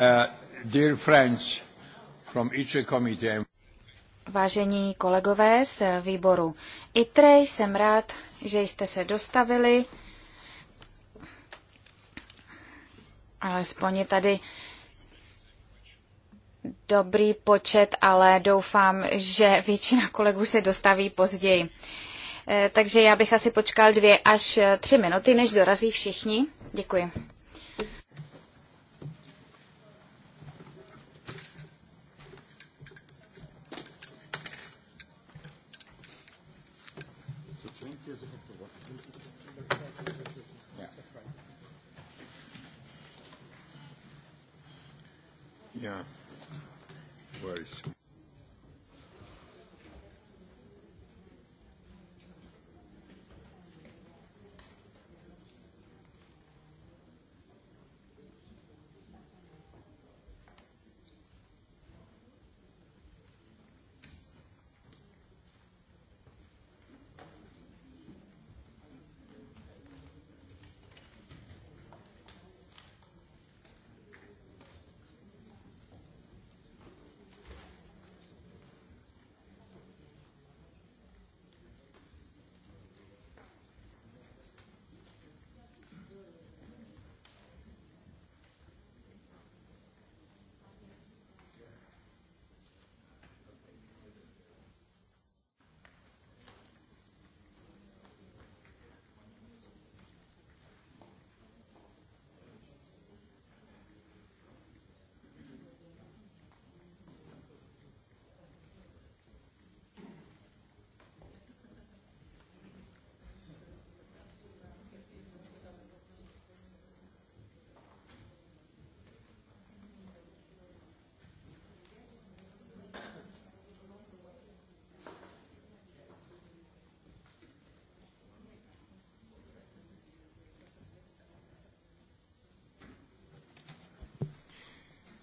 Uh, Vážení kolegové z výboru ITRE, jsem rád, že jste se dostavili. Alespoň je tady dobrý počet, ale doufám, že většina kolegů se dostaví později. Eh, takže já bych asi počkal dvě až tři minuty, než dorazí všichni. Děkuji.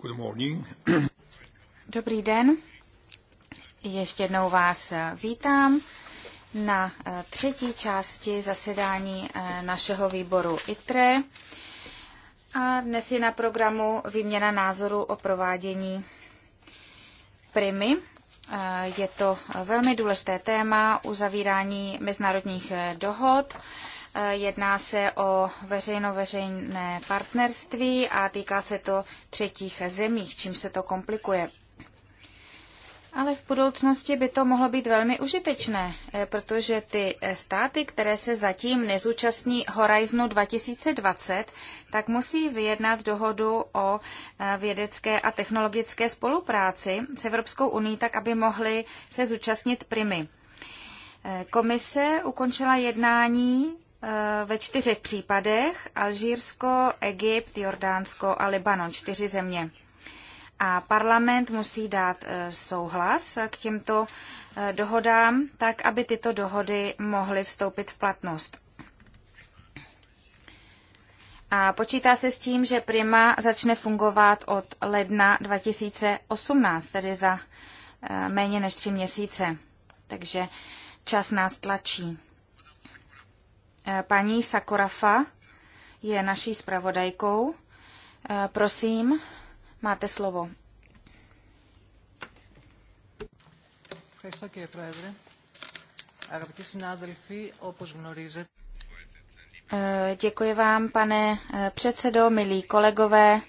Good morning. Dobrý den. Ještě jednou vás eh, vítám na eh, třetí části zasedání eh, našeho výboru ITRE. A dnes je na programu výměna názoru o provádění primy. Je to velmi důležité téma uzavírání mezinárodních dohod Eh, jedná se o veřejno-veřejné partnerství a týká se to třetích zemích, čím se to komplikuje. Ale v budoucnosti by to mohlo být velmi užitečné, eh, protože ty eh, státy, které se zatím nezúčastní Horizonu 2020, tak musí vyjednat dohodu o vědecké a technologické spolupráci s Evropskou uní, tak aby mohly se zúčastnit primy. Komise ukončila jednání ve čtyřech případech Alžírsko, Egypt, Jordánsko a Libanon, čtyři země. A parlament musí dát e, souhlas k těmto e, dohodám, tak aby tyto dohody mohly vstoupit v platnost. A počítá se s tím, že Prima začne fungovat od ledna 2018, tedy za e, méně než tři měsíce. Takže čas nás tlačí. Paní Sakorafa je naší zpravodajkou. Eh, prosím, máte slovo. Eh, děkuji vám, pane eh, předsedo, milí kolegové.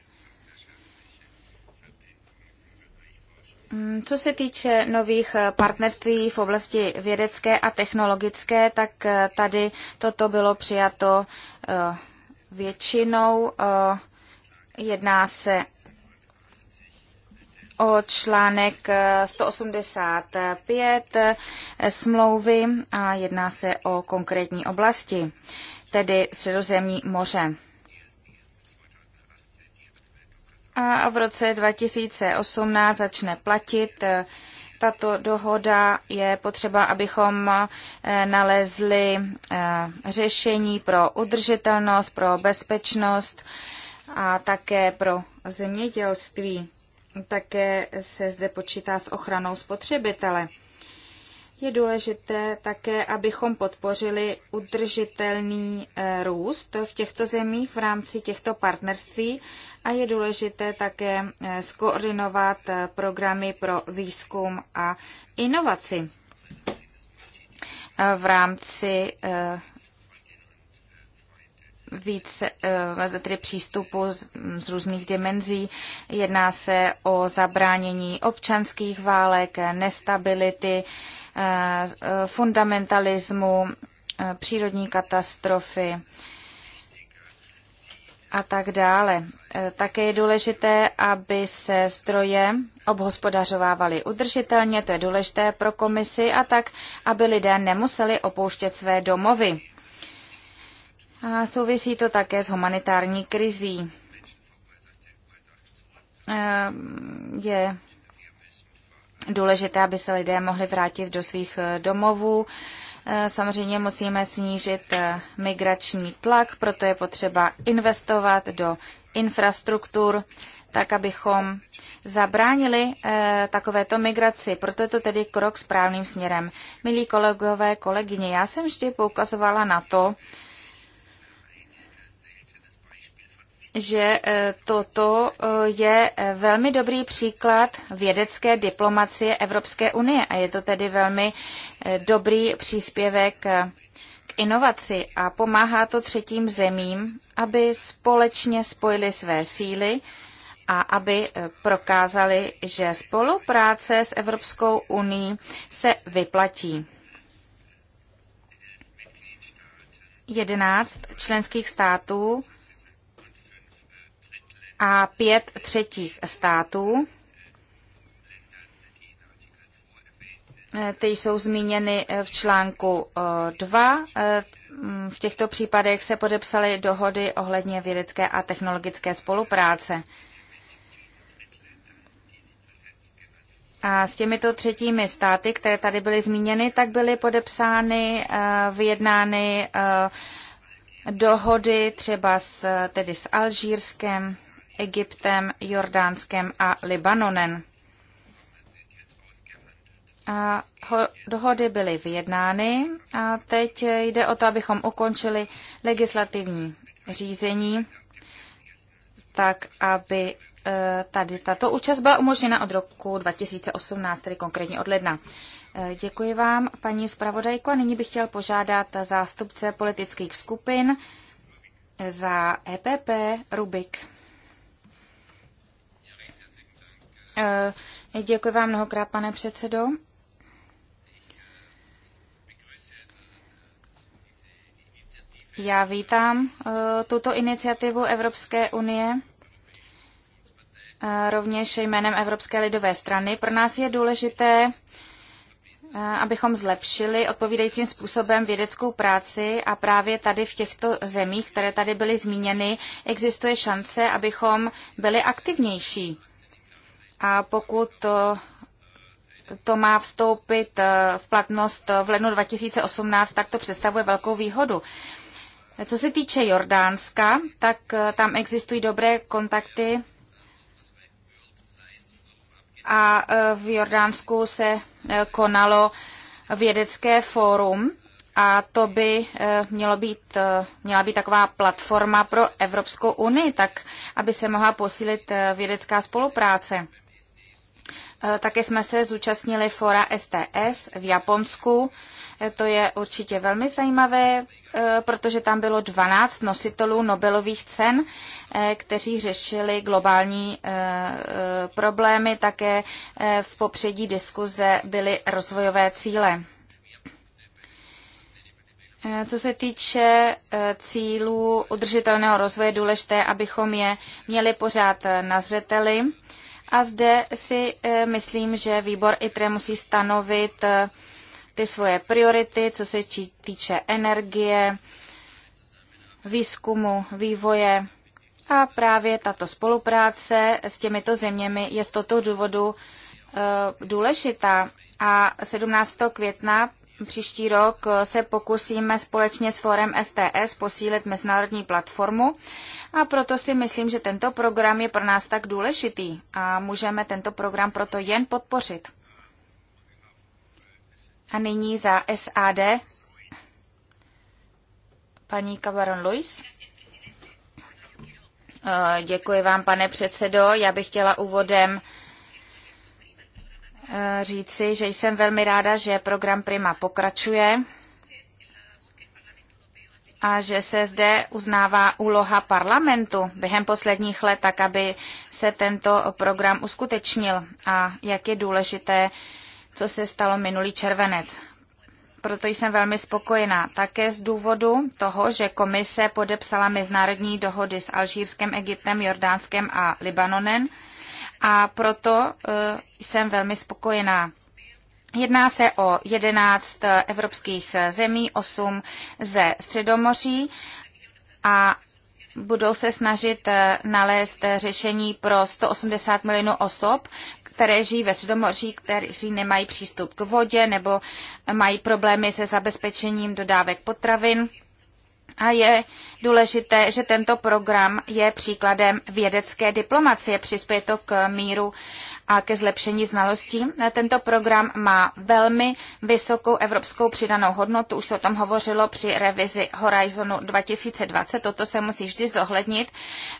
Mm, co se týče nových eh, partnerství v oblasti vědecké a technologické, tak eh, tady toto bylo přijato eh, většinou. Jedná se o článek 185 smlouvy a jedná se o konkrétní oblasti, tedy Středozemní moře. a v roce 2018 začne platit. E, tato dohoda je potřeba, abychom e, nalezli e, řešení pro udržitelnost, pro bezpečnost a také pro zemědělství. Také se zde počítá s ochranou spotřebitele je důležité také, abychom podpořili udržitelný eh, růst v těchto zemích v rámci těchto partnerství a je důležité také eh, skoordinovat eh, programy pro výzkum a inovaci v rámci více, tedy přístupu z, z různých dimenzí. Jedná se o zabránění občanských válek, nestability, Eh, fundamentalismu, eh, přírodní katastrofy a tak dále. Eh, také je důležité, aby se zdroje obhospodařovávaly udržitelně, to je důležité pro komisi, a tak, aby lidé nemuseli opouštět své domovy. A souvisí to také s humanitární krizí. Je důležité, aby se lidé mohli vrátit do svých eh, domovů. Eh, samozřejmě musíme snížit eh, migrační tlak, proto je potřeba investovat do infrastruktur, tak abychom zabránili e, takovéto migraci. Proto je to tedy krok správným směrem. Milí kolegové, kolegyně, já jsem vždy poukazovala na to, že e, toto e, je e, velmi dobrý příklad vědecké diplomacie Evropské unie a je to tedy velmi dobrý příspěvek k inovaci a pomáhá to třetím zemím, aby společně spojili své síly a aby prokázali, že spolupráce s Evropskou uní se vyplatí. 11 členských států a pět třetích států. E, ty jsou zmíněny e, v článku 2. E, v těchto případech se podepsaly dohody ohledně vědecké a technologické spolupráce. A s těmito třetími státy, které tady byly zmíněny, tak byly podepsány, vyjednány dohody třeba s, tedy s Alžírskem, Egyptem, Jordánskem a Libanonem. A dohody byly vyjednány a teď jde o to, abychom ukončili legislativní řízení, tak aby e, tady tato účast byla umožněna od roku 2018, tedy konkrétně od ledna. E, děkuji vám, paní zpravodajko, a nyní bych chtěl požádat zástupce politických skupin za EPP Rubik. Eh, děkuji vám mnohokrát, pane předsedo. Já vítám eh, tuto iniciativu Evropské unie, eh, rovněž jménem Evropské lidové strany. Pro nás je důležité, abychom zlepšili odpovídajícím způsobem vědeckou práci a právě tady v těchto zemích, které tady byly zmíněny, existuje šance, abychom byli aktivnější a pokud to má vstoupit eh, v platnost v lednu 2018, tak to představuje velkou výhodu. Co se týče Jordánska, tak eh, tam existují dobré kontakty a eh, v Jordánsku se konalo vědecké fórum a to by mělo být, měla být taková platforma pro Evropskou unii, tak aby se mohla posílit vědecká spolupráce. Eh, Také jsme se zúčastnili fora STS v Japonsku. Eh, to je určitě velmi zajímavé, eh, protože tam bylo 12 nositelů Nobelových cen, kteří řešili globální problémy. Také v popředí diskuze byly rozvojové cíle. Co se týče cílů udržitelného rozvoje, důležité, abychom je měli pořád na zřeteli a zde si eh, myslím, že výbor ITRE musí stanovit eh, ty svoje priority, co se týče energie, výzkumu, vývoje. A právě tato spolupráce s těmito zeměmi je z toto důvodu eh, důležitá. A 17. května Příští rok eh, se pokusíme společně s Forem STS posílit mezinárodní platformu a proto si myslím, že tento program je pro nás tak důležitý a můžeme tento program proto jen podpořit. A nyní za SAD paní Cabaron Luis. Eh, děkuji vám, pane předsedo. Já bych chtěla úvodem říci, že jsem velmi ráda, že program Prima pokračuje a že se zde uznává úloha parlamentu během posledních let, tak aby se tento program uskutečnil a jak je důležité, co se stalo minulý červenec. Proto jsem velmi spokojená. Také z důvodu toho, že komise podepsala mezinárodní dohody s Alžírskem, Egyptem, Jordánskem a Libanonem, a proto e, jsem velmi spokojená. Jedná se o 11 e, evropských e, zemí, 8 ze Středomoří a budou se snažit nalézt řešení pro 180 milionů osob, které žijí ve Středomoří, kteří nemají přístup k vodě nebo mají problémy se zabezpečením dodávek potravin a je důležité, že tento program je příkladem vědecké diplomacie, přispěje to k míru a ke zlepšení znalostí. Tento program má velmi vysokou evropskou přidanou hodnotu, už se o tom hovořilo při revizi Horizonu 2020, toto se musí vždy zohlednit,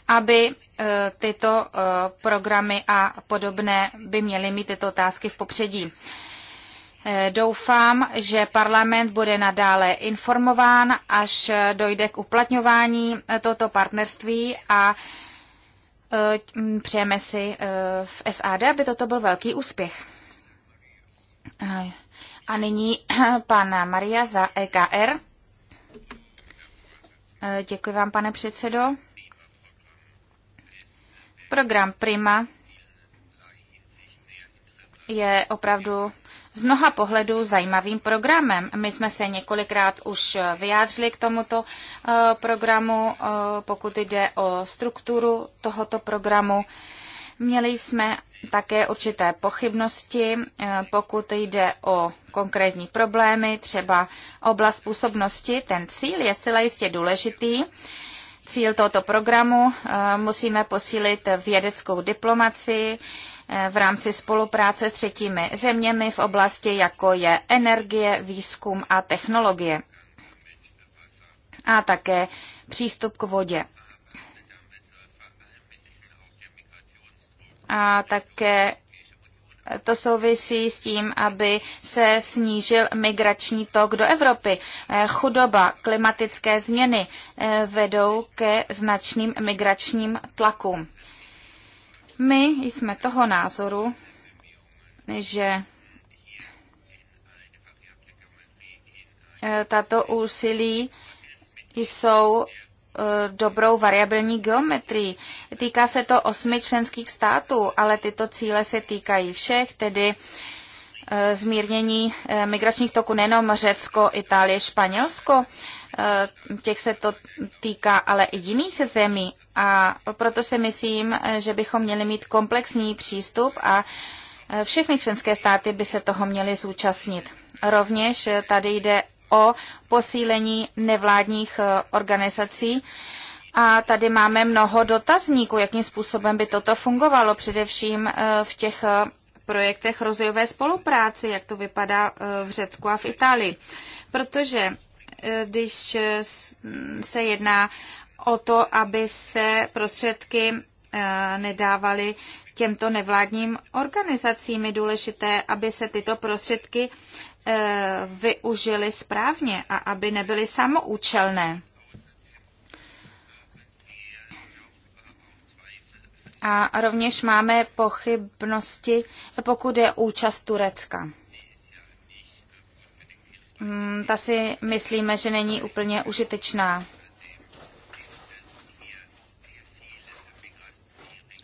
aby e, tyto e, programy a podobné by měly mít tyto otázky v popředí. Eh, doufám, že parlament bude nadále informován, až eh, dojde k uplatňování eh, tohoto partnerství a mm, přejeme si v SAD, aby toto byl velký úspěch. A nyní pana Maria za EKR. Děkuji vám, pane předsedo. Program Prima je opravdu z mnoha pohledů zajímavým programem. My jsme se několikrát už vyjádřili k tomuto eh, programu, eh, pokud jde o strukturu tohoto programu. Měli jsme také určité pochybnosti, eh, pokud jde o konkrétní problémy, třeba oblast působnosti. Ten cíl je zcela jistě důležitý. Cíl tohoto programu musíme posílit vědeckou diplomaci, v rámci spolupráce s třetími zeměmi v oblasti, jako je energie, výzkum a technologie. A také přístup k vodě. A také to souvisí s tím, aby se snížil migrační tok do Evropy. Eh, chudoba, klimatické změny eh, vedou ke značným migračním tlakům. My jsme toho názoru, že eh, tato úsilí jsou eh, dobrou variabilní geometrii. Týká se to osmi členských států, ale tyto cíle se týkají všech, tedy eh, zmírnění migračních toků nejenom Řecko, Itálie, Španělsko, těch se to týká ale i jiných zemí a proto si myslím, že bychom měli mít komplexní přístup a e, všechny členské státy by se toho měly zúčastnit. Rovněž tady jde o posílení nevládních e, organizací. A tady máme mnoho dotazníků, jakým způsobem by toto fungovalo, především e, v těch projektech rozvojové spolupráce, jak to vypadá v Řecku a v Itálii. Protože když se jedná o to, aby se prostředky eh, nedávaly těmto nevládním organizacím. Je důležité, aby se tyto prostředky eh, využily správně a aby nebyly samoučelné. A rovněž máme pochybnosti, pokud je účast Turecka. Hmm, ta si myslíme, že není úplně užitečná.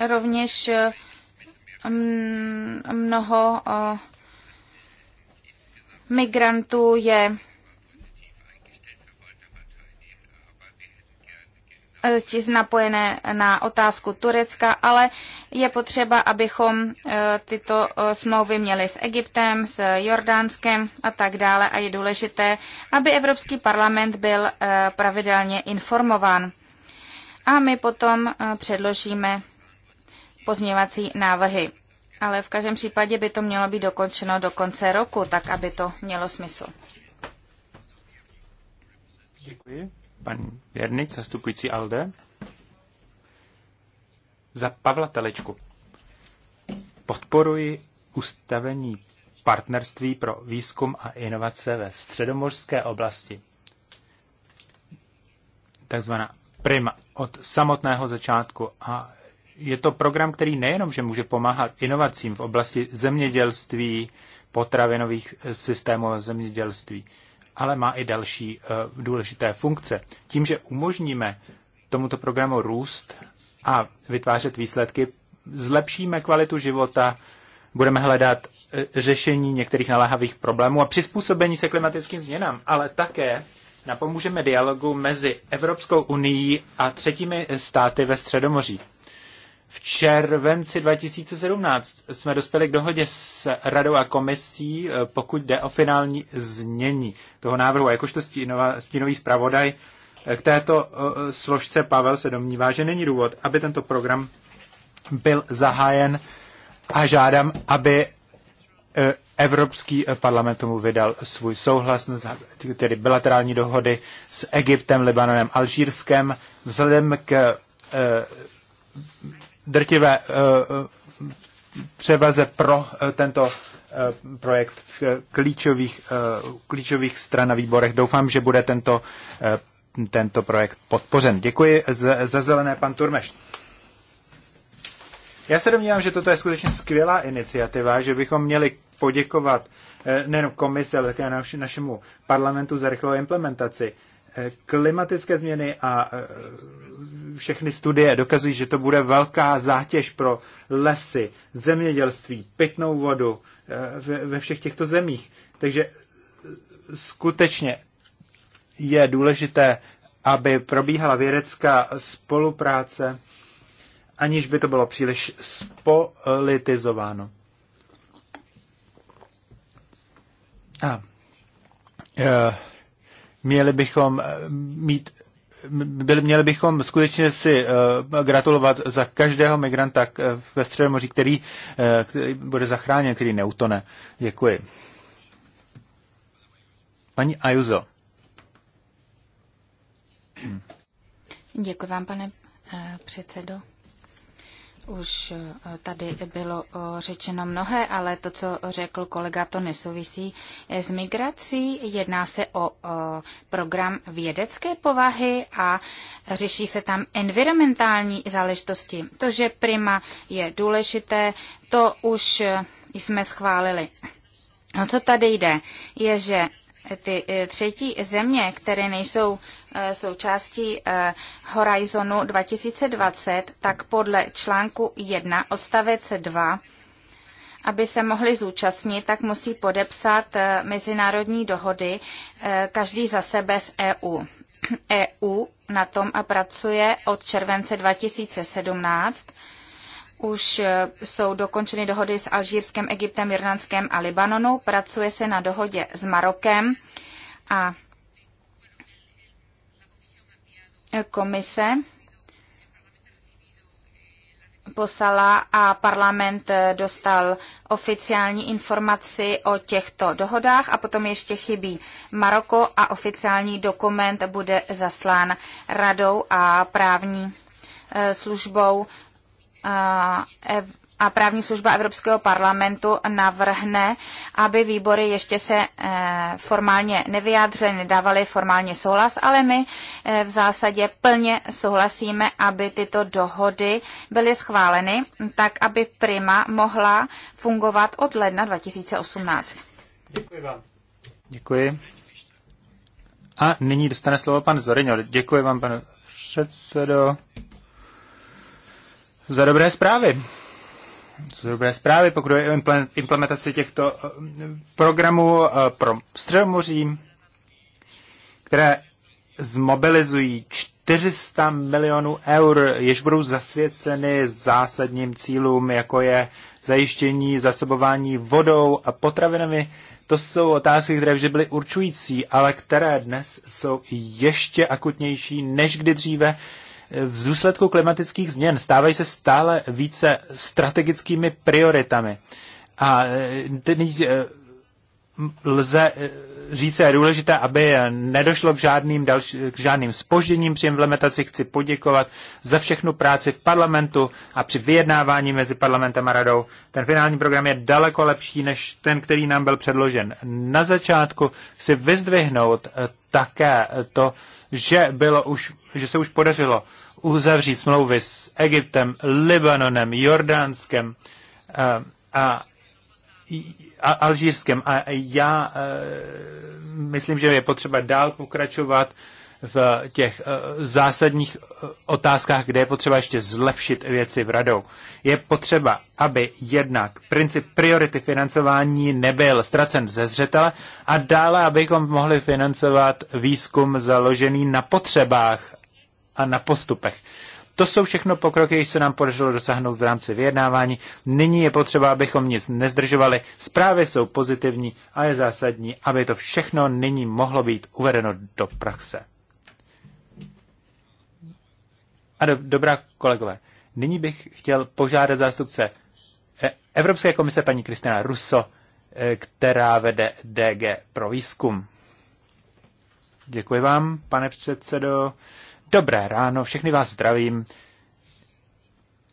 rovněž eh, mnoho eh, migrantů je eh, napojené na otázku Turecka, ale je potřeba, abychom tyto smlouvy měli s Egyptem, s Jordánskem a tak dále a je důležité, aby Evropský parlament byl pravidelně informován. A my potom předložíme pozměvací návrhy. Ale v každém případě by to mělo být dokončeno do konce roku, tak aby to mělo smysl. Děkuji. Pan Věrnic, zastupující ALDE. Za Pavla Telečku. Podporuji ustavení partnerství pro výzkum a inovace ve středomorské oblasti. Takzvaná prima od samotného začátku a je to program, který nejenom, že může pomáhat inovacím v oblasti zemědělství, potravinových eh, systémů zemědělství, ale má i další uh, důležité funkce. Tím, že umožníme tomuto programu růst a vytvářet výsledky, zlepšíme kvalitu života, budeme hledat uh, řešení některých naléhavých problémů a přizpůsobení se klimatickým změnám, ale také napomůžeme dialogu mezi Evropskou unii a třetími státy ve Středomoří. V červenci 2017 jsme dospěli k dohodě s radou a komisí, eh, pokud jde o finální změní toho návrhu. A jakožto stínový zpravodaj eh, k této eh, složce Pavel se domnívá, že není důvod, aby tento program byl zahájen a žádám, aby Evropský parlament tomu vydal svůj souhlas, tedy bilaterální dohody s Egyptem, Libanonem, Alžírskem, vzhledem k drtivé eh, eh, převaze pro eh, tento projekt klíčových, klíčových stran a výborech. Doufám, že bude tento, tento projekt podpořen. Děkuji za zelené, pan Turmeš. Já se domnívám, že toto je skutečně skvělá iniciativa, že bychom měli poděkovat nejen komisi, ale také našemu parlamentu za rychlou implementaci. Klimatické změny a e, všechny studie dokazují, že to bude velká zátěž pro lesy, zemědělství, pitnou vodu e, ve všech těchto zemích. Takže skutečně je důležité, aby probíhala vědecká spolupráce, aniž by to bylo příliš spolitizováno. A, uh, Měli bychom eh, mít byli, měli bychom skutečně si uh, gratulovat za každého migranta k, eh, ve Středomoří, který, uh, který bude zachráněn, který neutone. Děkuji. Paní Ajuzo. Děkuji vám, pane předsedo. Už eh, tady bylo eh, řečeno mnohé, ale to, co řekl kolega, to nesouvisí eh, s migrací. Jedná se o program vědecké povahy a řeší se tam environmentální záležitosti. To, že prima je důležité, to už jsme schválili. No, co tady jde, je, že ty eh, třetí země, které nejsou eh, součástí eh, Horizonu 2020, tak podle článku 1 odstavec 2 aby se mohli zúčastnit, tak musí podepsat mezinárodní dohody každý za sebe z EU. EU na tom a pracuje od července 2017 už eh, jsou dokončeny dohody s Alžírskem, Egyptem, Jordánskem a Libanonu. Pracuje se na dohodě s Marokem a eh, komise poslala a parlament eh, dostal oficiální informaci o těchto dohodách a potom ještě chybí Maroko a oficiální dokument bude zaslán radou a právní službou a právní služba Evropského parlamentu navrhne, aby výbory ještě se eh, formálně nevyjádřily, nedávaly formálně souhlas, ale my eh, v zásadě plně souhlasíme, aby tyto dohody byly schváleny, tak aby Prima mohla fungovat od ledna 2018. Děkuji vám. Děkuji. A nyní dostane slovo pan Zorinor. Děkuji vám, pane předsedo za dobré zprávy. Za dobré zprávy, pokud je implementaci těchto eh, programů eh, pro Středomoří, které zmobilizují 400 milionů eur, jež budou zasvěceny zásadním cílům, jako je zajištění zasobování vodou a potravinami. To jsou otázky, které vždy byly určující, ale které dnes jsou ještě akutnější než kdy dříve, v důsledku klimatických změn stávají se stále více strategickými prioritami. A e, e, lze eh, říct, je důležité, aby eh, nedošlo k žádným, další, k žádným spožděním při implementaci. Chci poděkovat za všechnu práci parlamentu a při vyjednávání mezi parlamentem a radou. Ten finální program je daleko lepší než ten, který nám byl předložen. Na začátku si vyzdvihnout eh, také to, že, bylo už, že se už podařilo uzavřít smlouvy s Egyptem, Libanonem, Jordánskem a alžírském. A já e, myslím, že je potřeba dál pokračovat v těch e, zásadních e, otázkách, kde je potřeba ještě zlepšit věci v radou. Je potřeba, aby jednak princip priority financování nebyl ztracen ze zřetele a dále, abychom mohli financovat výzkum založený na potřebách a na postupech. To jsou všechno pokroky, které se nám podařilo dosáhnout v rámci vyjednávání. Nyní je potřeba, abychom nic nezdržovali. Zprávy jsou pozitivní a je zásadní, aby to všechno nyní mohlo být uvedeno do praxe. A do, dobrá kolegové, nyní bych chtěl požádat zástupce eh, Evropské komise paní Kristina Russo, eh, která vede DG pro výzkum. Děkuji vám, pane předsedo. Dobré ráno, všechny vás zdravím.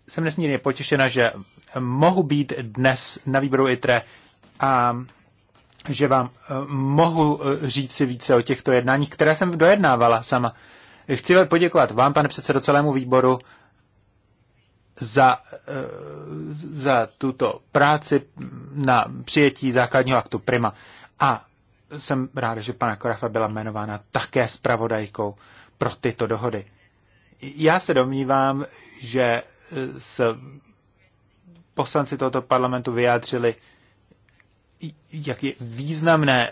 Jsem nesmírně potěšena, že mohu být dnes na výboru ITRE a že vám eh, mohu eh, říci více o těchto jednáních, které jsem dojednávala sama. Chci poděkovat vám, pane předsedo, celému výboru za, eh, za tuto práci na přijetí základního aktu Prima. A jsem ráda, že pana Korafa byla jmenována také zpravodajkou pro tyto dohody. Já se domnívám, že eh, s poslanci tohoto parlamentu vyjádřili, jak je významné,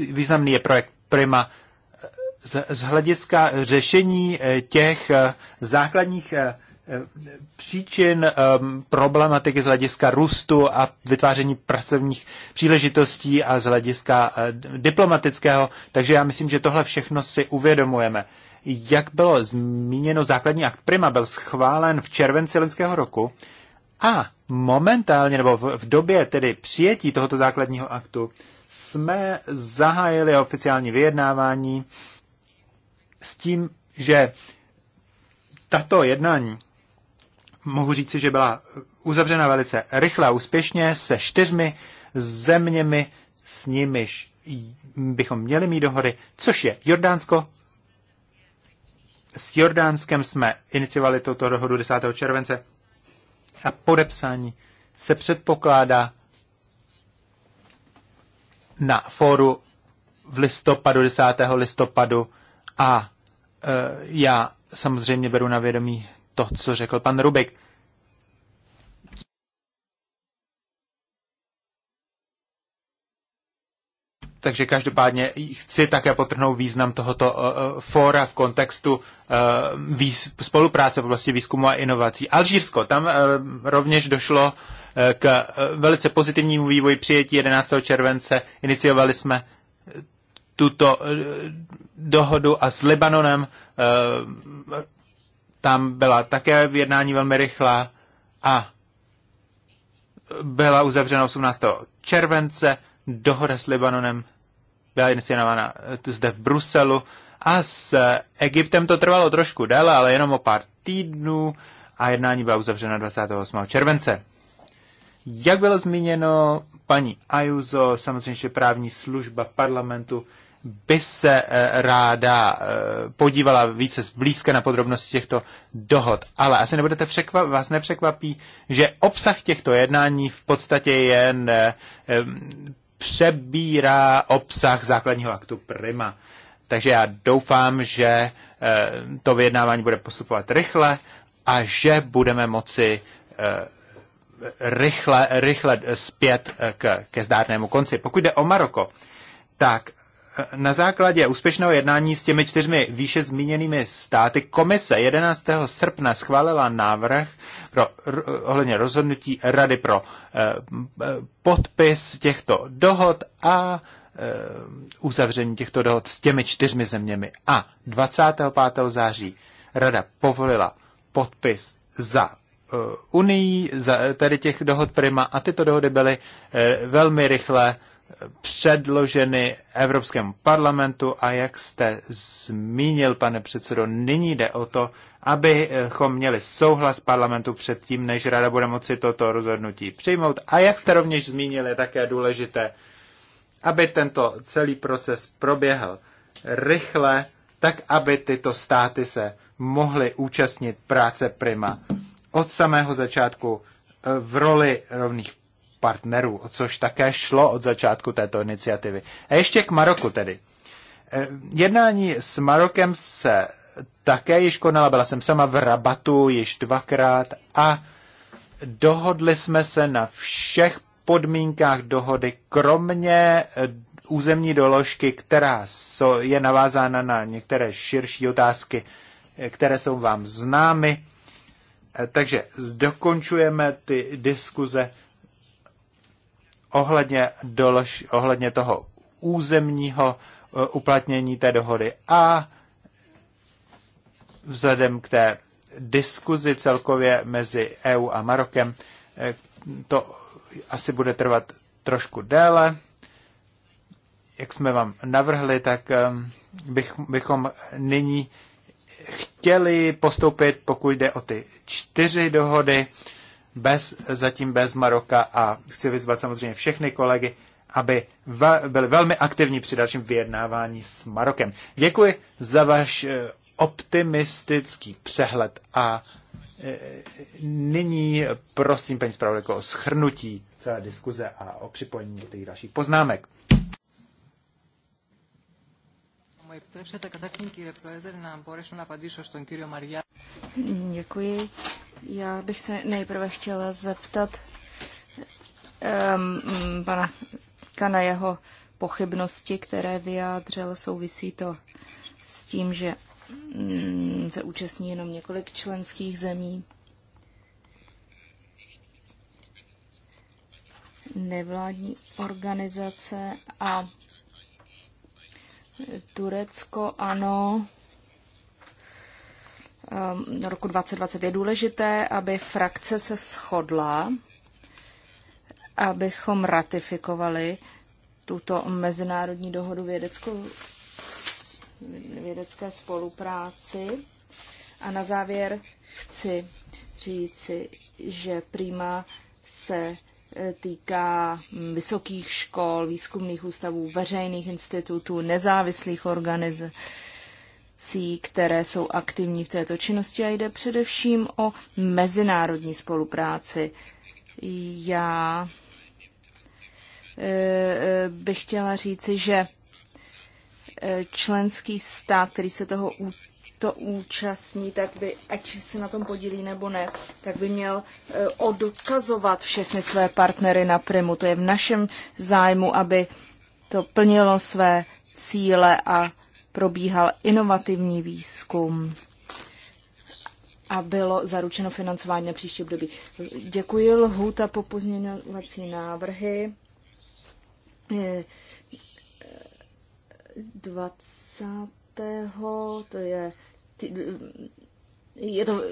eh, významný je projekt Prima eh, z, z hlediska řešení těch základních příčin ehm, problematiky z hlediska růstu a vytváření pracovních příležitostí a z hlediska diplomatického. Takže já myslím, že tohle všechno si uvědomujeme. Jak bylo zmíněno, základní akt Prima byl schválen v červenci loňského roku a momentálně, nebo v, v době tedy přijetí tohoto základního aktu, jsme zahájili oficiální vyjednávání s tím, že tato jednání, mohu říci, že byla uzavřena velice rychle a úspěšně se čtyřmi zeměmi, s nimiž bychom měli mít dohody, což je Jordánsko, s Jordánskem jsme iniciovali tuto dohodu 10. července a podepsání se předpokládá na fóru v listopadu, 10. listopadu a e, já samozřejmě beru na vědomí to, co řekl pan Rubik. Takže každopádně chci také potrhnout význam tohoto uh, fóra v kontextu uh, výz, spolupráce v oblasti výzkumu a inovací. Alžírsko, tam uh, rovněž došlo uh, k uh, velice pozitivnímu vývoji přijetí 11. července. Iniciovali jsme tuto uh, dohodu a s Libanonem uh, tam byla také v jednání velmi rychlá a byla uzavřena 18. července Dohoda s Libanonem byla iniciována eh, zde v Bruselu a s eh, Egyptem to trvalo trošku déle, ale jenom o pár týdnů a jednání byla uzavřena 28. července. Jak bylo zmíněno, paní Ayuso samozřejmě právní služba parlamentu, by se eh, ráda podívala více zblízka na podrobnosti těchto dohod. Ale asi nebudete překvap, vás nepřekvapí, že obsah těchto jednání v podstatě je jen přebírá obsah základního aktu prima. Takže já doufám, že eh, to vyjednávání bude postupovat rychle a že budeme moci eh, rychle, rychle zpět eh, k, ke zdárnému konci. Pokud jde o Maroko, tak na základě úspěšného jednání s těmi čtyřmi výše zmíněnými státy komise 11. srpna schválila návrh pro, ohledně rozhodnutí Rady pro eh, podpis těchto dohod a eh, uzavření těchto dohod s těmi čtyřmi zeměmi. A 25. září Rada povolila podpis za eh, Unii, za, eh, tedy těch dohod prima a tyto dohody byly eh, velmi rychle předloženy Evropskému parlamentu a jak jste zmínil, pane předsedo, nyní jde o to, abychom měli souhlas parlamentu předtím, než rada bude moci toto rozhodnutí přijmout. A jak jste rovněž zmínil, je také důležité, aby tento celý proces proběhl rychle, tak aby tyto státy se mohly účastnit práce Prima od samého začátku eh, v roli rovných partnerů, což také šlo od začátku této iniciativy. A ještě k Maroku tedy. Eh, jednání s Marokem se také již konala, byla jsem sama v Rabatu již dvakrát a dohodli jsme se na všech podmínkách dohody, kromě eh, územní doložky, která je navázána na některé širší otázky, eh, které jsou vám známy. Takže dokončujeme ty diskuze ohledně, dolož, ohledně toho územního eh, uplatnění té dohody a vzhledem k té diskuzi celkově mezi EU a Marokem, eh, to asi bude trvat trošku déle. Jak jsme vám navrhli, tak ehm, bych, bychom nyní chtěli postoupit, pokud jde o ty čtyři dohody, bez, zatím bez Maroka a chci vyzvat samozřejmě všechny kolegy, aby ve, byli velmi aktivní při dalším vyjednávání s Marokem. Děkuji za váš eh, optimistický přehled a eh, nyní prosím paní zpravodajko o schrnutí celé diskuze a o připojení těch dalších poznámek. Μου επιτρέψετε καταρχήν κύριε Πρόεδρε να μπορέσω να απαντήσω στον κύριο Μαριά. Děkuji. Já bych se nejprve chtěla zeptat um, pana Kana jeho pochybnosti, které vyjádřil, souvisí to s tím, že um, se účastní jenom několik členských zemí. nevládní organizace a Turecko, ano, ehm, roku 2020 je důležité, aby frakce se shodla, abychom ratifikovali tuto mezinárodní dohodu vědeckou, vědecké spolupráci. A na závěr chci říci, že Prima se týká vysokých škol, výzkumných ústavů, veřejných institutů, nezávislých organizací, které jsou aktivní v této činnosti a jde především o mezinárodní spolupráci. Já eh, eh, bych chtěla říci, že eh, členský stát, který se toho to účastní, tak by, ať se na tom podílí nebo ne, tak by měl eh, odkazovat všechny své partnery na primu. To je v našem zájmu, aby to plnilo své cíle a probíhal inovativní výzkum a bylo zaručeno financování na příští období. Děkuji Lhuta po pozměňovací návrhy. 20. Eh, to je je to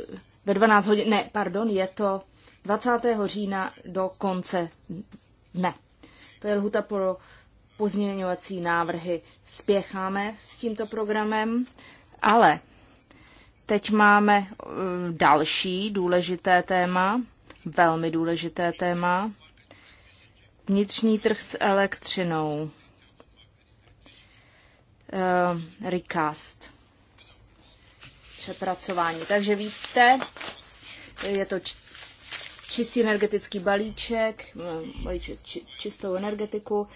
ve 12 hodin, ne, pardon, je to 20. října do konce dne. To je lhuta pro pozměňovací návrhy. Spěcháme s tímto programem, ale teď máme eh, další důležité téma, velmi důležité téma, vnitřní trh s elektřinou. Uh, recast přepracování. Takže víte, je to čistý energetický balíček, eh, balíček čistou energetiku.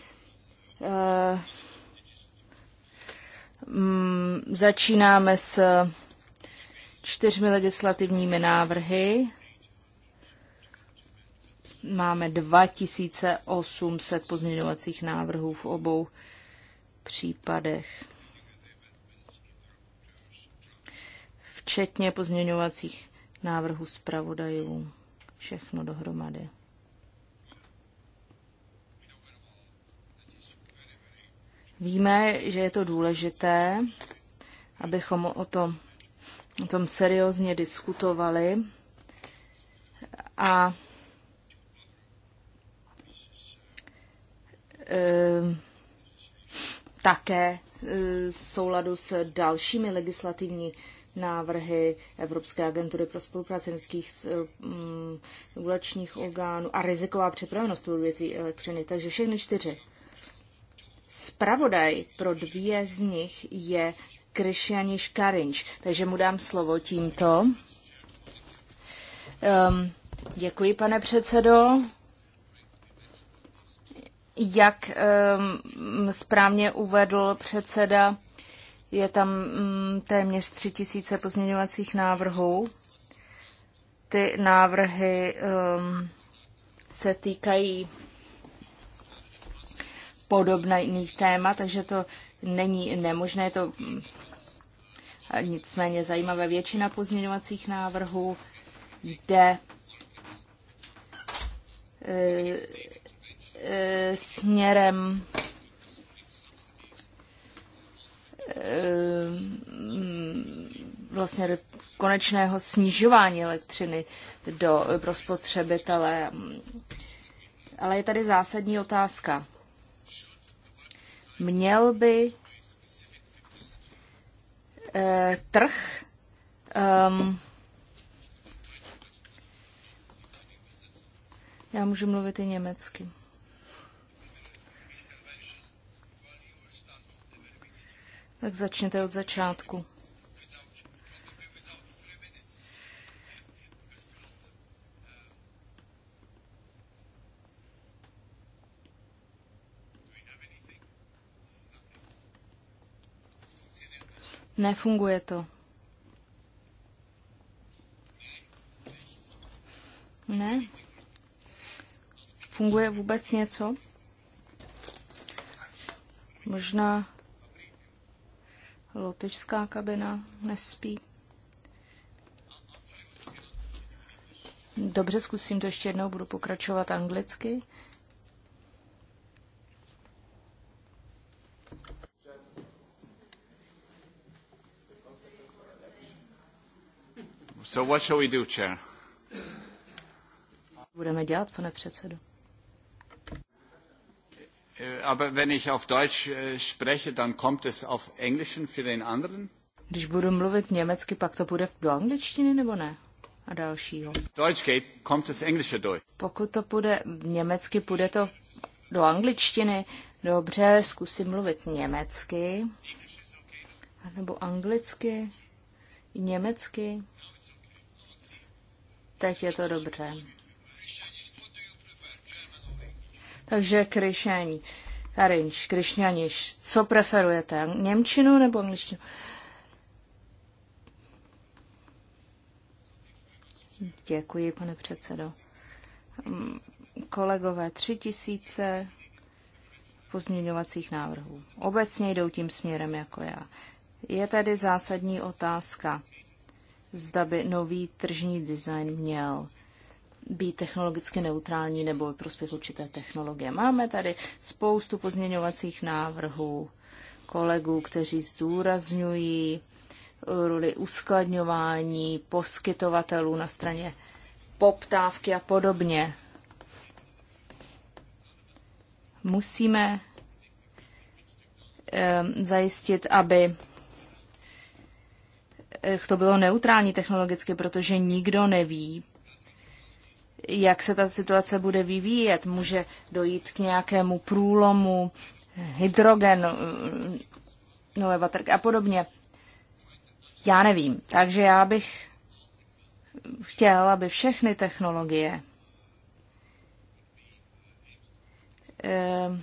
Eh, mm, začínáme s čtyřmi legislativními návrhy. Máme 2800 pozměňovacích návrhů v obou případech. včetně pozměňovacích návrhů zpravodajů. Všechno dohromady. Víme, že je to důležité, abychom o tom, o tom seriózně diskutovali a e, také e, souladu s dalšími legislativní návrhy Evropské agentury pro spolupráci lidských mm, regulačních orgánů a riziková připravenost odvětví elektřiny. Takže všechny čtyři. Spravodaj pro dvě z nich je Krišiani Škarinč, takže mu dám slovo tímto. Um, děkuji, pane předsedo. Jak um, správně uvedl předseda, je tam mm, téměř tři tisíce pozměňovacích návrhů. Ty návrhy um, se týkají podobných témat, takže to není nemožné, to mm, nicméně zajímavé. Většina pozměňovacích návrhů jde e, e, směrem Eh, vlastně do konečného snižování elektřiny do, pro spotřebitele. Ale je tady zásadní otázka. Měl by eh, trh um, já můžu mluvit i německy. Tak začněte od začátku. Nefunguje to. Ne? Funguje vůbec něco? Možná lotečská kabina nespí. Dobře, zkusím to ještě jednou, budu pokračovat anglicky. So what shall we do, chair? Budeme dělat, pane předsedo. Äh, aber wenn ich auf Deutsch äh, spreche, dann kommt es auf Englischen für den anderen? Když budu mluvit německy, pak to bude do angličtiny nebo ne? A dalšího. Deutsch geht, kommt es Englische durch. Pokud to bude německy, bude to do angličtiny. Dobře, zkusím mluvit německy. Nebo anglicky. Německy. Teď je to dobře. Takže kryšení. Karinč, kryšňaniš, co preferujete? Němčinu nebo angličtinu? Děkuji, pane předsedo. Mm, kolegové, tři tisíce pozměňovacích návrhů. Obecně jdou tím směrem jako já. Je tedy zásadní otázka, zda by nový tržní design měl být technologicky neutrální nebo ve prospěch určité technologie. Máme tady spoustu pozměňovacích návrhů kolegů, kteří zdůrazňují roli uskladňování poskytovatelů na straně poptávky a podobně. Musíme zajistit, aby eh, to bylo neutrální technologicky, protože nikdo neví, jak se ta situace bude vyvíjet. Může dojít k nějakému průlomu, hydrogen, nové vatrky a podobně. Já nevím. Takže já bych chtěl, aby všechny technologie ehm,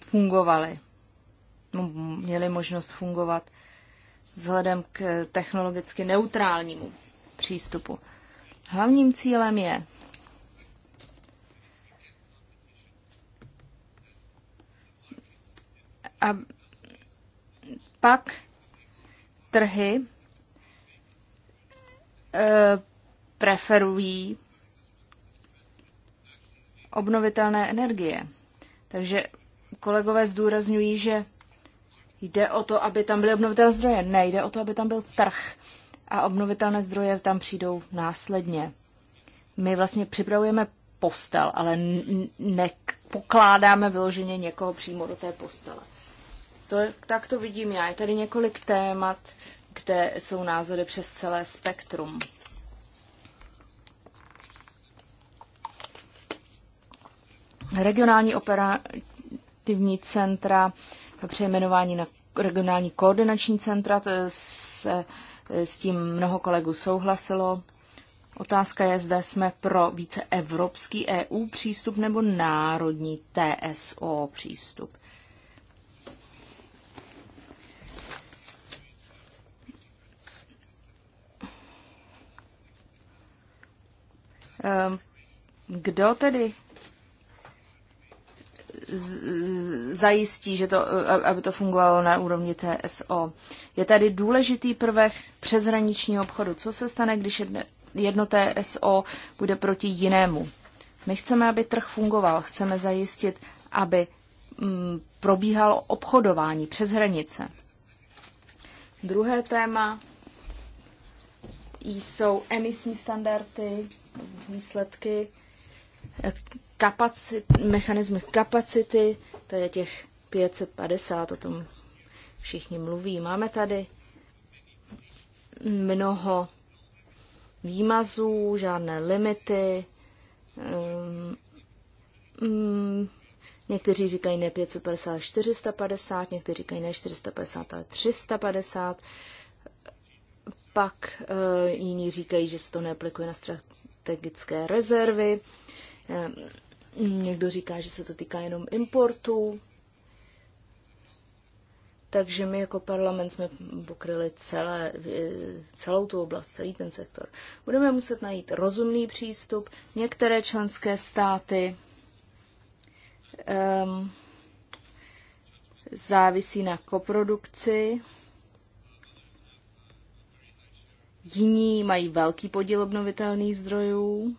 fungovaly, měly možnost fungovat vzhledem k technologicky neutrálnímu přístupu. Hlavním cílem je a pak trhy e, preferují obnovitelné energie. Takže kolegové zdůrazňují, že jde o to, aby tam byly obnovitelné zdroje. Nejde o to, aby tam byl trh a obnovitelné zdroje tam přijdou následně. My vlastně připravujeme postel, ale nepokládáme vyloženě někoho přímo do té postele. To, tak to vidím já. Je tady několik témat, kde jsou názory přes celé spektrum. Regionální operativní centra, přejmenování na regionální koordinační centra, to se s tím mnoho kolegů souhlasilo. Otázka je, zda jsme pro více evropský EU přístup nebo národní TSO přístup. Ehm, kdo tedy zajistí, že to, aby to fungovalo na úrovni TSO. Je tady důležitý prvek přeshraničního obchodu. Co se stane, když jedno TSO bude proti jinému? My chceme, aby trh fungoval, chceme zajistit, aby mm, probíhalo obchodování přes hranice. Druhé téma jsou emisní standardy, výsledky kapacit, mechanismy kapacity, to je těch 550, o tom všichni mluví. Máme tady mnoho výmazů, žádné limity. Um, někteří říkají ne 550, 450, někteří říkají ne 450, ale 350. Pak uh, jiní říkají, že se to neaplikuje na strategické rezervy. Um, Někdo říká, že se to týká jenom importů. Takže my jako parlament jsme pokryli celé, celou tu oblast, celý ten sektor. Budeme muset najít rozumný přístup. Některé členské státy um, závisí na koprodukci, jiní mají velký podíl obnovitelných zdrojů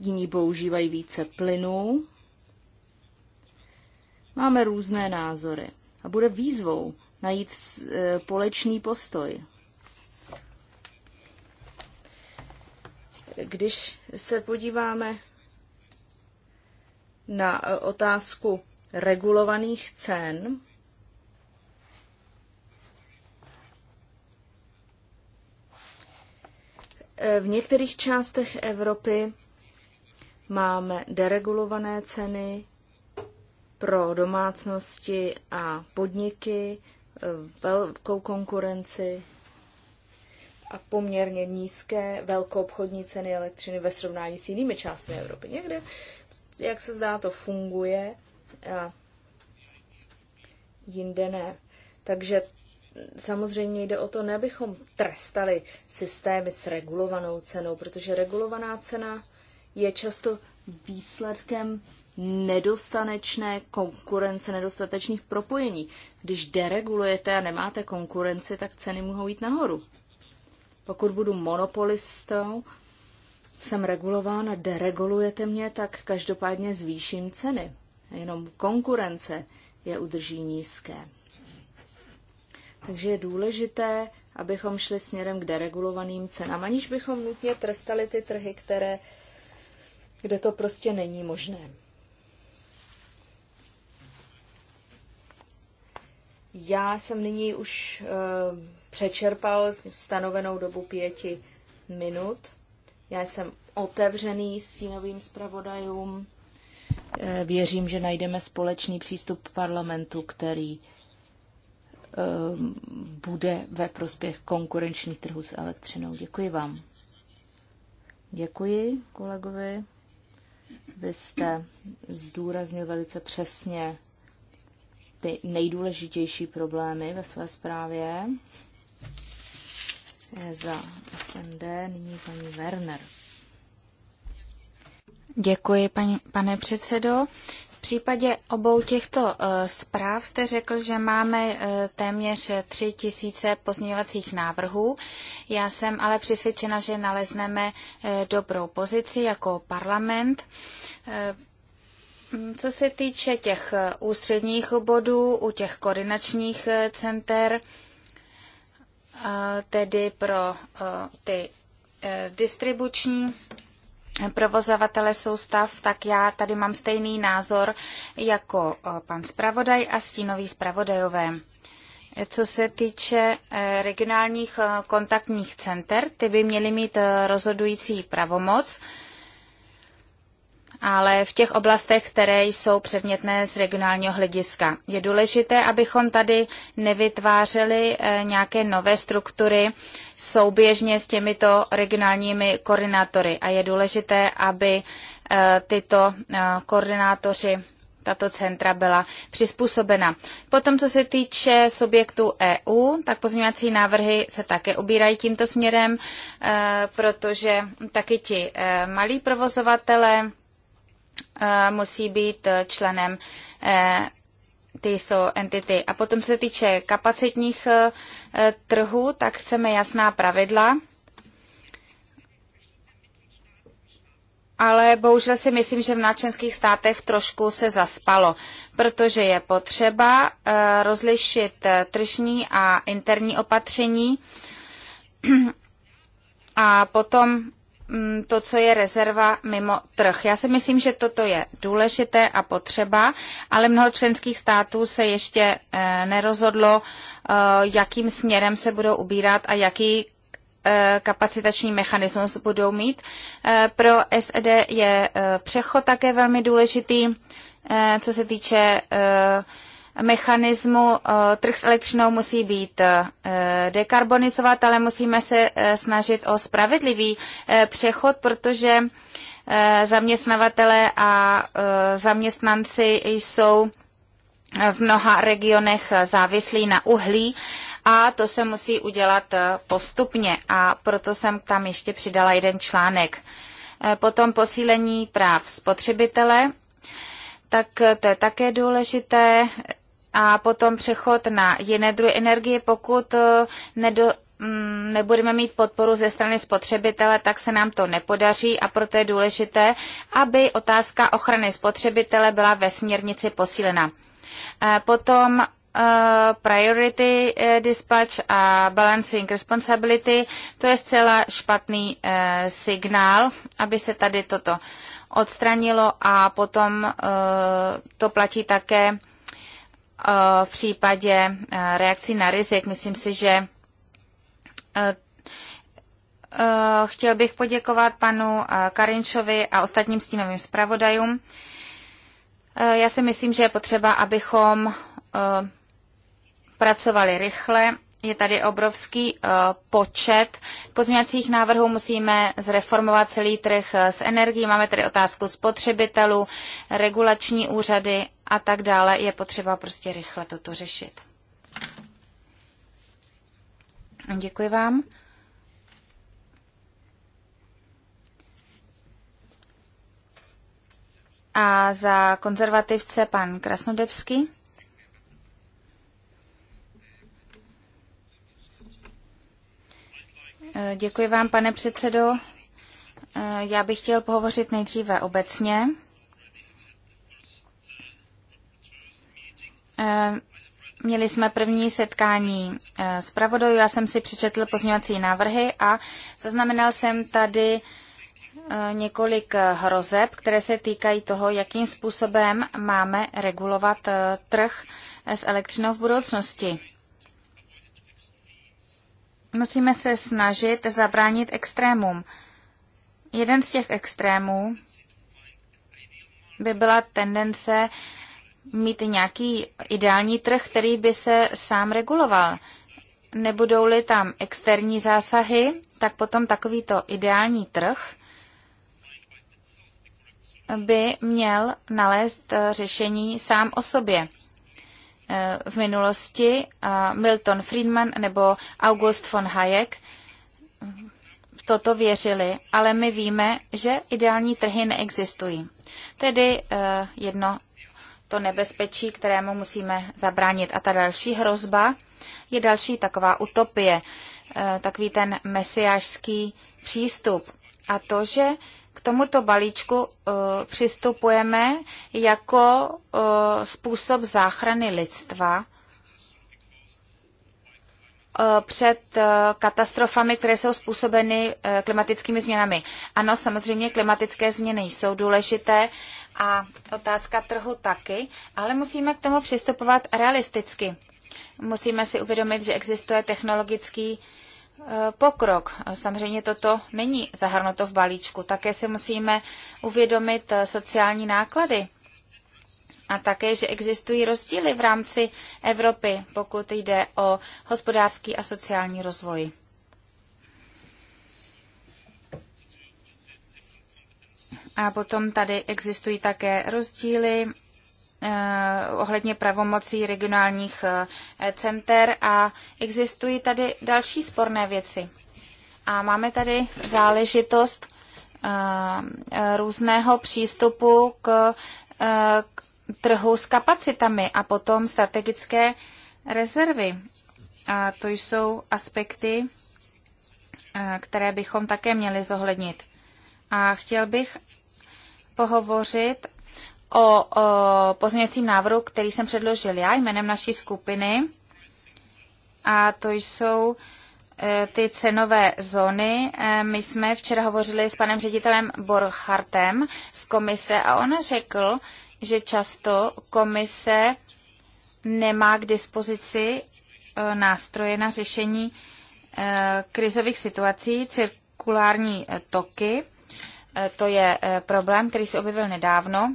jiní používají více plynů. Máme různé názory a bude výzvou najít e, společný postoj. Když se podíváme na e, otázku regulovaných cen, e, v některých částech Evropy Máme deregulované ceny pro domácnosti a podniky, velkou konkurenci a poměrně nízké obchodní ceny elektřiny ve srovnání s jinými částmi Evropy. Někde, jak se zdá, to funguje a jinde ne. Takže samozřejmě jde o to, nebychom trestali systémy s regulovanou cenou, protože regulovaná cena je často výsledkem nedostatečné konkurence, nedostatečných propojení. Když deregulujete a nemáte konkurenci, tak ceny mohou jít nahoru. Pokud budu monopolistou, jsem regulován a deregulujete mě, tak každopádně zvýším ceny. Jenom konkurence je udrží nízké. Takže je důležité, abychom šli směrem k deregulovaným cenám, aniž bychom nutně trestali ty trhy, které kde to prostě není možné. Já jsem nyní už e, přečerpal stanovenou dobu pěti minut. Já jsem otevřený stínovým zpravodajům. Eh, věřím, že najdeme společný přístup parlamentu, který eh, bude ve prospěch konkurenčních trhů s elektřinou. Děkuji vám. Děkuji kolegovi. Vy jste zdůraznil velice přesně ty nejdůležitější problémy ve své zprávě za SND, nyní paní Werner. Děkuji, paní, pane předsedo případě obou těchto eh, zpráv jste řekl, že máme eh, téměř tři tisíce pozměňovacích návrhů. Já jsem ale přesvědčena, že nalezneme eh, dobrou pozici jako parlament. Co se týče těch ústředních bodů u těch koordinačních center, tedy pro ty distribuční provozovatele soustav, tak já tady mám stejný názor jako eh, pan zpravodaj a stínový zpravodajové. Co se týče eh, regionálních eh, kontaktních center, ty by měly mít rozhodující pravomoc ale v těch oblastech, které jsou předmětné z regionálního hlediska. Je důležité, abychom tady nevytvářeli eh, nějaké nové struktury souběžně s těmito regionálními koordinátory. A je důležité, aby eh, tyto eh, koordinátoři tato centra byla přizpůsobena. Potom, co se týče subjektů EU, tak pozměňovací návrhy se také ubírají tímto směrem, protože taky ti malí provozovatele musí být eh, členem eh, ty jsou entity. A potom se týče kapacitních eh, trhů, tak chceme jasná pravidla. Ale bohužel si myslím, že v náčenských státech trošku se zaspalo, protože je potřeba rozlišit tržní a interní opatření. A potom Mm, to, co je rezerva mimo trh. Já si myslím, že toto je důležité a potřeba, ale mnoho členských států se ještě eh, nerozhodlo, eh, jakým směrem se budou ubírat a jaký eh, kapacitační mechanismus budou mít. Pro SED je přechod také velmi důležitý, co se týče mechanismu eh, trh s elektřinou musí být eh, dekarbonizovat, ale musíme se eh, snažit o spravedlivý přechod, protože zaměstnavatele a zaměstnanci jsou v mnoha regionech závislí na uhlí a to se musí udělat postupně a proto jsem tam ještě přidala jeden článek. Potom posílení práv spotřebitele, tak to je také důležité a potom přechod na jiné druhy energie, pokud eh, nedo, mm, nebudeme mít podporu ze strany spotřebitele, tak se nám to nepodaří a proto je důležité, aby otázka ochrany spotřebitele byla ve směrnici posílena. Eh, potom eh, priority dispatch a balancing responsibility, to je zcela špatný signál, aby se tady toto odstranilo a potom to platí také v případě e, reakcí na rizik. Myslím si, že e, e, chtěl bych poděkovat panu Karinčovi a ostatním stínovým zpravodajům. Já si myslím, že je potřeba, abychom pracovali rychle. Je tady obrovský počet pozměňovacích návrhů. Musíme zreformovat celý trh s energií. Máme tady otázku spotřebitelů, regulační úřady a tak dále, je potřeba prostě rychle toto řešit. Děkuji vám. A za konzervativce pan Krasnodebský. Děkuji vám, pane předsedo. Já bych chtěl pohovořit nejdříve obecně. Eh, měli jsme první setkání s eh, pravodou, já jsem si přečetl pozměňovací návrhy a zaznamenal jsem tady eh, několik hrozeb, které se týkají toho, jakým způsobem máme regulovat trh s elektřinou v budoucnosti. Musíme se snažit zabránit extrémům. Jeden z těch extrémů by byla tendence mít nějaký ideální trh, který by se sám reguloval. Nebudou-li tam externí zásahy, tak potom takovýto ideální trh by měl nalézt eh, řešení sám o sobě. Eh, v minulosti eh, Milton Friedman nebo August von Hayek toto věřili, ale my víme, že ideální trhy neexistují. Tedy jedno to nebezpečí, kterému musíme zabránit. A ta další hrozba je další taková utopie, eh, takový ten mesiářský přístup. A to, že k tomuto balíčku eh, přistupujeme jako eh, způsob záchrany lidstva před katastrofami, které jsou způsobeny klimatickými změnami. Ano, samozřejmě klimatické změny jsou důležité, a otázka trhu taky, ale musíme k tomu přistupovat realisticky. Musíme si uvědomit, že existuje technologický e, pokrok. Samozřejmě toto není zahrnuto v balíčku. Také si musíme uvědomit e, sociální náklady a také, že existují rozdíly v rámci Evropy, pokud jde o hospodářský a sociální rozvoj. A potom tady existují také rozdíly eh, ohledně pravomocí regionálních eh, center a existují tady další sporné věci. A máme tady záležitost eh, různého přístupu k, k trhu s kapacitami a potom strategické rezervy. A to jsou aspekty, které bychom také měli zohlednit. A chtěl bych, pohovořit o, o pozměňovacím návrhu, který jsem předložil já jménem naší skupiny. A to jsou e, ty cenové zóny. E, my jsme včera hovořili s panem ředitelem Borchartem z komise a on řekl, že často komise nemá k dispozici e, nástroje na řešení krizových situací, cirkulární toky Eh, to je eh, problém, který se objevil nedávno.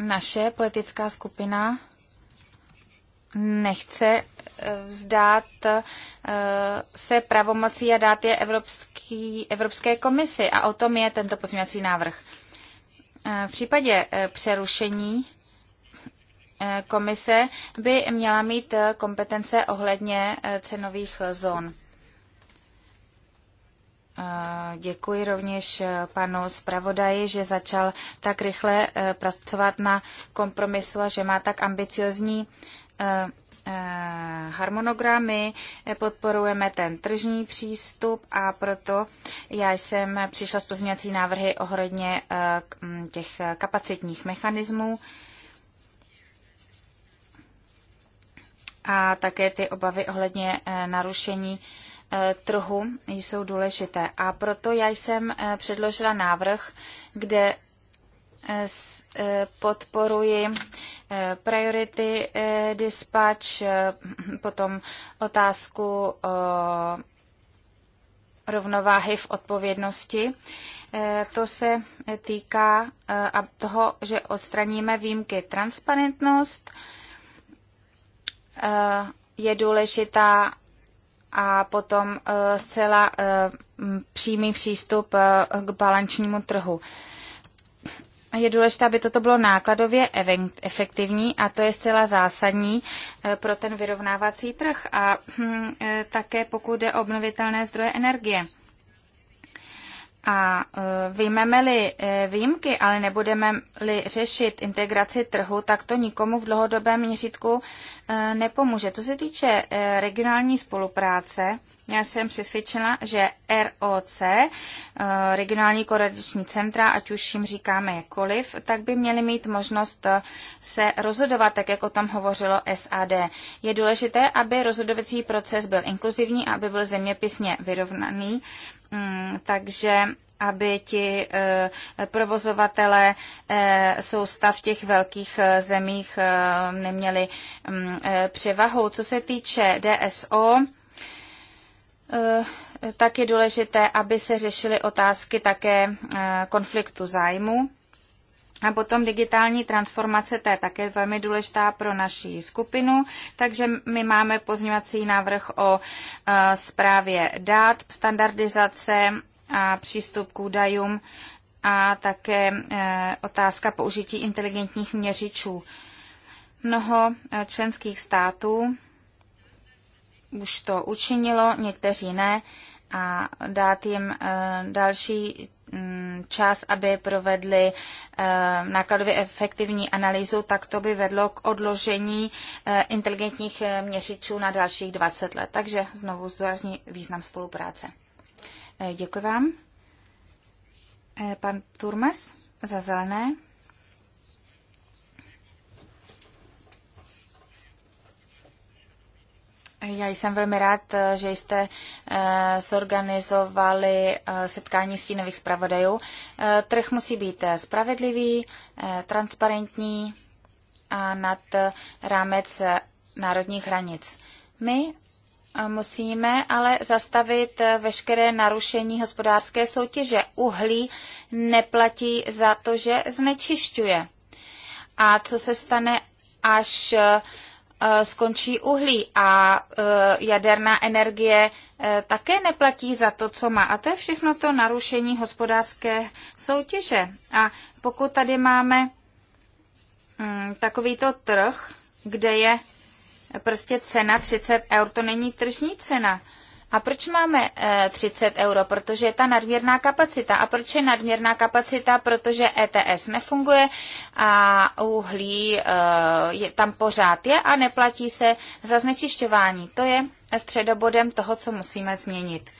Naše politická skupina nechce eh, vzdát se pravomocí a dát je Evropský, Evropské komisi. A o tom je tento pozměňovací návrh. V případě přerušení Eh, komise by měla mít eh, kompetence ohledně eh, cenových zón. Děkuji rovněž panu zpravodaji, že začal tak rychle pracovat na kompromisu a že má tak ambiciozní harmonogramy, podporujeme ten tržní přístup a proto já jsem přišla s pozměňovací návrhy ohledně těch kapacitních mechanismů. a také ty obavy ohledně eh, narušení eh, trhu jsou důležité. A proto já jsem eh, předložila návrh, kde podporuji priority dispatch, potom otázku rovnováhy v odpovědnosti. To se týká toho, že odstraníme výjimky transparentnost, Eh, je důležitá a potom eh, zcela eh, přímý přístup k balančnímu trhu. Je důležité, aby toto bylo nákladově efektivní a to je zcela zásadní pro ten vyrovnávací trh a hm, také pokud je obnovitelné zdroje energie. A e, vyjmeme-li e, výjimky, ale nebudeme-li řešit integraci trhu, tak to nikomu v dlouhodobém měřítku e, nepomůže. Co se týče regionální spolupráce, já jsem přesvědčena, že ROC, regionální koordinační centra, ať už jim říkáme jakkoliv, tak by měly mít možnost se rozhodovat, tak jak o tom hovořilo SAD. Je důležité, aby rozhodovací proces byl inkluzivní a aby byl zeměpisně vyrovnaný Mm, takže aby ti eh, provozovatele eh, soustav těch velkých eh, zemích neměli mm, převahu. Co se týče DSO, tak je důležité, aby se řešily otázky také konfliktu zájmu. A potom digitální transformace, to je také velmi důležitá pro naši skupinu, takže my máme pozňovací návrh o zprávě e, dát, standardizace a přístup k údajům a také e, otázka použití inteligentních měřičů. Mnoho e, členských států už to učinilo, někteří ne, a dát jim další Mm, čas, aby provedli eh, nákladově efektivní analýzu, tak to by vedlo k odložení eh, inteligentních eh, měřičů na dalších 20 let. Takže znovu zdůrazní význam spolupráce. Děkuji vám. Pan Turmes za zelené. Já jsem velmi rád, eh, že jste eh, zorganizovali eh, setkání stínových zpravodajů. Trh musí být spravedlivý, transparentní a nad rámec národních hranic. My musíme ale zastavit veškeré narušení hospodářské soutěže. Uhlí neplatí za to, že znečišťuje. A co se stane, až uh, E, skončí uhlí a e, jaderná energie e, také neplatí za to, co má. A to je všechno to narušení hospodářské soutěže. A pokud tady máme mm, takovýto trh, kde je prostě cena 30 eur, to není tržní cena. A proč máme 30 eh, euro? Protože je ta nadměrná kapacita. A proč je nadměrná kapacita? Protože ETS nefunguje a uhlí eh, je, tam pořád je a neplatí se za znečišťování. To je středobodem toho, co musíme změnit.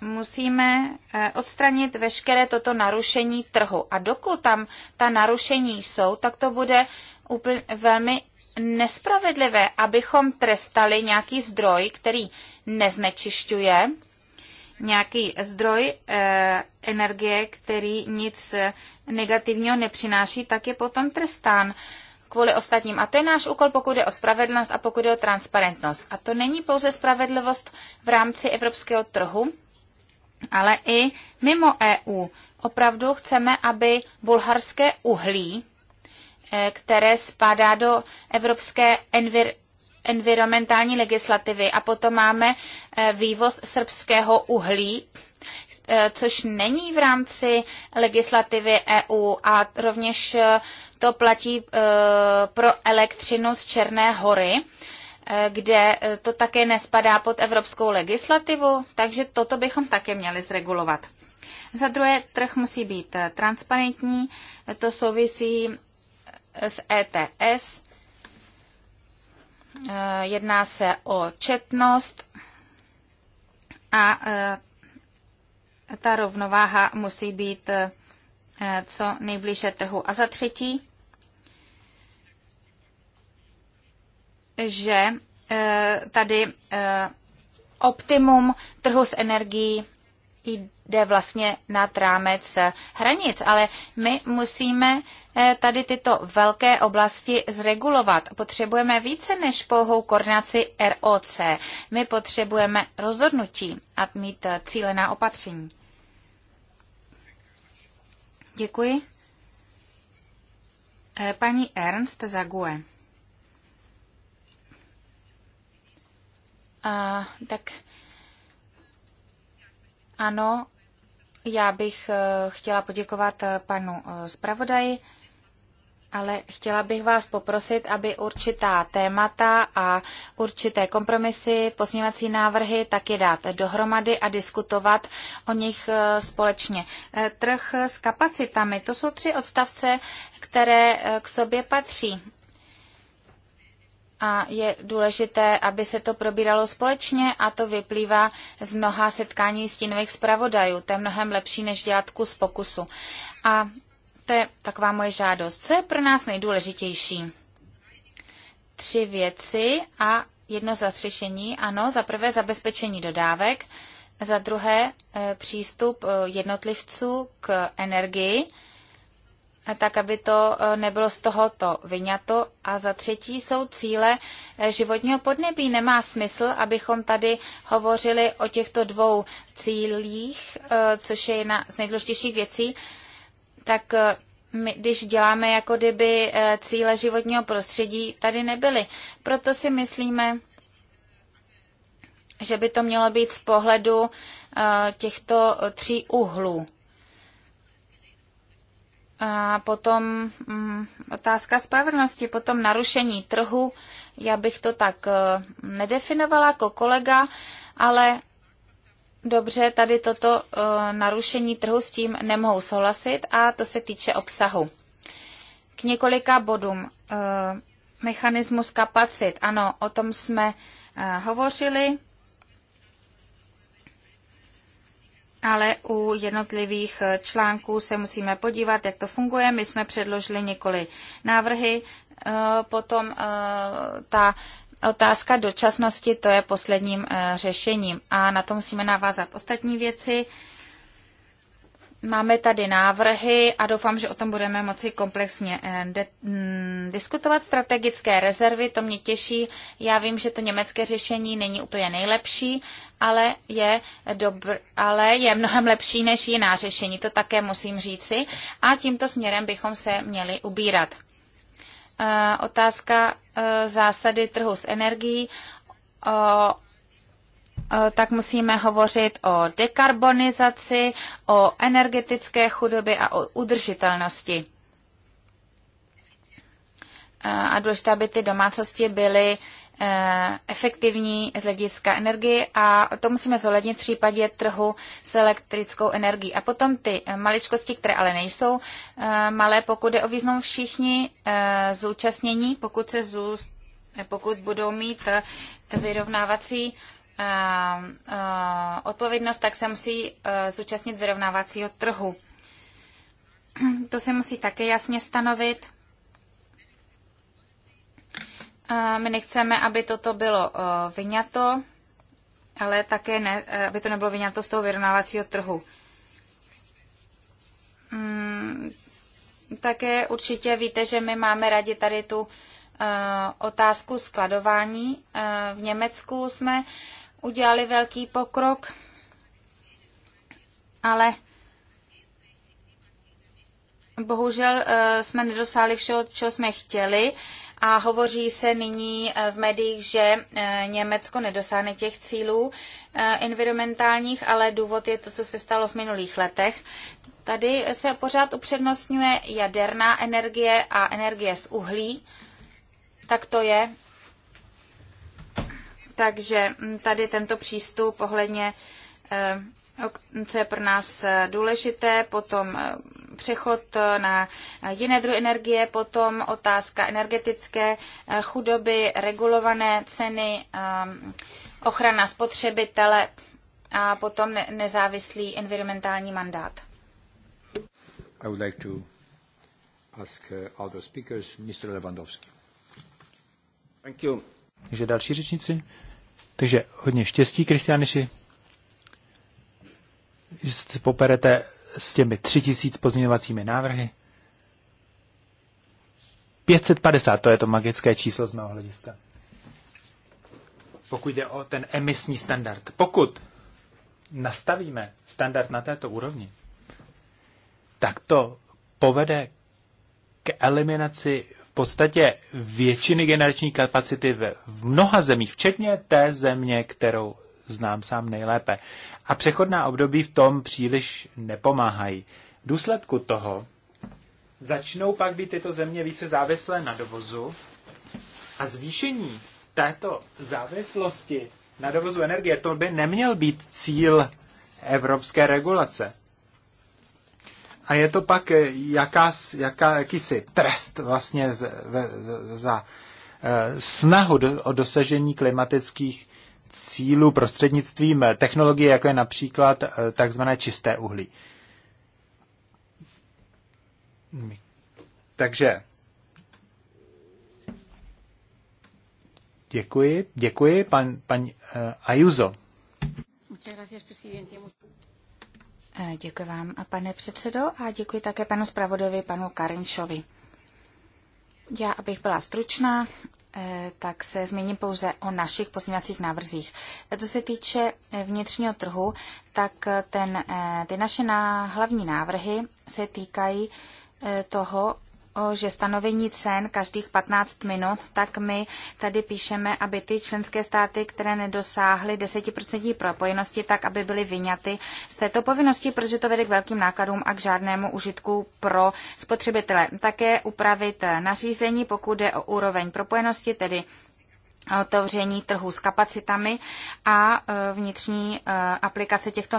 Musíme eh, odstranit veškeré toto narušení trhu. A dokud tam ta narušení jsou, tak to bude úplně velmi nespravedlivé, abychom trestali nějaký zdroj, který neznečišťuje, nějaký zdroj e, energie, který nic eh, negativního nepřináší, tak je potom trestán kvůli ostatním. A to je náš úkol, pokud je o spravedlnost a pokud je o transparentnost. A to není pouze spravedlivost v rámci evropského trhu, ale i mimo EU. Opravdu chceme, aby bulharské uhlí Eh, které spadá do evropské envir, environmentální legislativy. A potom máme eh, vývoz srbského uhlí, eh, což není v rámci legislativy EU a rovněž to platí pro elektřinu z Černé hory kde to také nespadá pod evropskou legislativu, takže toto bychom také měli zregulovat. Za druhé, trh musí být transparentní, to souvisí z ETS. Eh, jedná se o četnost a eh, ta rovnováha musí být eh, co nejblíže trhu. A za třetí, že tady optimum trhu s energií jde vlastně nad rámec hranic, ale my musíme Eh, tady tyto velké oblasti zregulovat. Potřebujeme více než pouhou koordinaci ROC. My potřebujeme rozhodnutí a mít eh, cílená opatření. Děkuji. Eh, paní Ernst Zague. A, tak ano, já bych chtěla poděkovat panu zpravodaji. Ale chtěla bych vás poprosit, aby určitá témata a určité kompromisy, pozměňovací návrhy taky dát dohromady a diskutovat o nich e, společně. E, trh s kapacitami, to jsou tři odstavce, které e, k sobě patří. A je důležité, aby se to probíralo společně a to vyplývá z mnoha setkání stínových zpravodajů. To je mnohem lepší, než dělat kus pokusu. A to je taková moje žádost. Co je pro nás nejdůležitější? Tři věci a jedno zastřešení. Ano, za prvé zabezpečení dodávek, za druhé eh, přístup eh, jednotlivců k energii, tak aby to eh, nebylo z tohoto vyňato. A za třetí jsou cíle životního podnebí. Nemá smysl, abychom tady hovořili o těchto dvou cílích, což je jedna z nejdůležitějších věcí, tak eh, my, když děláme jako kdyby eh, cíle životního prostředí tady nebyly. Proto si myslíme, že by to mělo být z pohledu eh, těchto tří uhlů. A potom mm, otázka spravedlnosti, potom narušení trhu. Já bych to tak nedefinovala jako kolega, ale Dobře, tady toto eh, narušení trhu s tím nemohu souhlasit a to se týče obsahu. K několika bodům. Eh, mechanismus kapacit, ano, o tom jsme eh, hovořili, ale u jednotlivých článků se musíme podívat, jak to funguje. My jsme předložili několik návrhy, potom ta otázka dočasnosti, to je posledním eh, řešením a na to musíme navázat ostatní věci. Máme tady návrhy a doufám, že o tom budeme moci komplexně eh, de- mm, diskutovat. Strategické rezervy, to mě těší. Já vím, že to německé řešení není úplně nejlepší, ale je, dobr- ale je mnohem lepší než jiná řešení, to také musím říci. A tímto směrem bychom se měli ubírat. Eh, otázka eh, zásady trhu s energií, tak musíme hovořit o dekarbonizaci, o energetické chudobě a o udržitelnosti. Eh, a důležité, aby ty domácnosti byly Eh, efektivní z hlediska energie a to musíme zohlednit v případě trhu s elektrickou energií. A potom ty eh, maličkosti, které ale nejsou eh, malé, pokud je o význam všichni zúčastnění, pokud, se zůst, pokud budou mít vyrovnávací odpovědnost, tak se musí zúčastnit vyrovnávacího trhu. To se musí také jasně stanovit my nechceme, aby toto bylo eh, vyňato, ale také ne, eh, aby to nebylo vyňato z toho vyrovnávacího trhu. Mm, také určitě víte, že my máme rádi tady tu eh, otázku skladování. V Německu jsme udělali velký pokrok, ale bohužel jsme nedosáhli všeho, čeho jsme chtěli a hovoří se nyní eh, v médiích, že eh, Německo nedosáhne těch cílů eh, environmentálních, ale důvod je to, co se stalo v minulých letech. Tady se pořád upřednostňuje jaderná energie a energie z uhlí. Tak to je. Takže mm, tady tento přístup ohledně co je pro nás eh, důležité, potom eh, přechod eh, na jiné druhy energie, potom otázka energetické chudoby, regulované ceny, ehm, ochrana spotřebitele a potom nezávislý environmentální mandát. I would like to ask other speakers, Mr. Lewandowski. Thank you. Takže další řečníci. Takže hodně štěstí, Kristianiši že se poperete s těmi 3000 pozměňovacími návrhy. 550, to je to magické číslo z mého hlediska. Pokud jde o ten emisní standard. Pokud nastavíme standard na této úrovni, tak to povede k eliminaci v podstatě většiny generační kapacity v, v mnoha zemích, včetně té země, kterou znám sám nejlépe. A přechodná období v tom příliš nepomáhají. V důsledku toho začnou pak být tyto země více závislé na dovozu a zvýšení této závislosti na dovozu energie, to by neměl být cíl evropské regulace. A je to pak jakás, jaká, jakýsi trest vlastně z, za eh, snahu do, o dosažení klimatických cílu prostřednictvím eh, technologie, jako je například eh, takzvané čisté uhlí. Takže děkuji, děkuji, pan, pan eh, Ayuso. Děkuji vám, pane předsedo, a děkuji také panu zpravodovi, panu Karinšovi. Já, abych byla stručná, Eh, tak se zmíním pouze o našich pozměňovacích návrzích. Eh, co se týče eh, vnitřního trhu, tak ten, ty naše hlavní návrhy se týkají toho, že stanovení cen každých 15 minut, tak my tady píšeme, aby ty členské státy, které nedosáhly 10% propojenosti, tak aby byly vyňaty z této povinnosti, protože to vede k velkým nákladům a k žádnému užitku pro spotřebitele. Také upravit nařízení, pokud jde o úroveň propojenosti, tedy otevření trhu s kapacitami a e, vnitřní e, aplikace těchto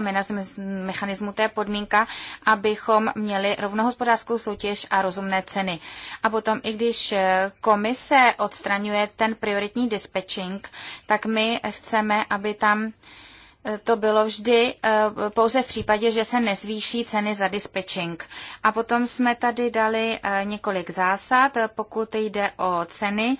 mechanismů. To je podmínka, abychom měli rovnohospodářskou soutěž a rozumné ceny. A potom, i když e, komise odstraňuje ten prioritní dispatching, tak my chceme, aby tam to bylo vždy pouze v případě, že se nezvýší ceny za dispečing. A potom jsme tady dali několik zásad, pokud jde o ceny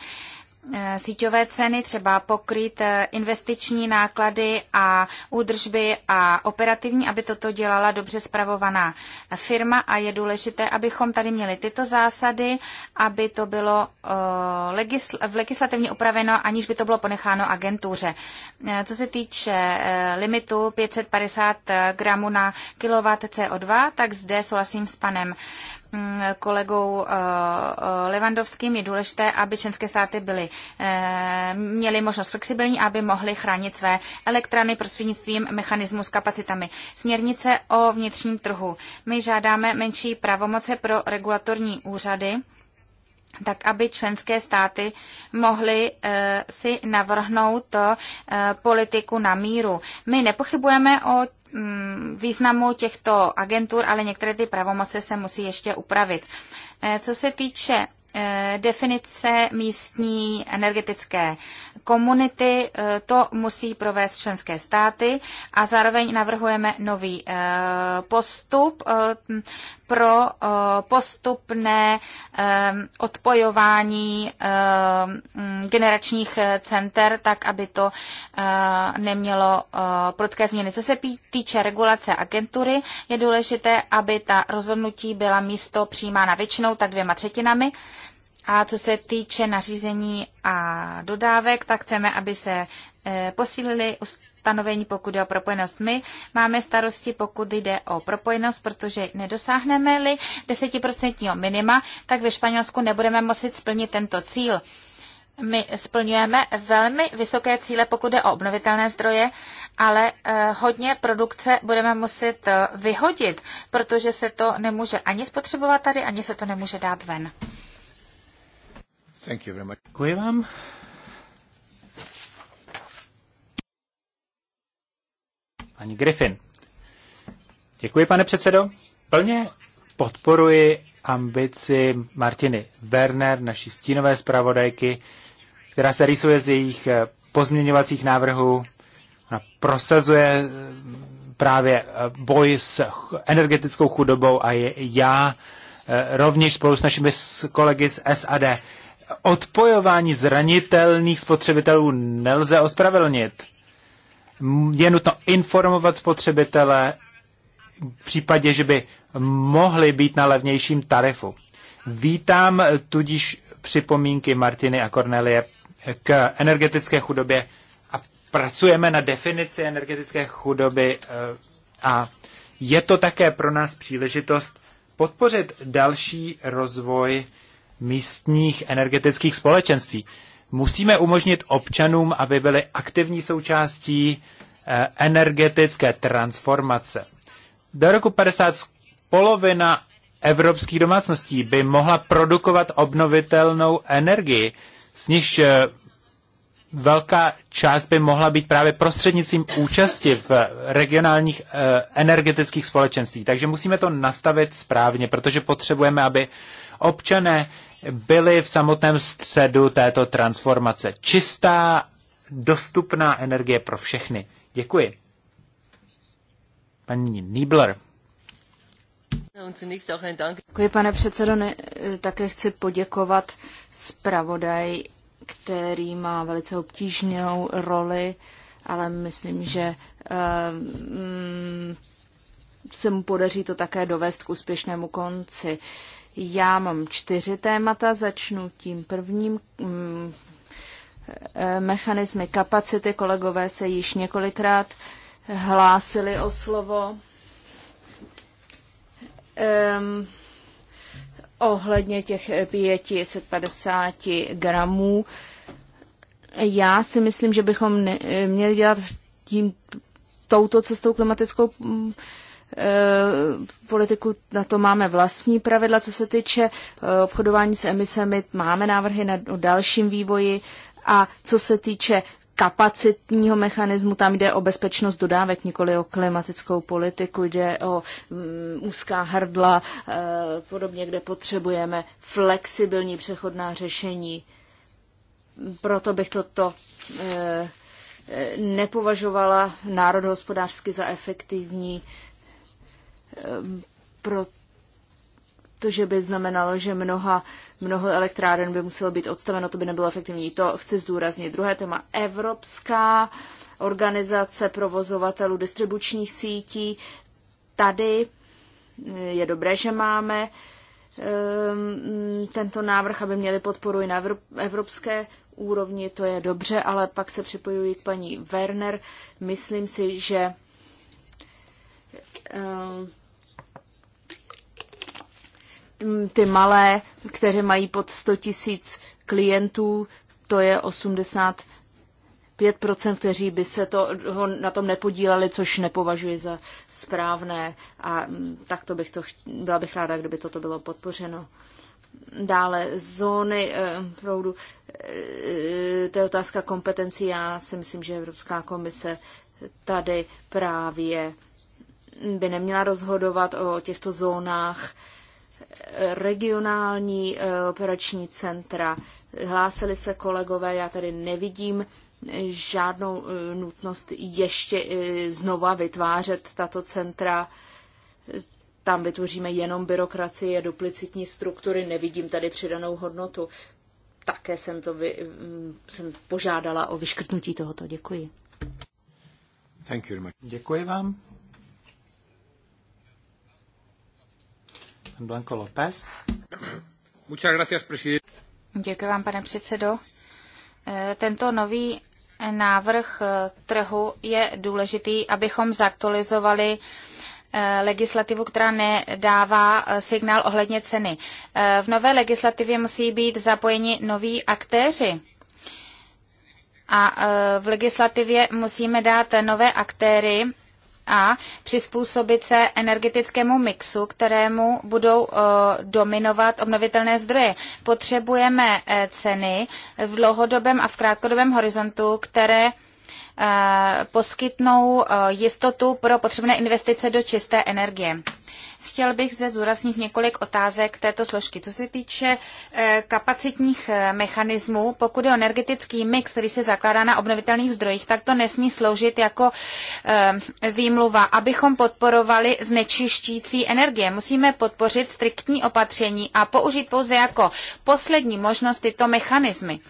Eh, síťové ceny, třeba pokryt eh, investiční náklady a údržby a operativní, aby toto dělala dobře spravovaná firma a je důležité, abychom tady měli tyto zásady, aby to bylo eh, v legislativně upraveno, aniž by to bylo ponecháno agentuře. Co se týče limitu 550 gramů na kilowatt CO2, tak zde souhlasím s panem Mm, kolegou eh, eh, Levandovským je důležité, aby členské státy byly, eh, měly možnost flexibilní, aby mohly chránit své elektrany prostřednictvím mechanismu s kapacitami. Směrnice o vnitřním trhu. My žádáme menší pravomoce pro regulatorní úřady, tak aby členské státy mohly si navrhnout politiku na míru. My nepochybujeme o Mm, významu těchto agentur, ale některé ty pravomoce se musí ještě upravit. Eh, co se týče eh, definice místní energetické komunity, eh, to musí provést členské státy a zároveň navrhujeme nový eh, postup eh, pro postupné odpojování mm, generačních center, tak aby to nemělo prudké změny. Co se týče regulace agentury, je důležité, aby ta rozhodnutí byla místo přijímána většinou, tak dvěma třetinami a co se týče nařízení a dodávek, tak chceme, aby se eh, posílili stanovení, pokud jde o propojenost. My máme starosti, pokud jde o propojenost, protože nedosáhneme-li 10% minima, tak ve Španělsku nebudeme muset splnit tento cíl. My splňujeme velmi vysoké cíle, pokud jde o obnovitelné zdroje, ale eh, hodně produkce budeme muset eh, vyhodit, protože se to nemůže ani spotřebovat tady, ani se to nemůže dát ven. Děkuji vám. Paní Griffin. Děkuji, pane předsedo. Plně podporuji ambici Martiny Werner, naší stínové zpravodajky, která se rýsuje z jejich pozměňovacích návrhů. Ona prosazuje právě boj s energetickou chudobou a já eh, rovněž spolu s našimi kolegy z SAD odpojování zranitelných spotřebitelů nelze ospravedlnit. Je nutno informovat spotřebitele v případě, že by mohli být na levnějším tarifu. Vítám tudíž připomínky Martiny a Cornelie k energetické chudobě a pracujeme na definici energetické chudoby eh, a je to také pro nás příležitost podpořit další rozvoj místních energetických společenství. Musíme umožnit občanům, aby byli aktivní součástí eh, energetické transformace. Do roku 50 polovina evropských domácností by mohla produkovat obnovitelnou energii, s níž eh, velká část by mohla být právě prostřednicím účasti v regionálních eh, energetických společenství. Takže musíme to nastavit správně, protože potřebujeme, aby občané byly v samotném středu této transformace. Čistá, dostupná energie pro všechny. Děkuji. Paní Niebler. Děkuji, pane předsedo. Také chci poděkovat zpravodaj, který má velice obtížnou roli, ale myslím, že eh, mm, se mu podaří to také dovést k úspěšnému konci. Uh, já mám čtyři témata, začnu tím prvním. Mm, eh, mechanismy kapacity, kolegové se již několikrát hlásili o slovo. Um, ohledně těch 550 gramů, já si myslím, že bychom ne, měli dělat tím touto cestou klimatickou mm, Eh, politiku, na to máme vlastní pravidla, co se týče eh, obchodování s emisemi, máme návrhy na o dalším vývoji a co se týče kapacitního mechanismu, tam jde o bezpečnost dodávek, nikoli o klimatickou politiku, jde o mm, úzká hrdla, e, podobně, kde potřebujeme flexibilní přechodná řešení. Proto bych toto e, nepovažovala národohospodářsky za efektivní. E, protože by znamenalo, že mnoha, mnoho elektráren by muselo být odstaveno, to by nebylo efektivní. To chci zdůraznit. Druhé téma Evropská organizace provozovatelů distribučních sítí. Tady je dobré, že máme ehm, tento návrh, aby měli podporu i na evropské úrovni, to je dobře, ale pak se připojuji k paní Werner. Myslím si, že ehm, ty malé, které mají pod 100 tisíc klientů, to je 85%, kteří by se to, ho na tom nepodíleli, což nepovažuji za správné. A mm, tak to bych to, byla bych ráda, kdyby toto bylo podpořeno. Dále zóny eh, proudu. Eh, to je otázka kompetencí. Já si myslím, že Evropská komise tady právě by neměla rozhodovat o těchto zónách eh, regionální eh, operační centra. Hlásili se kolegové, já tady nevidím eh, žádnou eh, nutnost ještě znova vytvářet tato centra. Tam vytvoříme jenom byrokracie, duplicitní struktury, nevidím tady přidanou hodnotu. Také jsem, to vy, mm, jsem požádala o vyškrtnutí tohoto. Děkuji. Děkuji vám. Blanco López. Muchas gracias, Děkuji vám, pane předsedo. Eh, tento nový návrh eh, trhu je důležitý, abychom zaktualizovali eh, legislativu, která nedává signál ohledně ceny. V nové legislativě musí být zapojeni noví aktéři. A v legislativě musíme dát nové aktéry a přizpůsobit se energetickému mixu, kterému budou eh, dominovat obnovitelné zdroje. Potřebujeme eh, ceny v dlouhodobém a v krátkodobém horizontu, které eh, poskytnou jistotu pro potřebné investice do čisté energie. Chtěl bych zde zúraznit několik otázek této složky. Co se týče eh, kapacitních eh, mechanismů, pokud je energetický mix, který se zakládá na obnovitelných zdrojích, tak to nesmí sloužit jako eh, výmluva, abychom podporovali znečišťující energie. Musíme podpořit striktní opatření a použít pouze jako poslední možnost tyto mechanismy.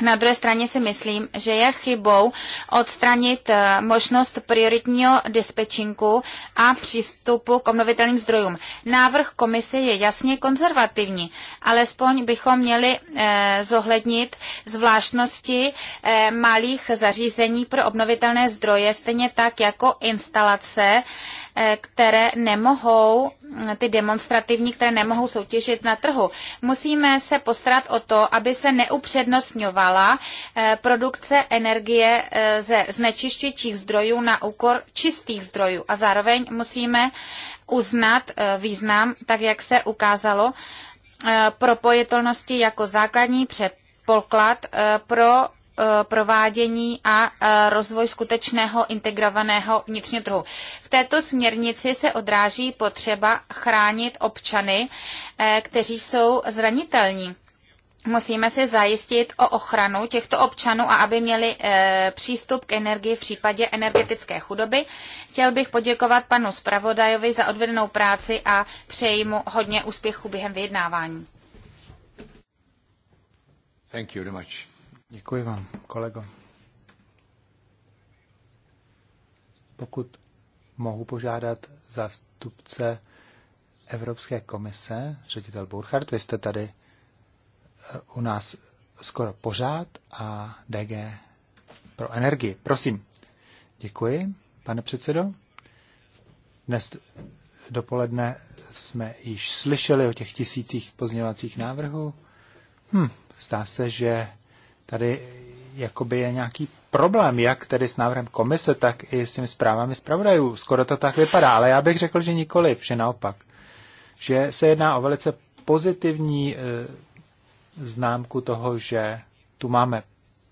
Na druhé straně si myslím, že je chybou odstranit eh, možnost prioritního dispečinku a přístupu k obnovitelným zdrojům. Návrh komise je jasně konzervativní, alespoň bychom měli eh, zohlednit zvláštnosti eh, malých zařízení pro obnovitelné zdroje, stejně tak jako instalace Eh, které nemohou, ty demonstrativní, které nemohou soutěžit na trhu. Musíme se postarat o to, aby se neupřednostňovala eh, produkce energie eh, ze znečišťujících zdrojů na úkor čistých zdrojů. A zároveň musíme uznat význam, tak jak se ukázalo, propojitelnosti jako základní předpoklad pro Eh, provádění a eh, rozvoj skutečného integrovaného vnitřního trhu. V této směrnici se odráží potřeba chránit občany, eh, kteří jsou zranitelní. Musíme si zajistit o ochranu těchto občanů a aby měli e, přístup k energii v případě energetické chudoby. Chtěl bych poděkovat panu zpravodajovi za odvedenou práci a přeji mu hodně úspěchu během vyjednávání. Thank you very much. Děkuji vám, kolego. Pokud mohu požádat zástupce Evropské komise, ředitel Burchardt, vy jste tady eh, u nás skoro pořád a DG pro energii. Prosím. Děkuji, pane předsedo. Dnes dopoledne jsme již slyšeli o těch tisících pozměňovacích návrhů. Hm, zdá se, že tady jakoby je nějaký problém, jak tedy s návrhem komise, tak i s těmi zprávami zpravodajů. Skoro to tak vypadá, ale já bych řekl, že nikoli. že naopak. Že se jedná o velice pozitivní e, známku toho, že tu máme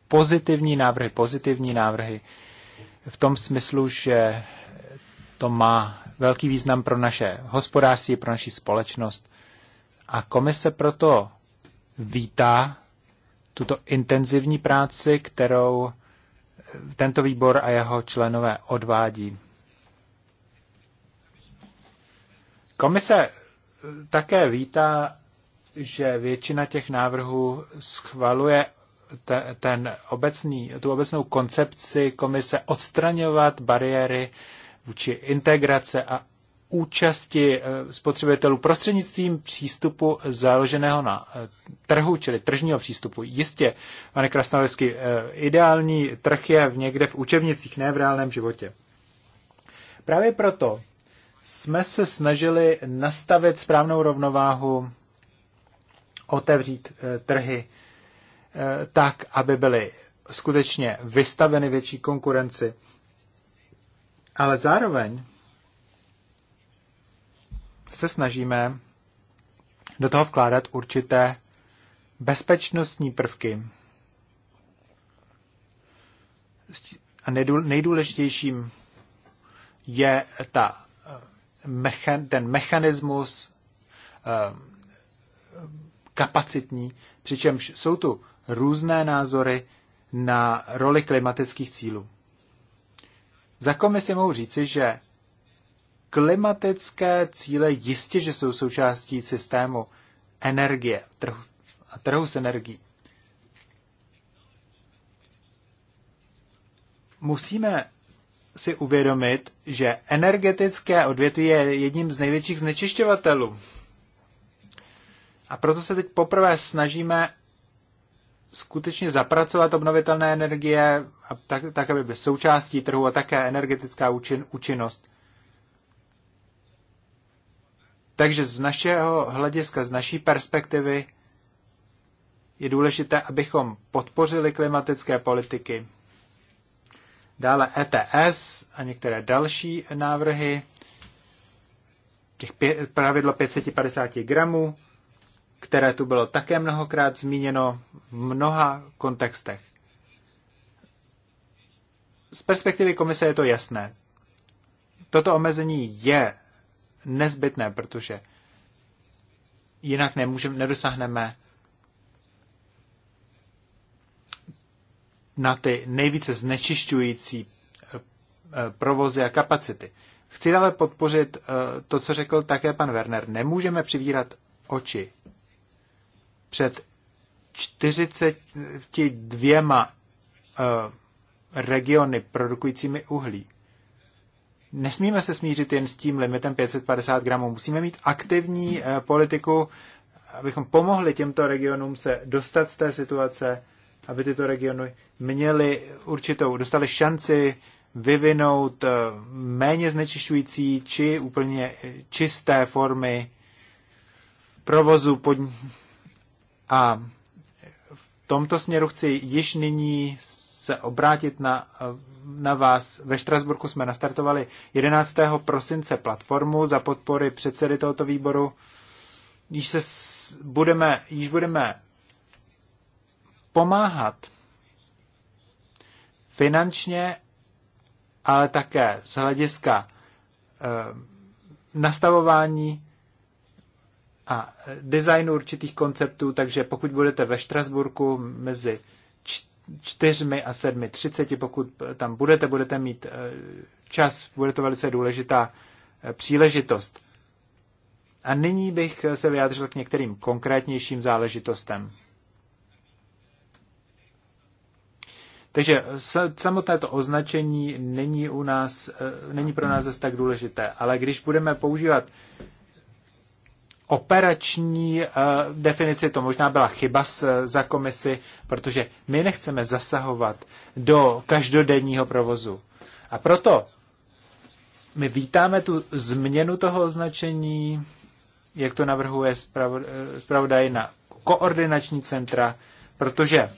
pozitivní návrhy, pozitivní návrhy v tom smyslu, že to má velký význam pro naše hospodářství, pro naši společnost. A komise proto vítá tuto intenzivní práci, kterou eh, tento výbor a jeho členové odvádí. Komise eh, také vítá, že většina těch návrhů schvaluje ten obecný, tu obecnou koncepci komise odstraňovat bariéry vůči integrace a účasti eh, spotřebitelů prostřednictvím přístupu založeného na eh, trhu, čili tržního přístupu. Jistě, pane Krasnověsky, eh, ideální trh je v někde v učebnicích, ne v reálném životě. Právě proto jsme se snažili nastavit správnou rovnováhu, otevřít trhy tak, aby byly skutečně vystaveny větší konkurenci, ale zároveň se snažíme do toho vkládat určité bezpečnostní prvky. A nejdůležitějším je ta, ten mechanismus eh, kapacitní, přičemž jsou tu různé názory na roli klimatických cílů. Za komisi mohu říci, že Klimatické cíle jistě, že jsou součástí systému energie trhu, a trhu s energií. Musíme si uvědomit, že energetické odvětví je jedním z největších znečišťovatelů. A proto se teď poprvé snažíme skutečně zapracovat obnovitelné energie, a tak, tak aby byly součástí trhu a také energetická účin, účinnost takže z našeho hlediska, z naší perspektivy je důležité, abychom podpořili klimatické politiky. Dále ETS a některé další návrhy, těch pě- pravidlo 550 gramů, které tu bylo také mnohokrát zmíněno v mnoha kontextech. Z perspektivy komise je to jasné. Toto omezení je nezbytné, protože jinak nemůžeme, nedosáhneme na ty nejvíce znečišťující eh, eh, provozy a kapacity. Chci ale podpořit eh, to, co řekl také pan Werner. Nemůžeme přivírat oči před 42 regiony produkujícími uhlí nesmíme se smířit jen s tím limitem 550 gramů. Musíme mít aktivní eh, politiku, abychom pomohli těmto regionům se dostat z té situace, aby tyto regiony měly určitou, dostali šanci vyvinout eh, méně znečišťující či úplně čisté formy provozu pod... a v tomto směru chci již nyní se obrátit na, na vás. Ve Štrasburku jsme nastartovali 11. prosince platformu za podpory předsedy tohoto výboru. Již, se budeme, již budeme pomáhat finančně, ale také z hlediska eh, nastavování a designu určitých konceptů, takže pokud budete ve Štrasburku mezi čtyřmi a sedmi třiceti, pokud tam budete, budete mít eh, čas, bude to velice důležitá eh, příležitost. A nyní bych eh, se vyjádřil k některým konkrétnějším záležitostem. Takže samotné to označení není, u nás, není pro nás zase tak důležité, ale když budeme používat operační eh, definici, to možná byla chyba eh, za komisi, protože my nechceme zasahovat do každodenního provozu. A proto my vítáme tu změnu toho označení, jak to navrhuje eh, zpravodaj na koordinační centra, protože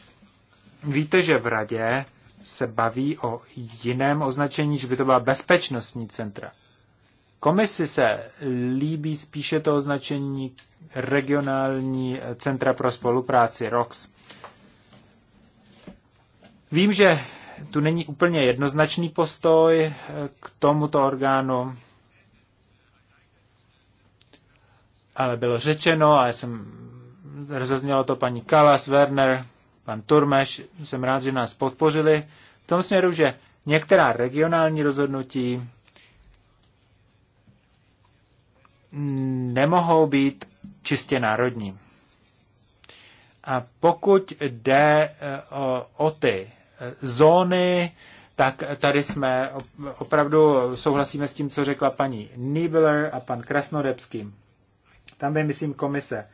víte, že v radě se baví o jiném označení, že by to byla bezpečnostní centra. Komisi se líbí spíše to označení regionální centra pro spolupráci ROX. Vím, že tu není úplně jednoznačný postoj k tomuto orgánu, ale bylo řečeno, a já jsem, rozeznělo to paní Kalas, Werner, pan Turmeš, jsem rád, že nás podpořili v tom směru, že některá regionální rozhodnutí nemohou být čistě národní. A pokud jde eh, o, o ty eh, zóny, tak tady jsme opravdu souhlasíme s tím, co řekla paní Niebler a pan Krasnodebský. Tam by, myslím, komise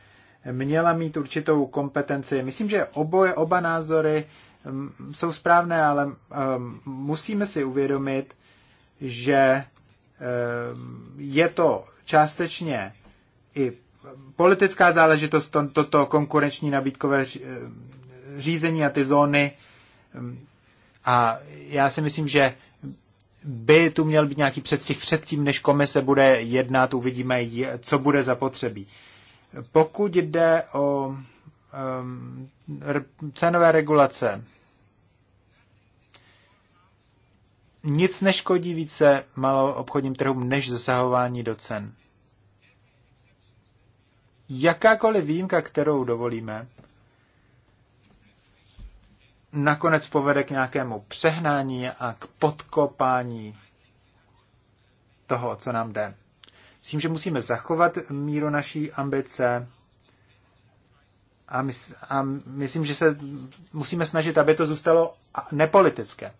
měla mít určitou kompetenci. Myslím, že oboje, oba názory mm, jsou správné, ale ehm, musíme si uvědomit, že ehm, je to částečně i politická záležitost, to, toto konkurenční nabídkové eh, řízení a ty zóny. Mm, a já si myslím, že by tu měl být nějaký předstih předtím, než komise bude jednat, uvidíme, co bude zapotřebí. Pokud jde o um, cenové regulace, nic neškodí více malou obchodním trhům než zasahování do cen. Jakákoliv výjimka, kterou dovolíme, nakonec povede k nějakému přehnání a k podkopání toho, co nám jde. Myslím, že musíme zachovat míru naší ambice a, mys- a myslím, že se musíme snažit, aby to zůstalo nepolitické.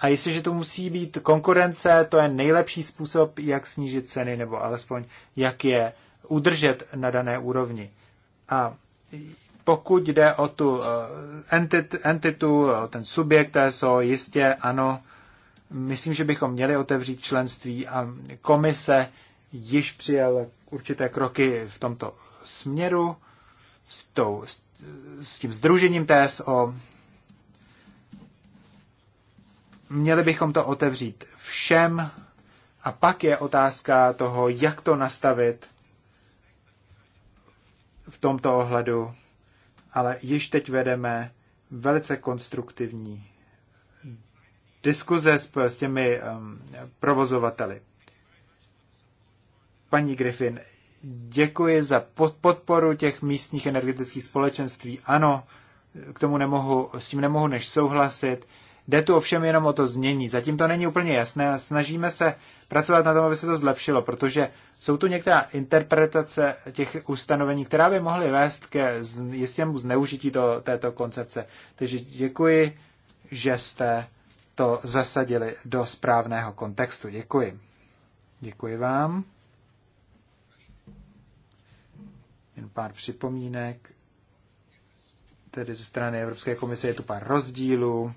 A jestliže to musí být konkurence, to je nejlepší způsob, jak snížit ceny, nebo alespoň jak je udržet na dané úrovni. A pokud jde o tu eh, entitu, o ten subjekt TSO, jistě ano, myslím, že bychom měli otevřít členství a komise již přijal určité kroky v tomto směru s, tou, s tím združením TSO Měli bychom to otevřít všem a pak je otázka toho, jak to nastavit v tomto ohledu, ale již teď vedeme velice konstruktivní diskuze s, s těmi um, provozovateli. Paní Griffin, děkuji za podporu těch místních energetických společenství. Ano, k tomu nemohu, s tím nemohu než souhlasit. Jde tu ovšem jenom o to znění. Zatím to není úplně jasné a snažíme se pracovat na tom, aby se to zlepšilo, protože jsou tu některá interpretace těch ustanovení, která by mohly vést ke jistému zneužití to, této koncepce. Takže děkuji, že jste to zasadili do správného kontextu. Děkuji. Děkuji vám. Jen pár připomínek. Tedy ze strany Evropské komise je tu pár rozdílů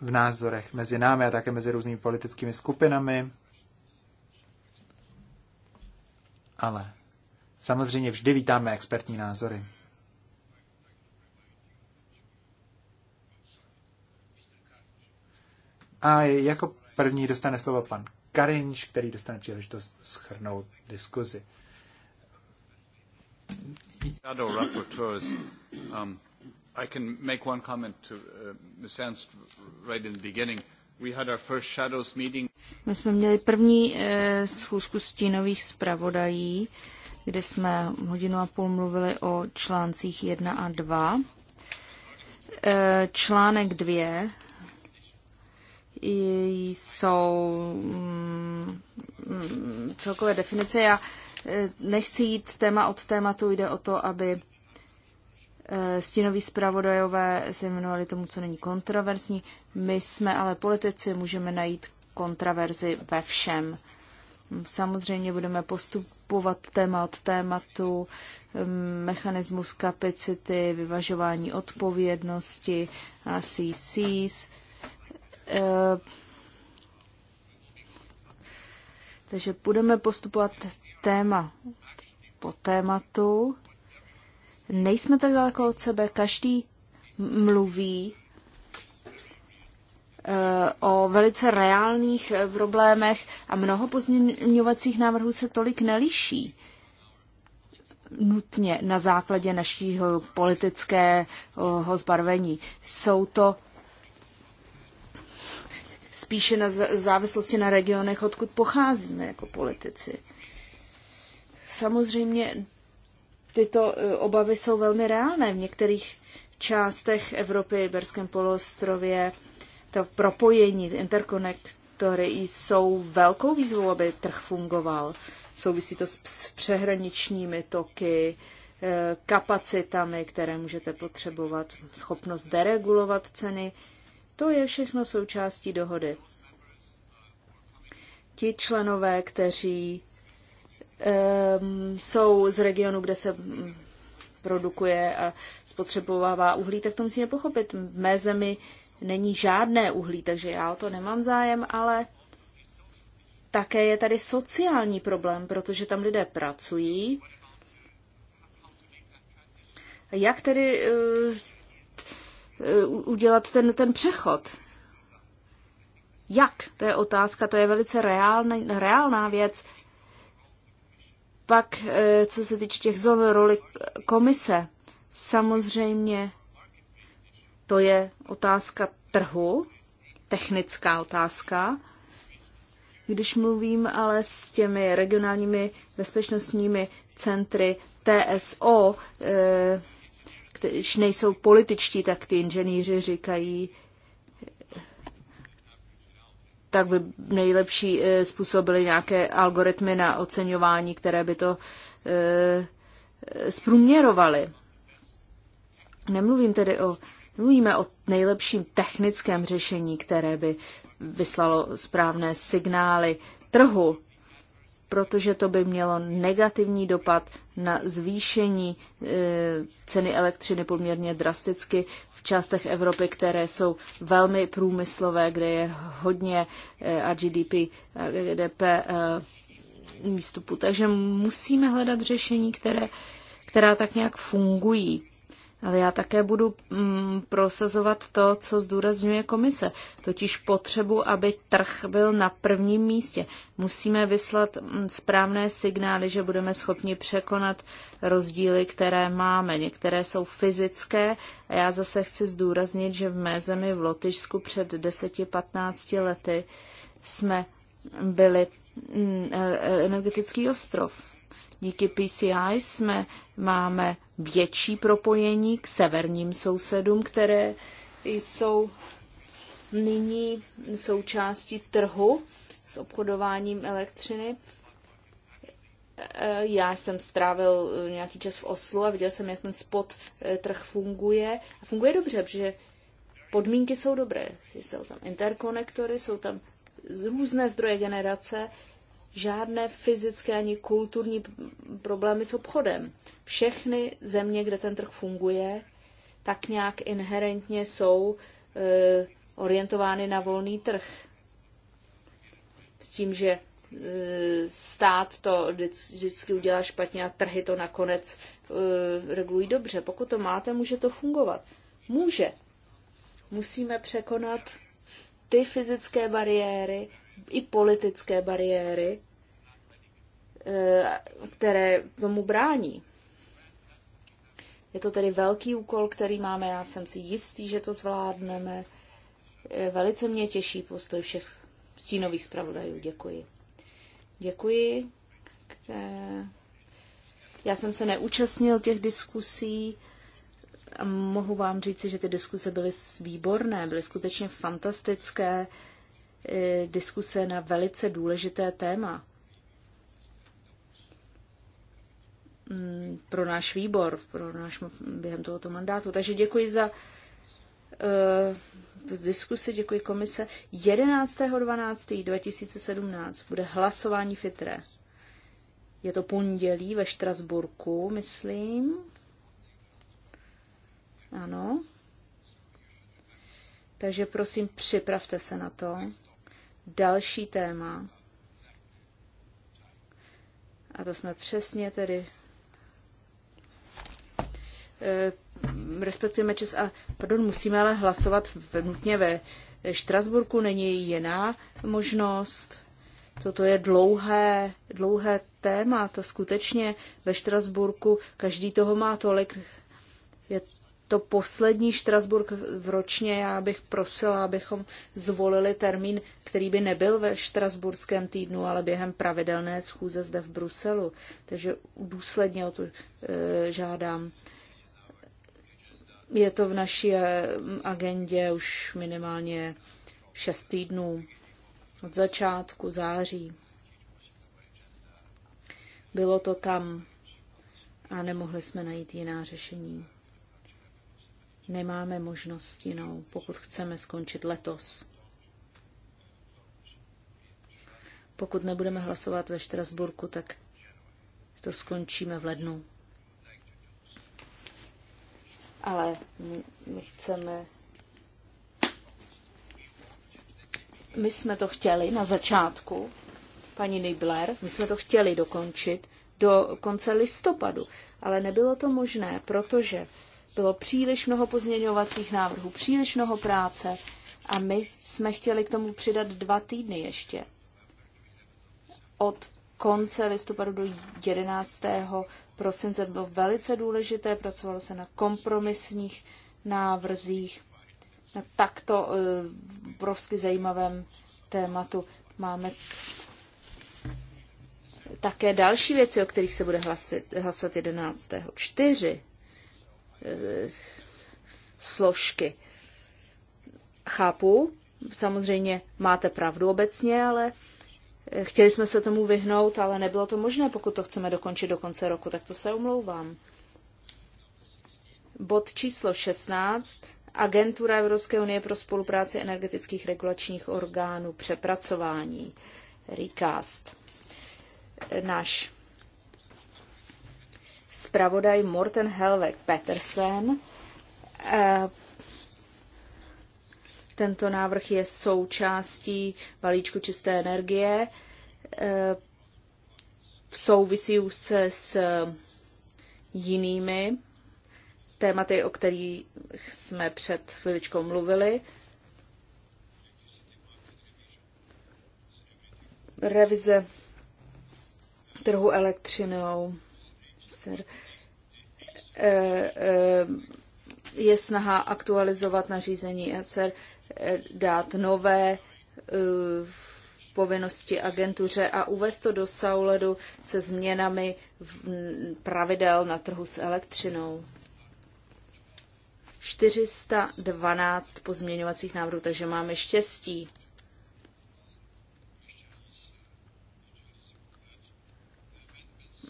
v názorech mezi námi a také mezi různými politickými skupinami. Ale samozřejmě vždy vítáme expertní názory. A jako první dostane slovo pan Karinč, který dostane příležitost schrnout diskuzi. I can make one comment to uh, Ms. Ernst right in the beginning. We had our first shadows meeting. My jsme měli první eh, schůzku stínových zpravodají, kde jsme hodinu a půl mluvili o článcích 1 a 2. Eh, uh, článek 2 jsou mm, mm, celkové definice. Já eh, nechci jít téma od tématu, jde o to, aby Eh, stínoví zpravodajové se jmenovali tomu, co není kontroverzní. My jsme ale politici, můžeme najít kontroverzi ve všem. Samozřejmě budeme postupovat téma od tématu, ehm, mechanismus kapacity, vyvažování odpovědnosti, ACCs. Eh, takže budeme postupovat téma po tématu Nejsme tak daleko od sebe, každý mluví eh, o velice reálných eh, problémech a mnoho pozměňovacích návrhů se tolik neliší nutně na základě našího politického eh, zbarvení. Jsou to spíše na závislosti na regionech, odkud pocházíme jako politici. Samozřejmě tyto e, obavy jsou velmi reálné. V některých částech Evropy, Berském poloostrově, to propojení, interkonektory jsou velkou výzvou, aby trh fungoval. Souvisí to s přehraničními toky, e, kapacitami, které můžete potřebovat, schopnost deregulovat ceny. To je všechno součástí dohody. Ti členové, kteří Ehm, jsou z regionu, kde se mm, produkuje a spotřebovává uhlí, tak to musíme pochopit. V mé zemi není žádné uhlí, takže já o to nemám zájem, ale také je tady sociální problém, protože tam lidé pracují. Jak tedy uh, udělat ten, ten přechod? Jak? To je otázka, to je velice reálný, reálná věc. Pak, eh, co se týče těch zón roli komise, samozřejmě to je otázka trhu, technická otázka. Když mluvím ale s těmi regionálními bezpečnostními centry TSO, eh, když nejsou političtí, tak ty inženýři říkají, tak by nejlepší eh, způsobily nějaké algoritmy na oceňování, které by to eh, zprůměrovaly. Nemluvím tedy o, mluvíme o nejlepším technickém řešení, které by vyslalo správné signály trhu, protože to by mělo negativní dopad na zvýšení eh, ceny elektřiny poměrně drasticky v částech Evropy, které jsou velmi průmyslové, kde je hodně RGDP, eh, RGDP výstupu. Eh, Takže musíme hledat řešení, které, která tak nějak fungují ale já také budu mm, prosazovat to, co zdůrazňuje komise, totiž potřebu, aby trh byl na prvním místě. Musíme vyslat mm, správné signály, že budeme schopni překonat rozdíly, které máme. Některé jsou fyzické a já zase chci zdůraznit, že v mé zemi v Lotyšsku před 10-15 lety jsme byli mm, e, e, energetický ostrov Díky PCI jsme, máme větší propojení k severním sousedům, které jsou nyní součástí trhu s obchodováním elektřiny. Eh, já jsem strávil eh, nějaký čas v Oslu a viděl jsem, jak ten spot eh, trh funguje. A funguje dobře, protože podmínky jsou dobré. Jsou tam interkonektory, jsou tam různé zdroje generace žádné fyzické ani kulturní problémy s obchodem. Všechny země, kde ten trh funguje, tak nějak inherentně jsou e, orientovány na volný trh. S tím, že e, stát to vždycky udělá špatně a trhy to nakonec e, regulují dobře. Pokud to máte, může to fungovat. Může. Musíme překonat ty fyzické bariéry, i politické bariéry, Eh, které tomu brání. Je to tedy velký úkol, který máme. Já jsem si jistý, že to zvládneme. Eh, velice mě těší postoj všech stínových zpravodajů. Děkuji. Děkuji. Já jsem se neúčastnil těch diskusí a mohu vám říci, že ty diskuse byly výborné, byly skutečně fantastické eh, diskuse na velice důležité téma. Mm, pro náš výbor, pro náš během tohoto mandátu. Takže děkuji za uh, diskusi, děkuji komise. 11.12.2017 bude hlasování FITRE. Je to pondělí ve Štrasburku, myslím. Ano. Takže prosím, připravte se na to. Další téma. A to jsme přesně tedy Eh, respektujeme čas a, pardon, musíme ale hlasovat v, nutně ve Štrasburku, není jiná možnost. Toto je dlouhé, dlouhé téma, to skutečně ve Štrasburku, každý toho má tolik, je to poslední Štrasburg v ročně, já bych prosila, abychom zvolili termín, který by nebyl ve Štrasburském týdnu, ale během pravidelné schůze zde v Bruselu. Takže důsledně o to e, žádám. E, je to v naší eh, agendě už minimálně šest týdnů od začátku září. Bylo to tam a nemohli jsme najít jiná řešení. Nemáme možnost jinou, pokud chceme skončit letos. Pokud nebudeme hlasovat ve Štrasburku, tak to skončíme v lednu ale my chceme. My jsme to chtěli na začátku, paní Nibler, my jsme to chtěli dokončit do konce listopadu, ale nebylo to možné, protože bylo příliš mnoho pozměňovacích návrhů, příliš mnoho práce a my jsme chtěli k tomu přidat dva týdny ještě. Od konce listopadu do 11 prosince bylo velice důležité, pracovalo se na kompromisních návrzích, na takto e, obrovsky zajímavém tématu. Máme také další věci, o kterých se bude hlasit, hlasovat 11. Čtyři e, složky. Chápu, samozřejmě máte pravdu obecně, ale Chtěli jsme se tomu vyhnout, ale nebylo to možné. Pokud to chceme dokončit do konce roku, tak to se omlouvám. Bod číslo 16. Agentura Evropské unie pro spolupráci energetických regulačních orgánů přepracování. Recast. Náš zpravodaj Morten Helvek Petersen eh, tento návrh je součástí balíčku čisté energie, e, souvisí úzce s jinými tématy, o kterých jsme před chviličkou mluvili. Revize trhu elektřinou e, e, je snaha aktualizovat nařízení ECR dát nové eh, povinnosti agentuře a uvést to do souladu se změnami pravidel na trhu s elektřinou. 412 pozměňovacích návrhů, takže máme štěstí.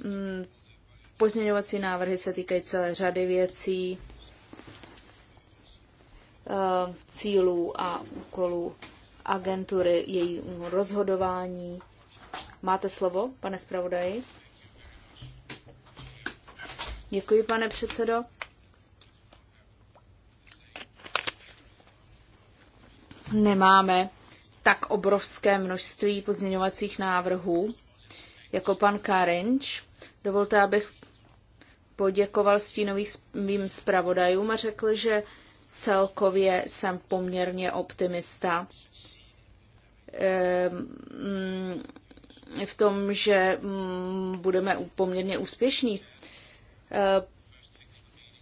Hmm, pozměňovací návrhy se týkají celé řady věcí. Eh, cílů a úkolů agentury, její rozhodování. Máte slovo, pane zpravodaji? Děkuji, pane předsedo. Nemáme tak obrovské množství pozměňovacích návrhů jako pan Karinč. Dovolte, abych poděkoval stínovým zpravodajům a řekl, že celkově jsem poměrně optimista ehm, mm, v tom, že mm, budeme poměrně úspěšní. Ehm,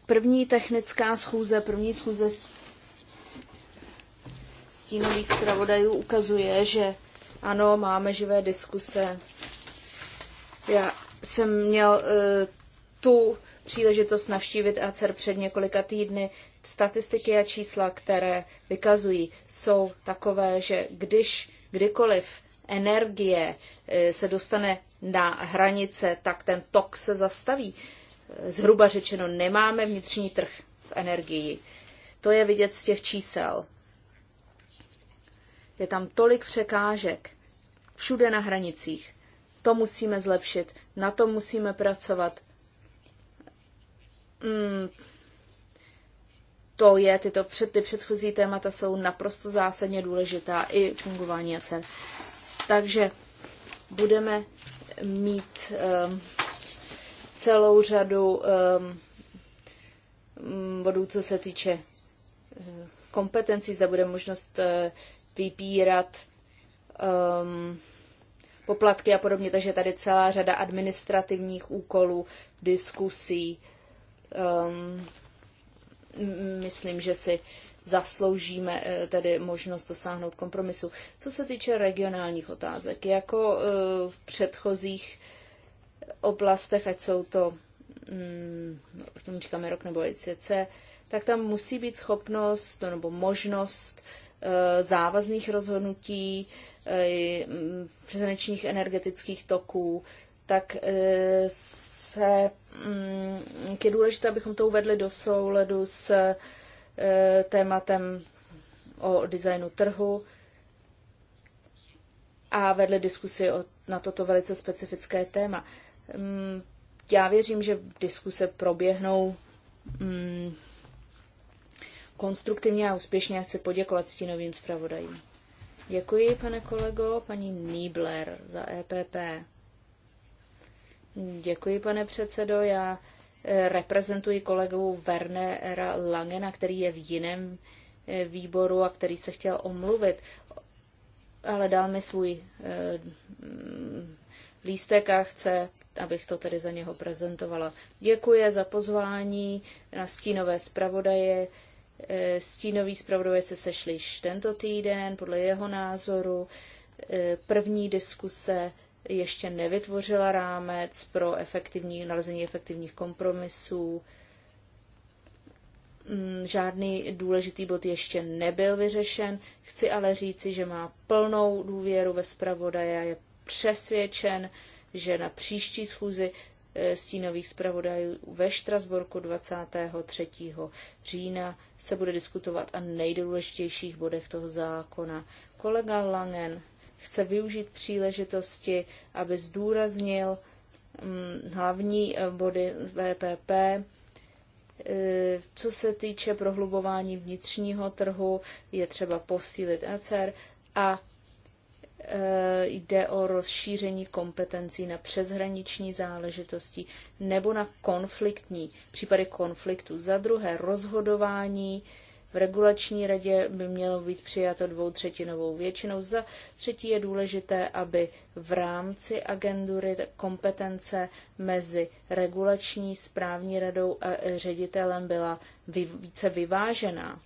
první technická schůze, první schůze stínových zpravodajů ukazuje, že ano, máme živé diskuse. Já jsem měl eh, tu příležitost navštívit ACER před několika týdny. Statistiky a čísla, které vykazují, jsou takové, že když kdykoliv energie eh, se dostane na hranice, tak ten tok se zastaví. Eh, zhruba řečeno, nemáme vnitřní trh s energií. To je vidět z těch čísel. Je tam tolik překážek, všude na hranicích. To musíme zlepšit, na to musíme pracovat. Mm, to je, tyto před, ty předchozí témata jsou naprosto zásadně důležitá i fungování cen. Takže budeme mít um, celou řadu um, bodů, co se týče eh, kompetencí, zda bude možnost uh, vybírat um, poplatky a podobně, takže tady celá řada administrativních úkolů, diskusí, um, myslím, že si zasloužíme eh, tedy možnost dosáhnout kompromisu. Co se týče regionálních otázek, jako eh, v předchozích oblastech, ať jsou to, mm, k tomu říkáme rok nebo ICC, tak tam musí být schopnost nebo možnost eh, závazných rozhodnutí mm, přeshraničních energetických toků, tak eh, se, mm, je důležité, abychom to uvedli do souladu s eh, tématem o designu trhu a vedli diskusi o, na toto velice specifické téma. Mm, já věřím, že diskuse proběhnou mm, konstruktivně a úspěšně a chci poděkovat stínovým zpravodajům. Děkuji, pane kolego, paní Niebler za EPP. Děkuji, pane předsedo. Já eh, reprezentuji kolegu Wernera Langena, který je v jiném eh, výboru a který se chtěl omluvit, ale dal mi svůj eh, mm, lístek a chce, abych to tedy za něho prezentovala. Děkuji za pozvání na stínové zpravodaje. Stínoví zpravodaje se sešli již tento týden, podle jeho názoru. První diskuse ještě nevytvořila rámec pro efektivní, nalezení efektivních kompromisů. Mm, žádný důležitý bod ještě nebyl vyřešen. Chci ale říci, že má plnou důvěru ve zpravodaje, je přesvědčen, že na příští schůzi eh, stínových zpravodajů ve Štrasborku 23. října se bude diskutovat o nejdůležitějších bodech toho zákona. Kolega Langen chce využít příležitosti, aby zdůraznil mm, hlavní eh, body VPP, eh, co se týče prohlubování vnitřního trhu, je třeba posílit ECR a eh, jde o rozšíření kompetencí na přeshraniční záležitosti nebo na konfliktní případy konfliktu. Za druhé rozhodování v regulační radě by mělo být přijato dvoutřetinovou většinou. Za třetí je důležité, aby v rámci agendury kompetence mezi regulační správní radou a e, ředitelem byla více vyvážená.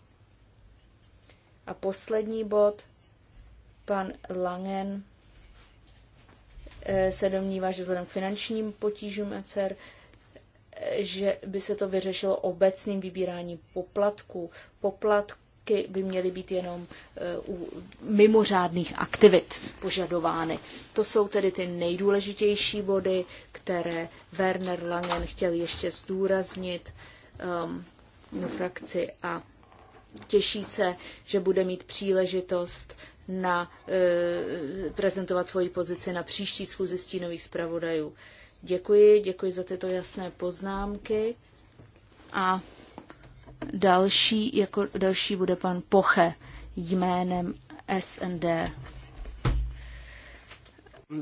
A poslední bod, pan Langen e, se domnívá, že vzhledem k finančním potížům ECR že by se to vyřešilo obecným vybíráním poplatků. Poplatky by měly být jenom eh, u mimořádných aktivit požadovány. To jsou tedy ty nejdůležitější body, které Werner Langen chtěl ještě zdůraznit um, ehm, v frakci a těší se, že bude mít příležitost na e, prezentovat svoji pozici na příští schůzi stínových zpravodajů. E, Děkuji, děkuji za tyto jasné poznámky. A další, jako další bude pan Poche jménem SND.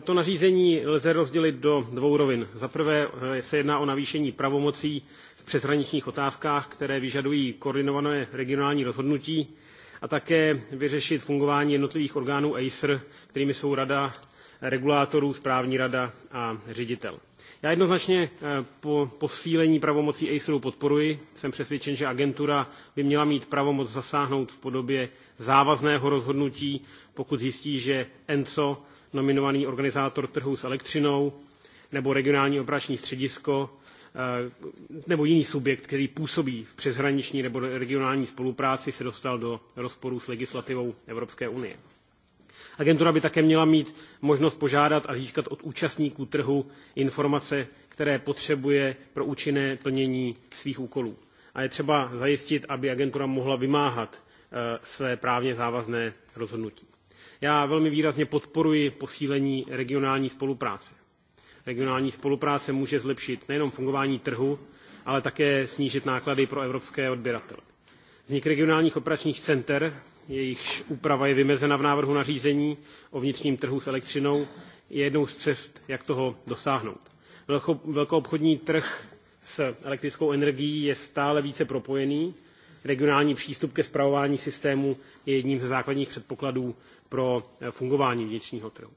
To nařízení lze rozdělit do dvou rovin. Za prvé eh, se jedná o navýšení pravomocí v přeshraničních otázkách, které vyžadují koordinované regionální rozhodnutí a také vyřešit fungování jednotlivých orgánů ACER, kterými jsou Rada, regulátorů, správní rada a ředitel. Já jednoznačně eh, po posílení pravomocí ACERu podporuji. Jsem přesvědčen, že agentura by měla mít pravomoc zasáhnout v podobě závazného rozhodnutí, pokud zjistí, že ENCO, nominovaný organizátor trhu s elektřinou, nebo regionální operační středisko, eh, nebo jiný subjekt, který působí v přeshraniční nebo regionální spolupráci, se dostal do rozporu s legislativou Evropské unie. Agentura by také měla mít možnost požádat a získat od účastníků trhu informace, které potřebuje pro účinné plnění svých úkolů. A je třeba zajistit, aby agentura mohla vymáhat eh, své právně závazné rozhodnutí. Já velmi výrazně podporuji posílení regionální spolupráce. Regionální spolupráce může zlepšit nejenom fungování trhu, ale také snížit náklady pro evropské odběratele. Vznik regionálních operačních center jejichž úprava je vymezena v návrhu nařízení o vnitřním trhu s elektřinou, je jednou z cest, jak toho dosáhnout. Velkoobchodní trh s elektrickou energií je stále více propojený. Regionální přístup ke zpravování systému je jedním ze základních předpokladů pro eh, fungování vnitřního trhu.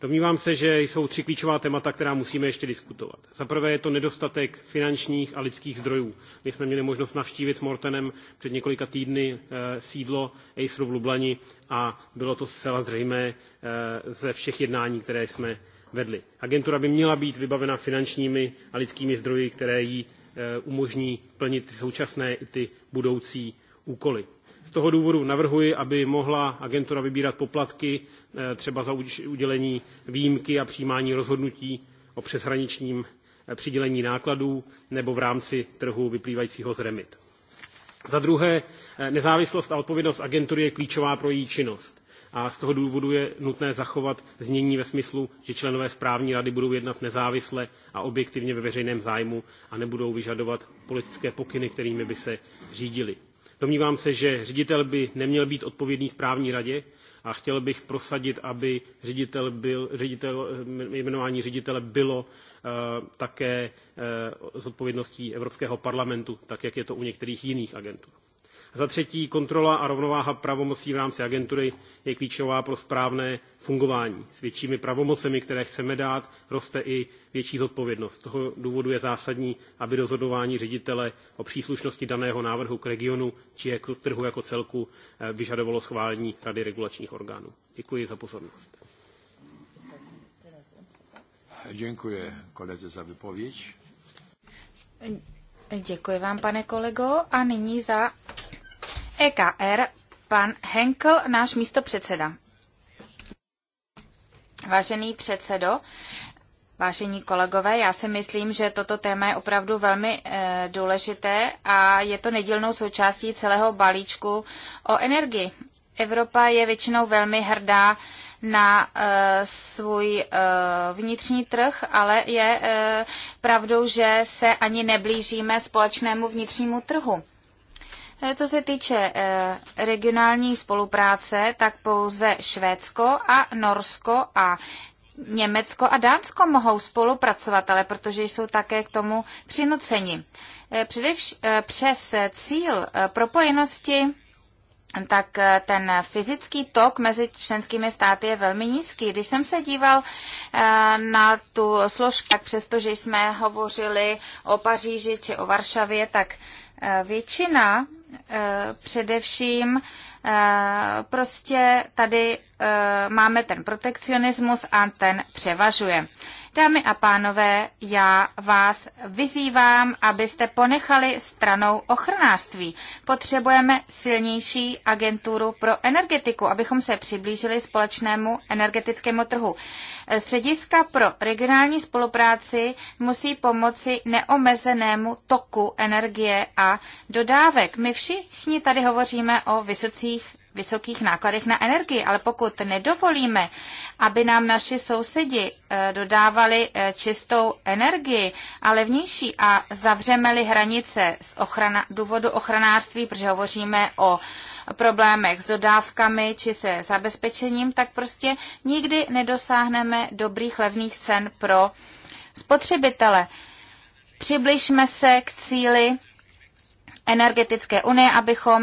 Domnívám se, že jsou tři klíčová témata, která musíme ještě diskutovat. Za prvé je to nedostatek finančních a lidských zdrojů. My jsme měli možnost navštívit s Mortenem před několika týdny eh, sídlo Aceru v Lublani a bylo to zcela zřejmé eh, ze všech jednání, které jsme vedli. Agentura by měla být vybavena finančními a lidskými zdroji, které jí eh, umožní plnit ty současné i ty budoucí úkoly. Z toho důvodu navrhuji, aby mohla agentura vybírat poplatky eh, třeba za udělení výjimky a přijímání rozhodnutí o přeshraničním eh, přidělení nákladů nebo v rámci trhu vyplývajícího z remit. Za druhé, eh, nezávislost a odpovědnost agentury je klíčová pro její činnost a z toho důvodu je nutné zachovat znění ve smyslu, že členové správní rady budou jednat nezávisle a objektivně ve veřejném zájmu a nebudou vyžadovat politické pokyny, kterými by se řídili. Domnívám se, že ředitel by neměl být odpovědný správní radě a chtěl bych prosadit, aby ředitel byl, ředitel, jmenování ředitele bylo eh, také eh, zodpovědností Evropského parlamentu, tak jak je to u některých jiných agentur. Za třetí, kontrola a rovnováha pravomocí v rámci agentury je klíčová pro správné fungování. S většími pravomocemi, které chceme dát, roste i větší zodpovědnost. Z toho důvodu je zásadní, aby rozhodování ředitele o příslušnosti daného návrhu k regionu či k trhu jako celku eh, vyžadovalo schválení Rady regulačních orgánů. Děkuji za pozornost. Děkuji koleze za vypověď. Děkuji vám, pane kolego, a nyní za EKR, pan Henkel, náš místopředseda. Vážený předsedo, Vážení kolegové, já si myslím, že toto téma je opravdu velmi e, důležité a je to nedílnou součástí celého balíčku o energii. Evropa je většinou velmi hrdá na e, svůj e, vnitřní trh, ale je e, pravdou, že se ani neblížíme společnému vnitřnímu trhu. Eh, co se týče eh, regionální spolupráce, tak pouze Švédsko a Norsko a Německo a Dánsko mohou spolupracovat, ale protože jsou také k tomu přinuceni. Eh, Především přes cíl propojenosti tak ten fyzický tok mezi členskými státy je velmi nízký. Když jsem se díval na tu složku, tak přestože jsme hovořili o Paříži či o Varšavě, tak většina Eh, především Eh, prostě tady eh, máme ten protekcionismus a ten převažuje. Dámy a pánové, já vás vyzývám, abyste ponechali stranou ochrnářství. Potřebujeme silnější agenturu pro energetiku, abychom se přiblížili společnému energetickému trhu. Střediska pro regionální spolupráci musí pomoci neomezenému toku energie a dodávek. My všichni tady hovoříme o vysocí vysokých, vysokých nákladech na energii. Ale pokud nedovolíme, aby nám naši sousedi eh, dodávali eh, čistou energii, ale vnější a zavřeme-li hranice z ochrana, důvodu ochranářství, protože hovoříme o problémech s dodávkami či se zabezpečením, tak prostě nikdy nedosáhneme dobrých levných cen pro spotřebitele. Přibližme se k cíli energetické unie, abychom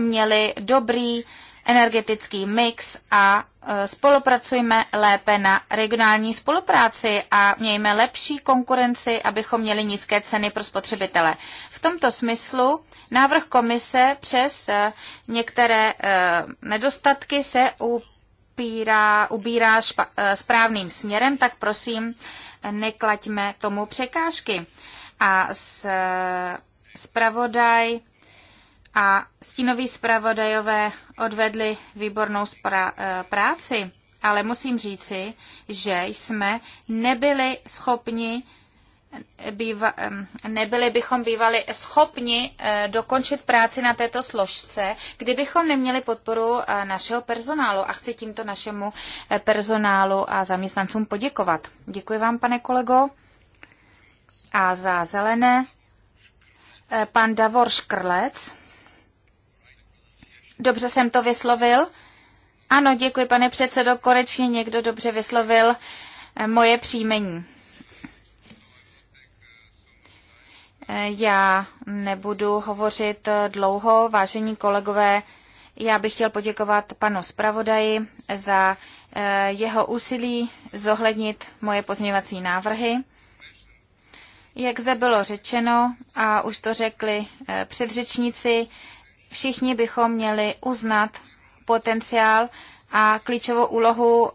měli dobrý energetický mix a e, spolupracujme lépe na regionální spolupráci a mějme lepší konkurenci, abychom měli nízké ceny pro spotřebitele. V tomto smyslu návrh komise přes e, některé e, nedostatky se upírá, ubírá špa, správným směrem, tak prosím, neklaďme tomu překážky. A s zpravodaj a stínoví zpravodajové odvedli výbornou eh, práci, ale musím říci, že jsme nebyli schopni Býva, nebyli bychom bývali schopni eh, dokončit práci na této složce, kdybychom neměli podporu eh, našeho personálu. A chci tímto našemu personálu a zaměstnancům poděkovat. Děkuji vám, pane kolego. A za zelené Eh, pan Davor Škrlec. Dobře jsem to vyslovil? Ano, děkuji, pane předsedo. Konečně někdo dobře vyslovil eh, moje příjmení. Eh, já nebudu hovořit dlouho, vážení kolegové. Já bych chtěl poděkovat panu zpravodaji za jeho úsilí zohlednit moje pozměňovací návrhy. Jak zde bylo řečeno, a už to řekli eh, předřečníci, všichni bychom měli uznat potenciál a klíčovou úlohu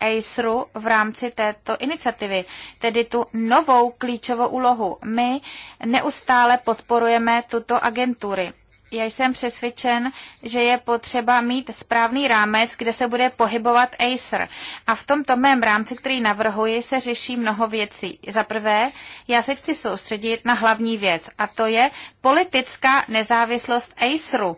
eh, ACERu v rámci této iniciativy, tedy tu novou klíčovou úlohu. My neustále podporujeme tuto agentury já jsem přesvědčen, že je potřeba mít správný rámec, kde se bude pohybovat Acer. A v tomto mém rámci, který navrhuji, se řeší mnoho věcí. Za prvé, já se chci soustředit na hlavní věc, a to je politická nezávislost Aceru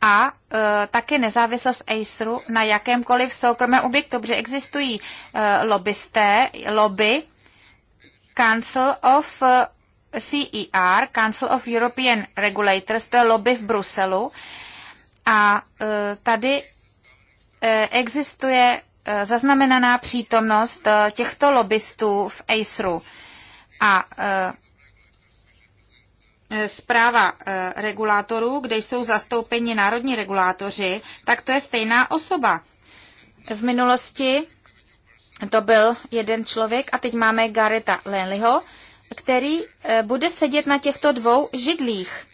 a e, také nezávislost Aceru na jakémkoliv soukromém objektu, protože existují e, lobbysté, lobby, Council of CER, Council of European Regulators, to je lobby v Bruselu. A e, tady e, existuje e, zaznamenaná přítomnost těchto lobbystů v ACERu. A zpráva regulátorů, kde jsou zastoupeni národní regulátoři, tak to je stejná osoba. V minulosti to byl jeden člověk a teď máme Gareta Lenliho, který eh, bude sedět na těchto dvou židlích.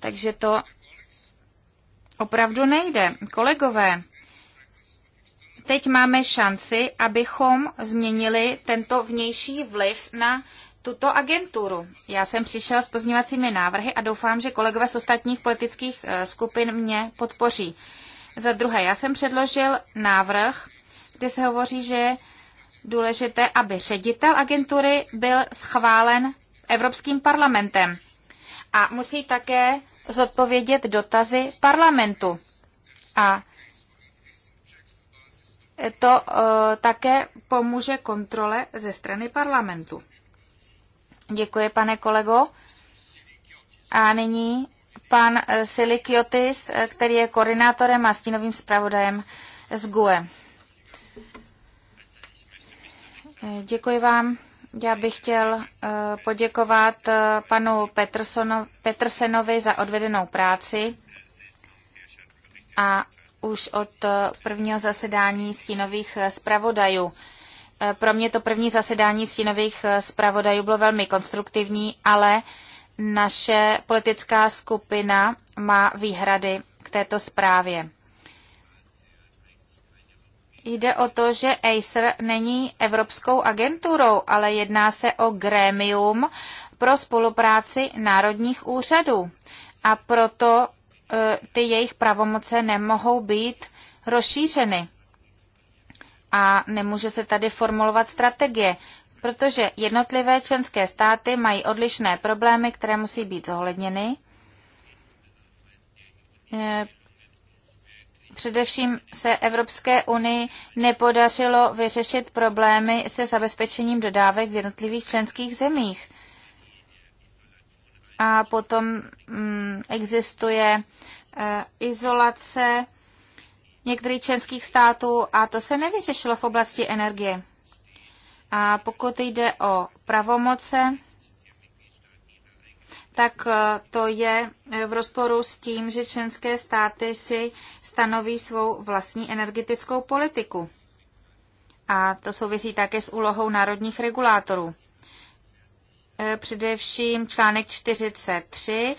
Takže to opravdu nejde. Kolegové, teď máme šanci, abychom změnili tento vnější vliv na tuto agenturu. Já jsem přišel s pozměňovacími návrhy a doufám, že kolegové z ostatních politických eh, skupin mě podpoří. Za druhé, já jsem předložil návrh, kde se hovoří, že důležité, aby ředitel agentury byl schválen Evropským parlamentem a musí také zodpovědět dotazy parlamentu. A to uh, také pomůže kontrole ze strany parlamentu. Děkuji, pane kolego. A nyní pan e, Silikiotis, e, který je koordinátorem a stínovým zpravodajem z GUE. Děkuji vám. Já bych chtěl eh, poděkovat eh, panu Petrsenovi za odvedenou práci a už od eh, prvního zasedání stínových zpravodajů. Pro mě to první zasedání stínových zpravodajů bylo velmi konstruktivní, ale naše politická skupina má výhrady k této zprávě. Jde o to, že Acer není evropskou agenturou, ale jedná se o grémium pro spolupráci národních úřadů. A proto e, ty jejich pravomoce nemohou být rozšířeny. A nemůže se tady formulovat strategie, protože jednotlivé členské státy mají odlišné problémy, které musí být zohledněny. E, Především se Evropské unii nepodařilo vyřešit problémy se zabezpečením dodávek v jednotlivých členských zemích. A potom mm, existuje e, izolace některých členských států a to se nevyřešilo v oblasti energie. A pokud jde o pravomoce, tak eh, to je eh, v rozporu s tím, že členské státy si stanoví svou vlastní energetickou politiku. A to souvisí také s úlohou národních regulátorů. Eh, především článek 43,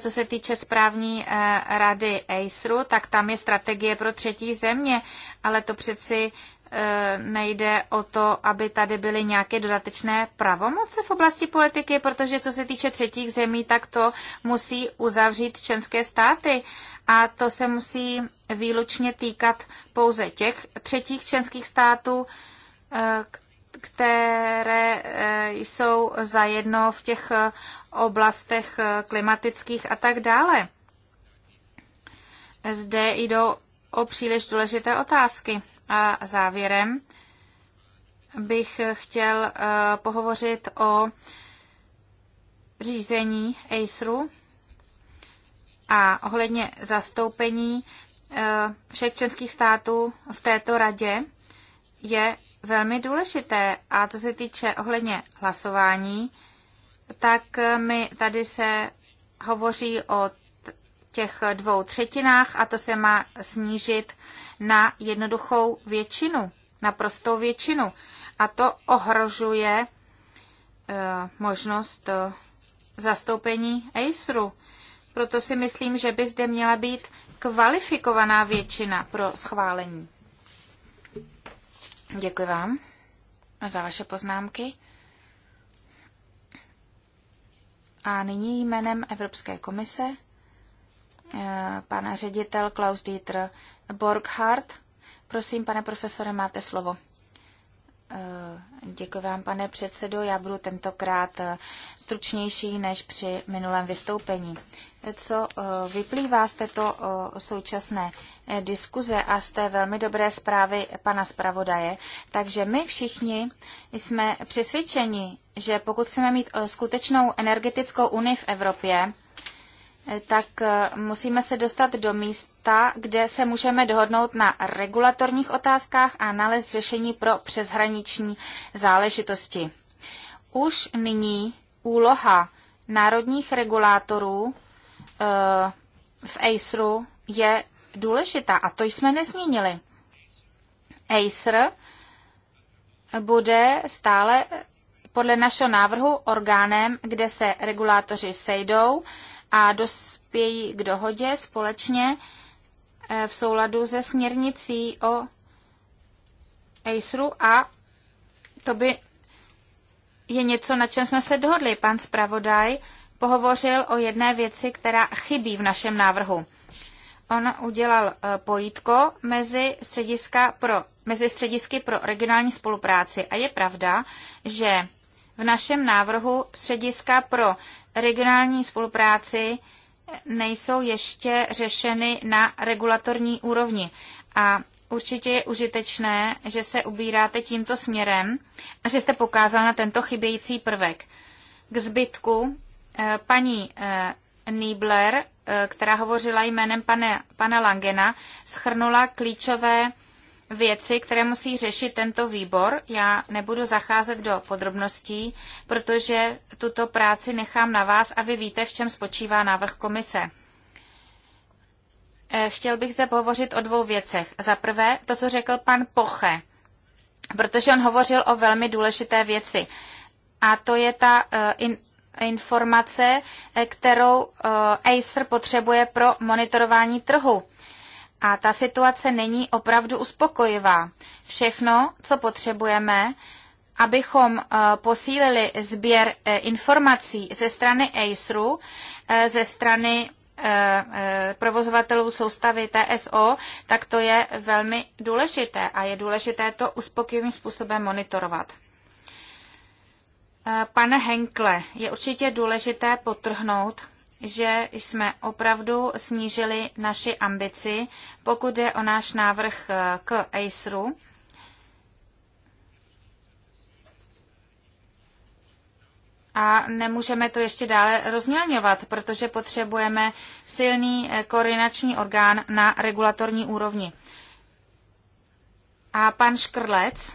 co se týče správní rady ACERu, tak tam je strategie pro třetí země, ale to přeci E, nejde o to, aby tady byly nějaké dodatečné pravomoce v oblasti politiky, protože co se týče třetích zemí, tak to musí uzavřít členské státy a to se musí výlučně týkat pouze těch třetích členských států, e, které e, jsou zajedno v těch oblastech klimatických a tak dále. Zde jdou o příliš důležité otázky. A závěrem bych chtěl eh, pohovořit o řízení ACERu a ohledně zastoupení eh, všech členských států v této radě je velmi důležité. A co se týče ohledně hlasování, tak eh, mi tady se hovoří o těch dvou třetinách a to se má snížit na jednoduchou většinu, na prostou většinu. A to ohrožuje eh, možnost eh, zastoupení ACERu. Proto si myslím, že by zde měla být kvalifikovaná většina pro schválení. Děkuji vám za vaše poznámky. A nyní jménem Evropské komise Eh, pan ředitel Klaus Dieter Borghardt. Prosím, pane profesore, máte slovo. Eh, děkuji vám, pane předsedo. Já budu tentokrát eh, stručnější než při minulém vystoupení. Co vyplývá z této současné diskuze a z té velmi dobré zprávy pana zpravodaje, takže my všichni jsme přesvědčeni, že pokud chceme mít skutečnou energetickou unii v Evropě, tak eh, musíme se dostat do místa, kde se můžeme dohodnout na regulatorních otázkách a nalézt řešení pro přeshraniční záležitosti. Už nyní úloha národních regulátorů eh, v ACERu je důležitá a to jsme nezmínili. ACER bude stále podle našeho návrhu orgánem, kde se regulátoři sejdou, a dospějí k dohodě společně eh, v souladu se směrnicí o ACERu a to by je něco, na čem jsme se dohodli. Pan zpravodaj pohovořil o jedné věci, která chybí v našem návrhu. On udělal eh, pojítko mezi, střediska pro, mezi středisky pro regionální spolupráci. A je pravda, že v našem návrhu střediska pro regionální spolupráci nejsou ještě řešeny na regulatorní úrovni. A určitě je užitečné, že se ubíráte tímto směrem a že jste pokázal na tento chybějící prvek. K zbytku eh, paní eh, Niebler, eh, která hovořila jménem pane, pana Langena, schrnula klíčové věci, které musí řešit tento výbor. Já nebudu zacházet do podrobností, protože tuto práci nechám na vás a vy víte, v čem spočívá návrh komise. Eh, chtěl bych zde pohovořit o dvou věcech. Za prvé, to, co řekl pan Poche, protože on hovořil o velmi důležité věci. A to je ta eh, in, informace, eh, kterou Acer potřebuje pro monitorování trhu. A ta situace není opravdu uspokojivá. Všechno, co potřebujeme, abychom eh, posílili sběr eh, informací ze strany ACERu, eh, ze strany provozovatelů soustavy TSO, tak to je velmi důležité a je důležité to uspokojivým způsobem monitorovat. Pane Henkle, je určitě důležité potrhnout, že jsme opravdu snížili naši ambici, pokud je o náš návrh eh, k ACERu. A nemůžeme to ještě dále rozmělňovat, protože potřebujeme silný eh, koordinační orgán na regulatorní úrovni. A pan Škrlec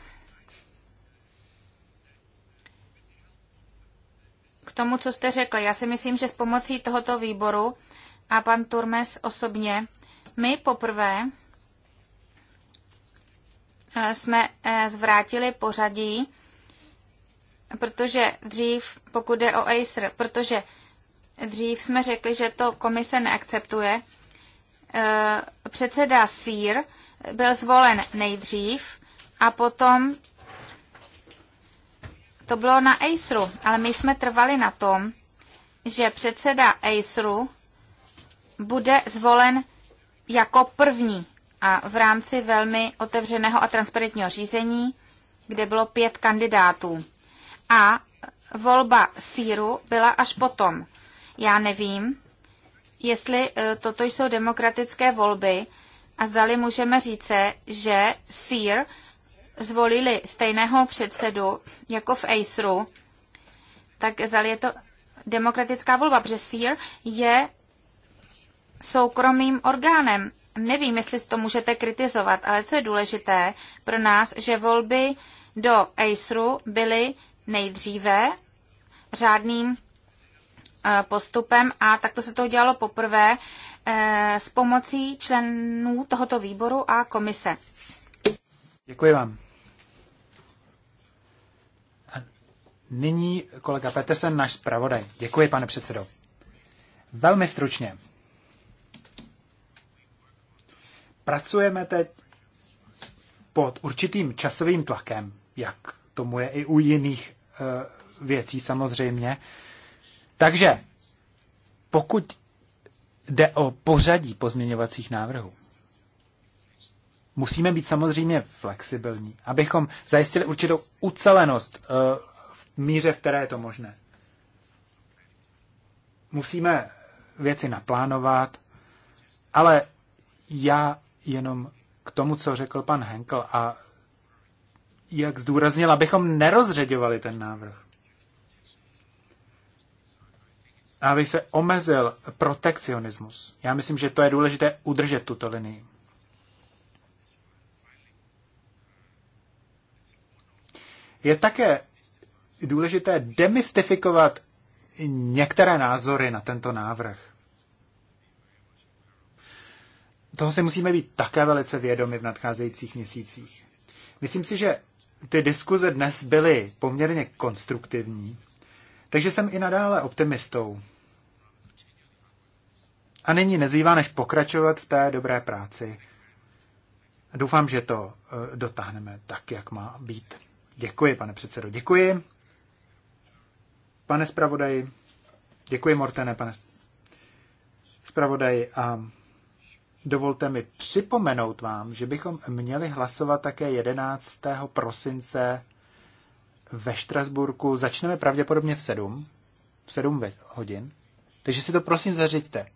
tomu, co jste řekl. Já si myslím, že s pomocí tohoto výboru a pan Turmes osobně, my poprvé eh, jsme eh, zvrátili pořadí, protože dřív, pokud jde o Acer, protože dřív jsme řekli, že to komise neakceptuje, eh, předseda SIR byl zvolen nejdřív a potom to bylo na Aceru, ale my jsme trvali na tom, že předseda Aceru bude zvolen jako první a v rámci velmi otevřeného a transparentního řízení, kde bylo pět kandidátů. A volba síru byla až potom. Já nevím, jestli e, toto jsou demokratické volby a zdali můžeme říct, že sír zvolili stejného předsedu jako v ACERu, tak zali je to demokratická volba, protože SIR je soukromým orgánem. Nevím, jestli to můžete kritizovat, ale co je důležité pro nás, že volby do ACERu byly nejdříve řádným eh, postupem a takto se to udělalo poprvé eh, s pomocí členů tohoto výboru a komise. Děkuji vám. A nyní kolega Petersen, náš zpravodaj. Děkuji, pane předsedo. Velmi stručně. Pracujeme teď pod určitým časovým tlakem, jak tomu je i u jiných e, věcí samozřejmě. Takže pokud jde o pořadí pozměňovacích návrhů, musíme být samozřejmě flexibilní, abychom zajistili určitou ucelenost eh, v míře, v které je to možné. Musíme věci naplánovat, ale já jenom k tomu, co řekl pan Henkel a jak zdůraznil, abychom nerozředěvali ten návrh. Aby se omezil protekcionismus. Já myslím, že to je důležité udržet tuto linii. Je také důležité demystifikovat některé názory na tento návrh. Toho si musíme být také velice vědomi v nadcházejících měsících. Myslím si, že ty diskuze dnes byly poměrně konstruktivní, takže jsem i nadále optimistou. A nyní nezbývá, než pokračovat v té dobré práci. Doufám, že to eh, dotáhneme tak, jak má být. Děkuji, pane předsedo, děkuji. Pane zpravodaji, děkuji, Mortene, pane zpravodaji. A dovolte mi připomenout vám, že bychom měli hlasovat také 11. prosince ve Štrasburku. Začneme pravděpodobně v 7, v 7 hodin. Takže si to prosím zařiďte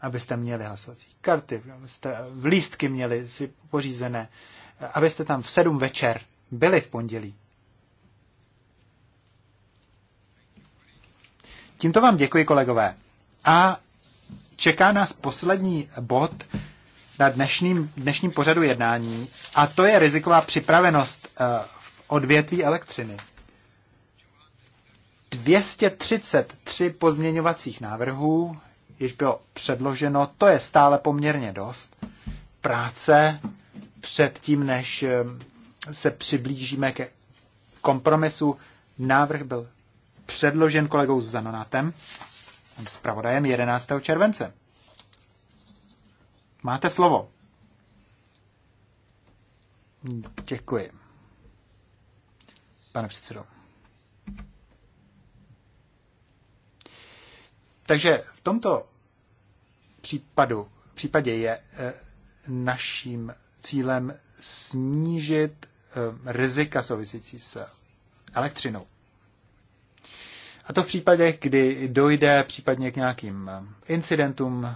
abyste měli hlasovací karty, abyste v lístky měli si pořízené abyste tam v sedm večer byli v pondělí. Tímto vám děkuji, kolegové. A čeká nás poslední bod na dnešním, dnešním pořadu jednání, a to je riziková připravenost eh, v odvětví elektřiny. 233 pozměňovacích návrhů, již bylo předloženo, to je stále poměrně dost. Práce předtím, než ehm, se přiblížíme ke kompromisu. Návrh byl předložen kolegou Zanonátem, pravodajem 11. července. Máte slovo. Děkuji. Pane předsedo. Takže v tomto případu, případě je eh, naším cílem snížit eh, rizika související s elektřinou. A to v případech, kdy dojde případně k nějakým eh, incidentům,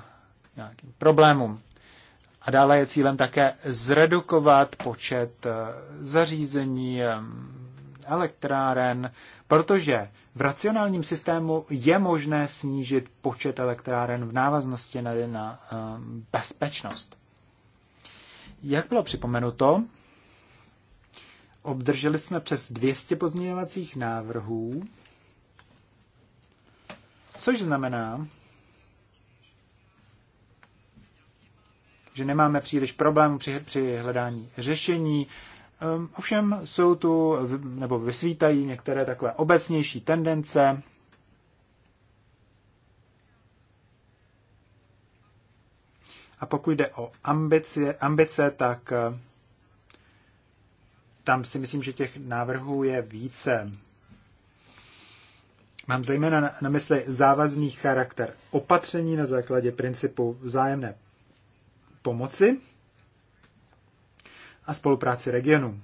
nějakým problémům. A dále je cílem také zredukovat počet eh, zařízení elektráren, protože v racionálním systému je možné snížit počet elektráren v návaznosti na, na bezpečnost. Jak bylo připomenuto, obdrželi jsme přes 200 pozměňovacích návrhů, což znamená, že nemáme příliš problémů při, při hledání řešení. Ehm, ovšem jsou tu, nebo vysvítají některé takové obecnější tendence, A pokud jde o ambice, ambice tak eh, tam si myslím, že těch návrhů je více. Mám zejména na mysli závazný charakter opatření na základě principu vzájemné pomoci a spolupráci regionů.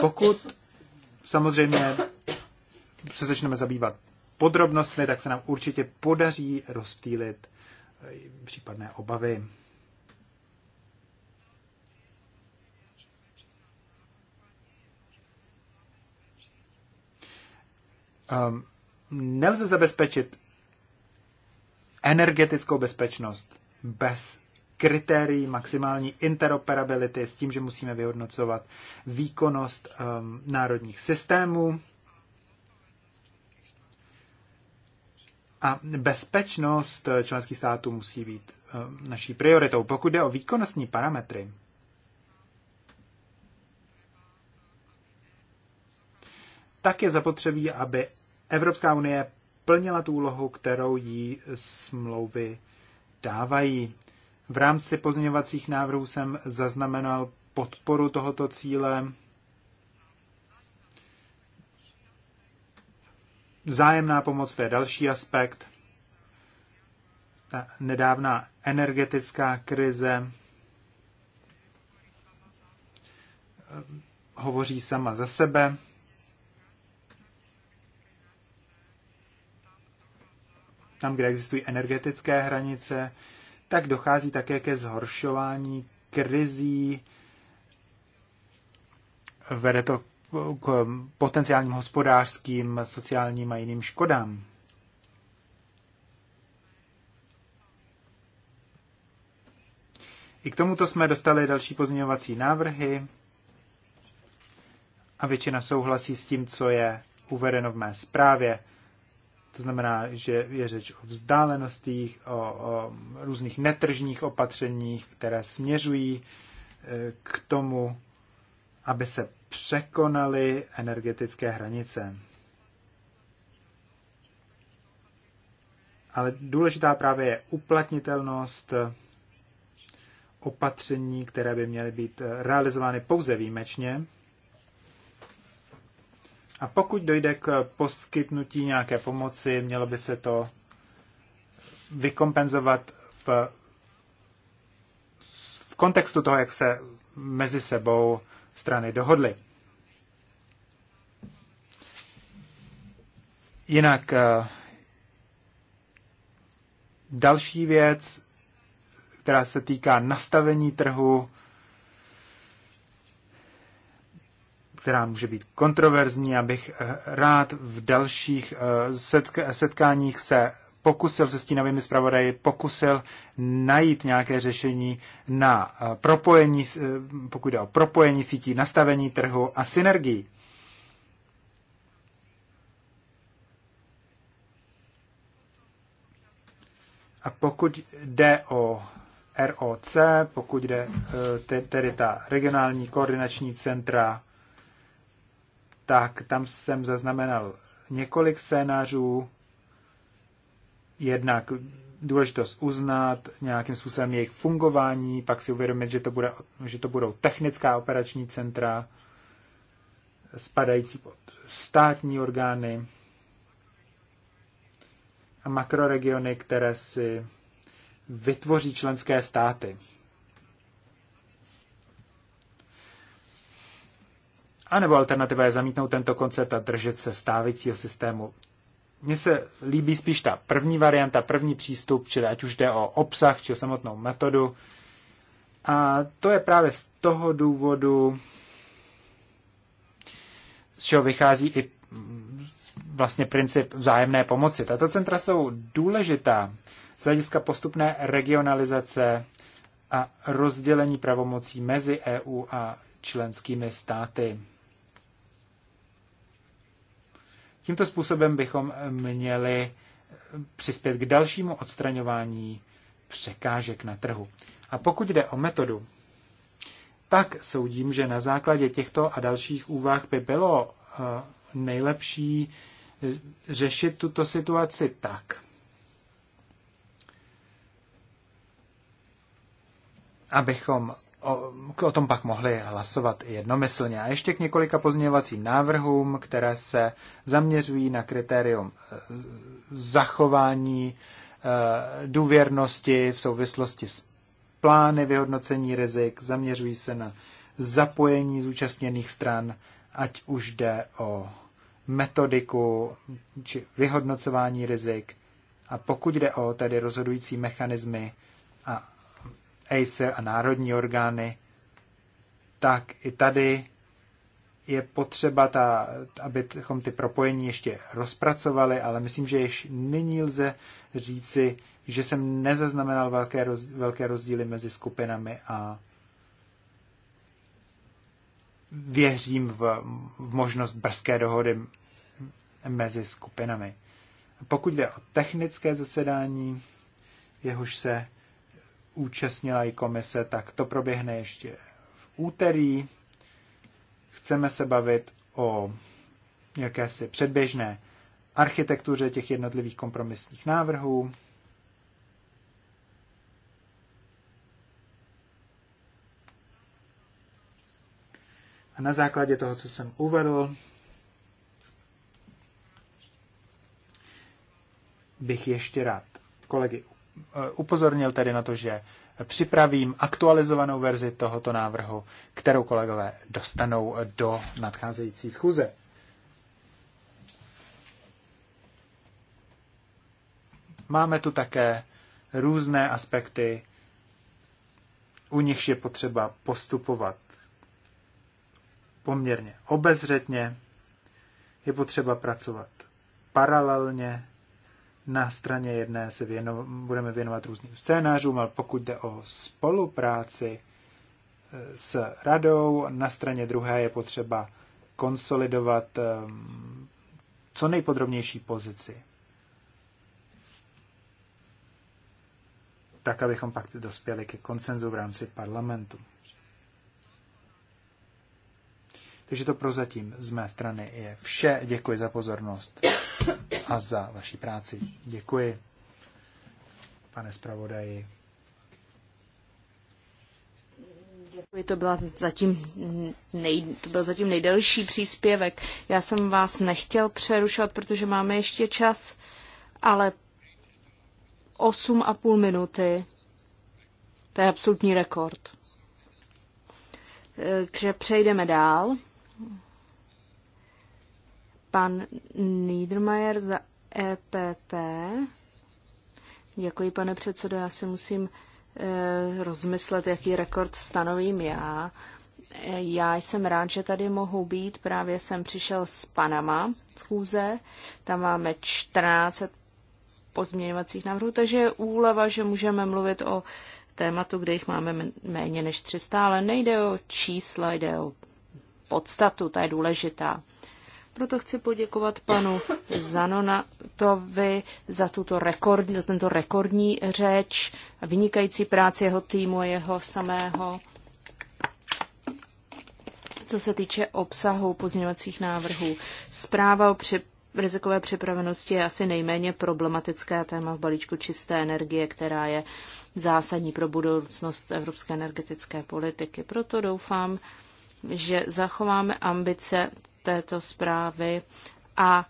Pokud samozřejmě se začneme zabývat podrobnostmi, tak se nám určitě podaří rozptýlit eh, případné obavy. Um, nelze zabezpečit energetickou bezpečnost bez kritérií maximální interoperability s tím, že musíme vyhodnocovat výkonnost um, národních systémů A bezpečnost členských států musí být eh, naší prioritou. Pokud jde o výkonnostní parametry, tak je zapotřebí, aby Evropská unie plnila tu úlohu, kterou jí smlouvy dávají. V rámci pozměňovacích návrhů jsem zaznamenal podporu tohoto cíle Vzájemná pomoc, to je další aspekt. Ta nedávná energetická krize eh, hovoří sama za sebe. Tam, kde existují energetické hranice, tak dochází také ke zhoršování krizí. Vede to k potenciálním hospodářským, sociálním a jiným škodám. I k tomuto jsme dostali další pozměňovací návrhy a většina souhlasí s tím, co je uvedeno v mé zprávě. To znamená, že je řeč o vzdálenostích, o, o různých netržních opatřeních, které směřují eh, k tomu, aby se překonaly energetické hranice. Ale důležitá právě je uplatnitelnost opatření, které by měly být realizovány pouze výjimečně. A pokud dojde k poskytnutí nějaké pomoci, mělo by se to vykompenzovat v, v kontextu toho, jak se mezi sebou strany dohodly. Jinak eh, další věc, která se týká nastavení trhu, která může být kontroverzní. Abych eh, rád v dalších eh, setkáních se pokusil se stínovými zpravodaji, pokusil najít nějaké řešení na eh, propojení, eh, pokud jde o propojení sítí, nastavení trhu a synergii. A pokud jde o ROC, pokud jde eh, tedy ta regionální koordinační centra, tak tam jsem zaznamenal několik scénářů, jednak důležitost uznat, nějakým způsobem jejich fungování, pak si uvědomit, že to, bude, že to budou technická operační centra, spadající pod státní orgány a makroregiony, které si vytvoří členské státy. A nebo alternativa je zamítnout tento koncept a držet se stávajícího systému mně se líbí spíš ta první varianta, první přístup, čili ať už jde o obsah či o samotnou metodu. A to je právě z toho důvodu, z čeho vychází i vlastně princip vzájemné pomoci. Tato centra jsou důležitá z hlediska postupné regionalizace a rozdělení pravomocí mezi EU a členskými státy. Tímto způsobem bychom měli přispět k dalšímu odstraňování překážek na trhu. A pokud jde o metodu, tak soudím, že na základě těchto a dalších úvah by bylo eh, nejlepší eh, řešit tuto situaci tak, abychom o, o tom pak mohli hlasovat jednomyslně. A ještě k několika pozměňovacím návrhům, které se zaměřují na kritérium e, zachování e, důvěrnosti v souvislosti s plány vyhodnocení rizik, zaměřují se na zapojení zúčastněných stran, ať už jde o metodiku či vyhodnocování rizik. A pokud jde o tedy rozhodující mechanismy a ACER a národní orgány, tak i tady je potřeba, ta, abychom ty propojení ještě rozpracovali, ale myslím, že již nyní lze říci, že jsem nezaznamenal velké, roz, velké rozdíly mezi skupinami a věřím v, v možnost brzké dohody mezi skupinami. Pokud jde o technické zasedání, jehož se účastnila i komise, tak to proběhne ještě v úterý. Chceme se bavit o jakési předběžné architektuře těch jednotlivých kompromisních návrhů. A na základě toho, co jsem uvedl, bych ještě rád kolegy Eh, upozornil tedy na to, že připravím aktualizovanou verzi tohoto návrhu, kterou kolegové dostanou do nadcházející schůze. Máme tu také různé aspekty, u nichž je potřeba postupovat poměrně obezřetně, je potřeba pracovat paralelně na straně jedné se věno, budeme věnovat různým scénářům, ale pokud jde o spolupráci e, s radou, na straně druhé je potřeba konsolidovat e, co nejpodrobnější pozici. Tak, abychom pak dospěli ke konsenzu v rámci parlamentu. Takže to prozatím z mé strany je vše. Děkuji za pozornost a za vaši práci. Děkuji, pane zpravodaji. Děkuji, to, byla zatím nej, to byl zatím nejdelší příspěvek. Já jsem vás nechtěl přerušovat, protože máme ještě čas, ale 8,5 minuty, to je absolutní rekord. Takže přejdeme dál. Pan Niedermayer za EPP. Děkuji, pane předsedo. Já si musím eh, rozmyslet, jaký rekord stanovím já. Eh, já jsem rád, že tady mohu být. Právě jsem přišel z Panama z kůze. Tam máme 14 pozměňovacích návrhů, takže je úleva, že můžeme mluvit o tématu, kde jich máme méně než 300, ale nejde o čísla, jde o podstatu, ta je důležitá. Proto chci poděkovat panu Zanonatovi za, tuto rekord, za tento rekordní řeč, vynikající práci jeho týmu, jeho samého. Co se týče obsahu pozměňovacích návrhů, zpráva o při rizikové připravenosti je asi nejméně problematické téma v balíčku čisté energie, která je zásadní pro budoucnost evropské energetické politiky. Proto doufám, že zachováme ambice této zprávy a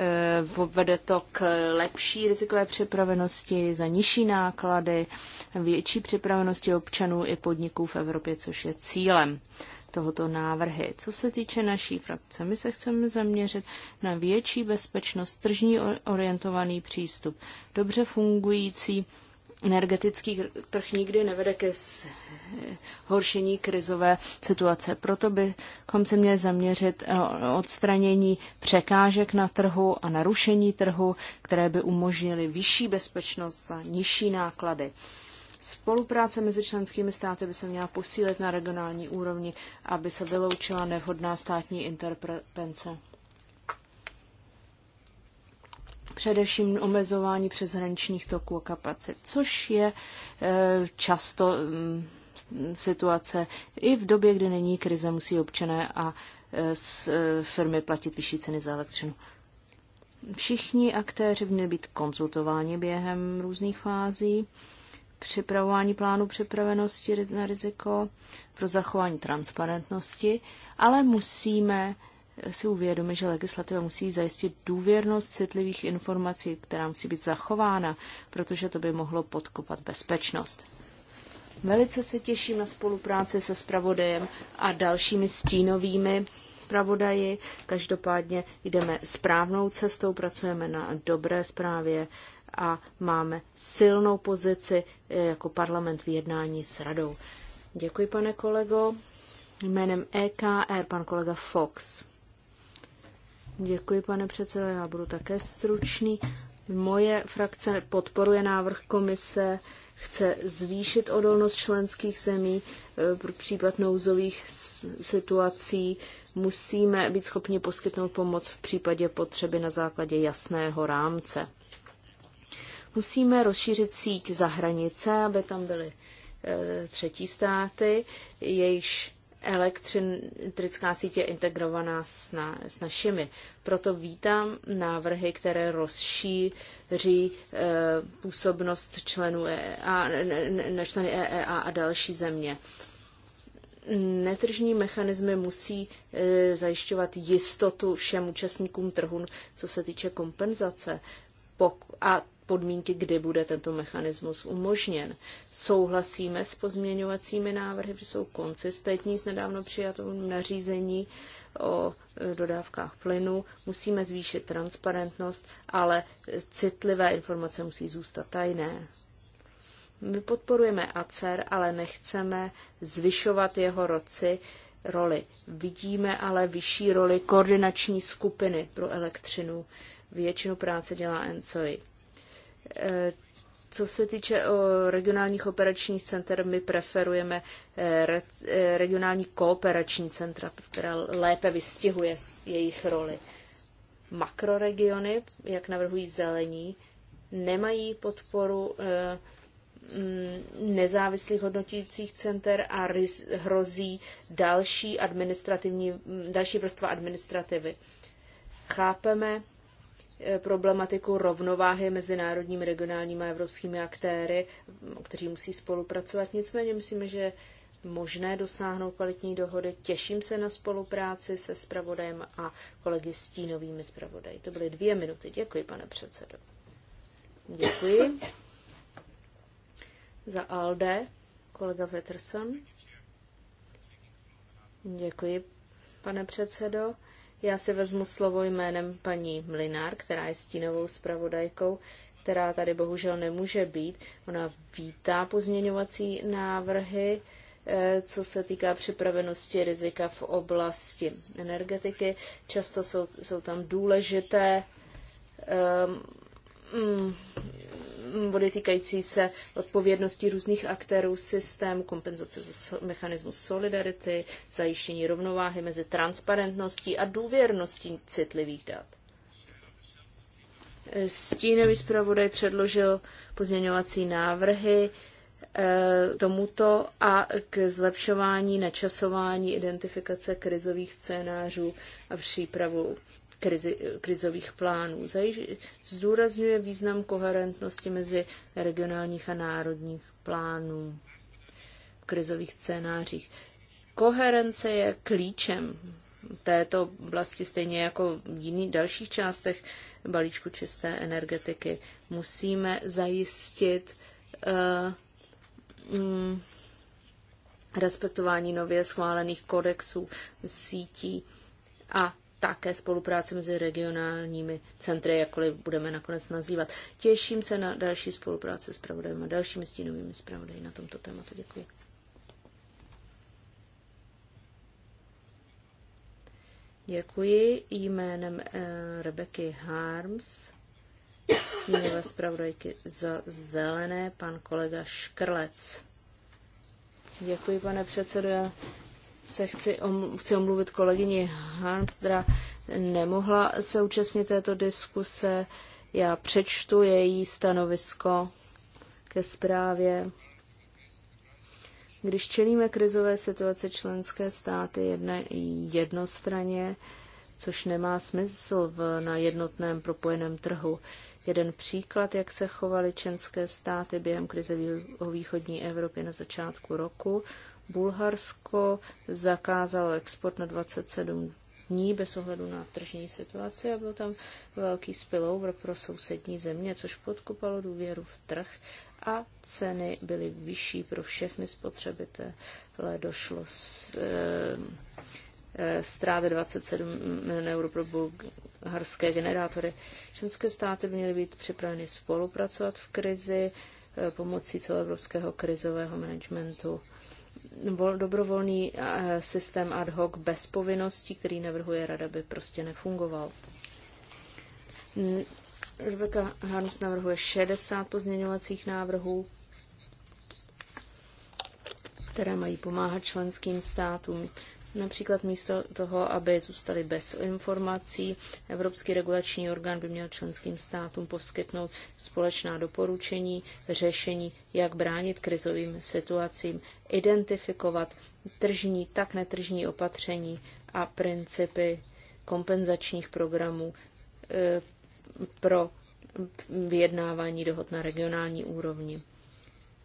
e, vede to k lepší rizikové připravenosti za nižší náklady, větší připravenosti občanů i podniků v Evropě, což je cílem tohoto návrhy. Co se týče naší frakce, my se chceme zaměřit na větší bezpečnost, tržní orientovaný přístup, dobře fungující energetický trh nikdy nevede ke zhoršení krizové situace. Proto bychom se měli zaměřit eh, odstranění překážek na trhu a narušení trhu, které by umožnily vyšší bezpečnost a nižší náklady. Spolupráce mezi členskými státy by se měla posílit na regionální úrovni, aby se vyloučila nevhodná státní interpence především omezování přeshraničních toků a kapacit, což je eh, často mm, situace i v době, kdy není krize, musí občané a eh, eh, firmy platit vyšší ceny za elektřinu. Všichni aktéři měli být konzultováni během různých fází, připravování plánu připravenosti na riziko pro zachování transparentnosti, ale musíme si uvědomit, že legislativa musí zajistit důvěrnost citlivých informací, která musí být zachována, protože to by mohlo podkopat bezpečnost. Velice se těším na spolupráci se spravodajem a dalšími stínovými spravodaji. Každopádně jdeme správnou cestou, pracujeme na dobré zprávě a máme silnou pozici eh, jako parlament v jednání s radou. Děkuji, pane kolego. Jménem EKR e, pan kolega Fox. Děkuji, pane předsedo, já budu také stručný. Moje frakce podporuje návrh komise, chce zvýšit odolnost členských zemí pro eh, případ nouzových situací. Musíme být schopni poskytnout pomoc v případě potřeby na základě jasného rámce. Musíme rozšířit síť za hranice, aby tam byly eh, třetí státy, jejichž elektrická sítě je integrovaná s, na, s našimi. Proto vítám návrhy, které rozšíří e, působnost členů EEA, na členy EEA a další země. Netržní mechanismy musí e, zajišťovat jistotu všem účastníkům trhu, co se týče kompenzace. Pok- a podmínky, kdy bude tento mechanismus umožněn. Souhlasíme s pozměňovacími návrhy, že jsou konsistentní s nedávno přijatou nařízení o e, dodávkách plynu. Musíme zvýšit transparentnost, ale citlivé informace musí zůstat tajné. My podporujeme ACER, ale nechceme zvyšovat jeho roci, roli. Vidíme ale vyšší roli koordinační skupiny pro elektřinu. Většinu práce dělá ENSOI. Eh, co se týče o eh, regionálních operačních center, my preferujeme eh, regionální kooperační centra, která lépe vystihuje jejich roli. Makroregiony, jak navrhují zelení, nemají podporu mm, nezávislých hodnotících center a hrozí další, administrativní, mm, další vrstva administrativy. Chápeme Eh, problematiku rovnováhy mezi národními, regionálními a evropskými aktéry, kteří musí spolupracovat. Nicméně myslíme, že možné dosáhnout kvalitní dohody. Těším se na spolupráci se spravodajem a kolegy stínovými spravodaji. To byly dvě minuty. Děkuji, pane předsedo. Děkuji. Za ALDE kolega Peterson. Děkuji, pane předsedo. Já si vezmu slovo jménem paní Mlinár, která je stínovou zpravodajkou, která tady bohužel nemůže být. Ona vítá pozměňovací návrhy, eh, co se týká připravenosti rizika v oblasti energetiky. Často jsou, jsou tam důležité um, body týkající se odpovědnosti různých aktérů systému, kompenzace za mechanismus solidarity, zajištění rovnováhy mezi transparentností a důvěrností citlivých dat. Stínový zpravodaj předložil pozměňovací návrhy eh, tomuto a k zlepšování načasování identifikace krizových scénářů a přípravu krizi, krizových plánů. Zdůrazňuje význam koherentnosti mezi regionálních a národních plánů v krizových scénářích. Koherence je klíčem této oblasti, stejně jako v jiných dalších částech balíčku čisté energetiky. Musíme zajistit uh, mm, respektování nově schválených kodexů sítí a také spolupráce mezi regionálními centry, jakkoliv budeme nakonec nazývat. Těším se na další spolupráci s pravodajem a dalšími stínovými zpravodaji na tomto tématu. Děkuji. Děkuji jménem eh, Rebeky Harms, stínové zpravodajky za zelené, pan kolega Škrlec. Děkuji, pane předsedo se chci, omlu, chci omluvit kolegyni Harms, která nemohla se účastnit této diskuse. Já přečtu její stanovisko ke zprávě. Když čelíme krizové situaci členské státy jedne, jednostraně, což nemá smysl v, na jednotném propojeném trhu. Jeden příklad, jak se chovaly členské státy během krize v východní Evropě na začátku roku, Bulharsko zakázalo export na 27 dní bez ohledu na tržní situaci a byl tam velký spillover pro sousední země, což podkopalo důvěru v trh a ceny byly vyšší pro všechny spotřebitele. Došlo z, e, 27 milionů euro pro bulharské generátory. Členské státy měly být připraveny spolupracovat v krizi eh, pomocí celoevropského krizového managementu dobrovolný eh, systém ad hoc bez povinností, který navrhuje rada, by prostě nefungoval. Rebecca Harms navrhuje 60 pozměňovacích návrhů, které mají pomáhat členským státům Například místo toho, aby zůstali bez informací, Evropský regulační orgán by měl členským státům poskytnout společná doporučení, řešení, jak bránit krizovým situacím, identifikovat tržní, tak netržní opatření a principy kompenzačních programů eh, pro vyjednávání dohod na regionální úrovni.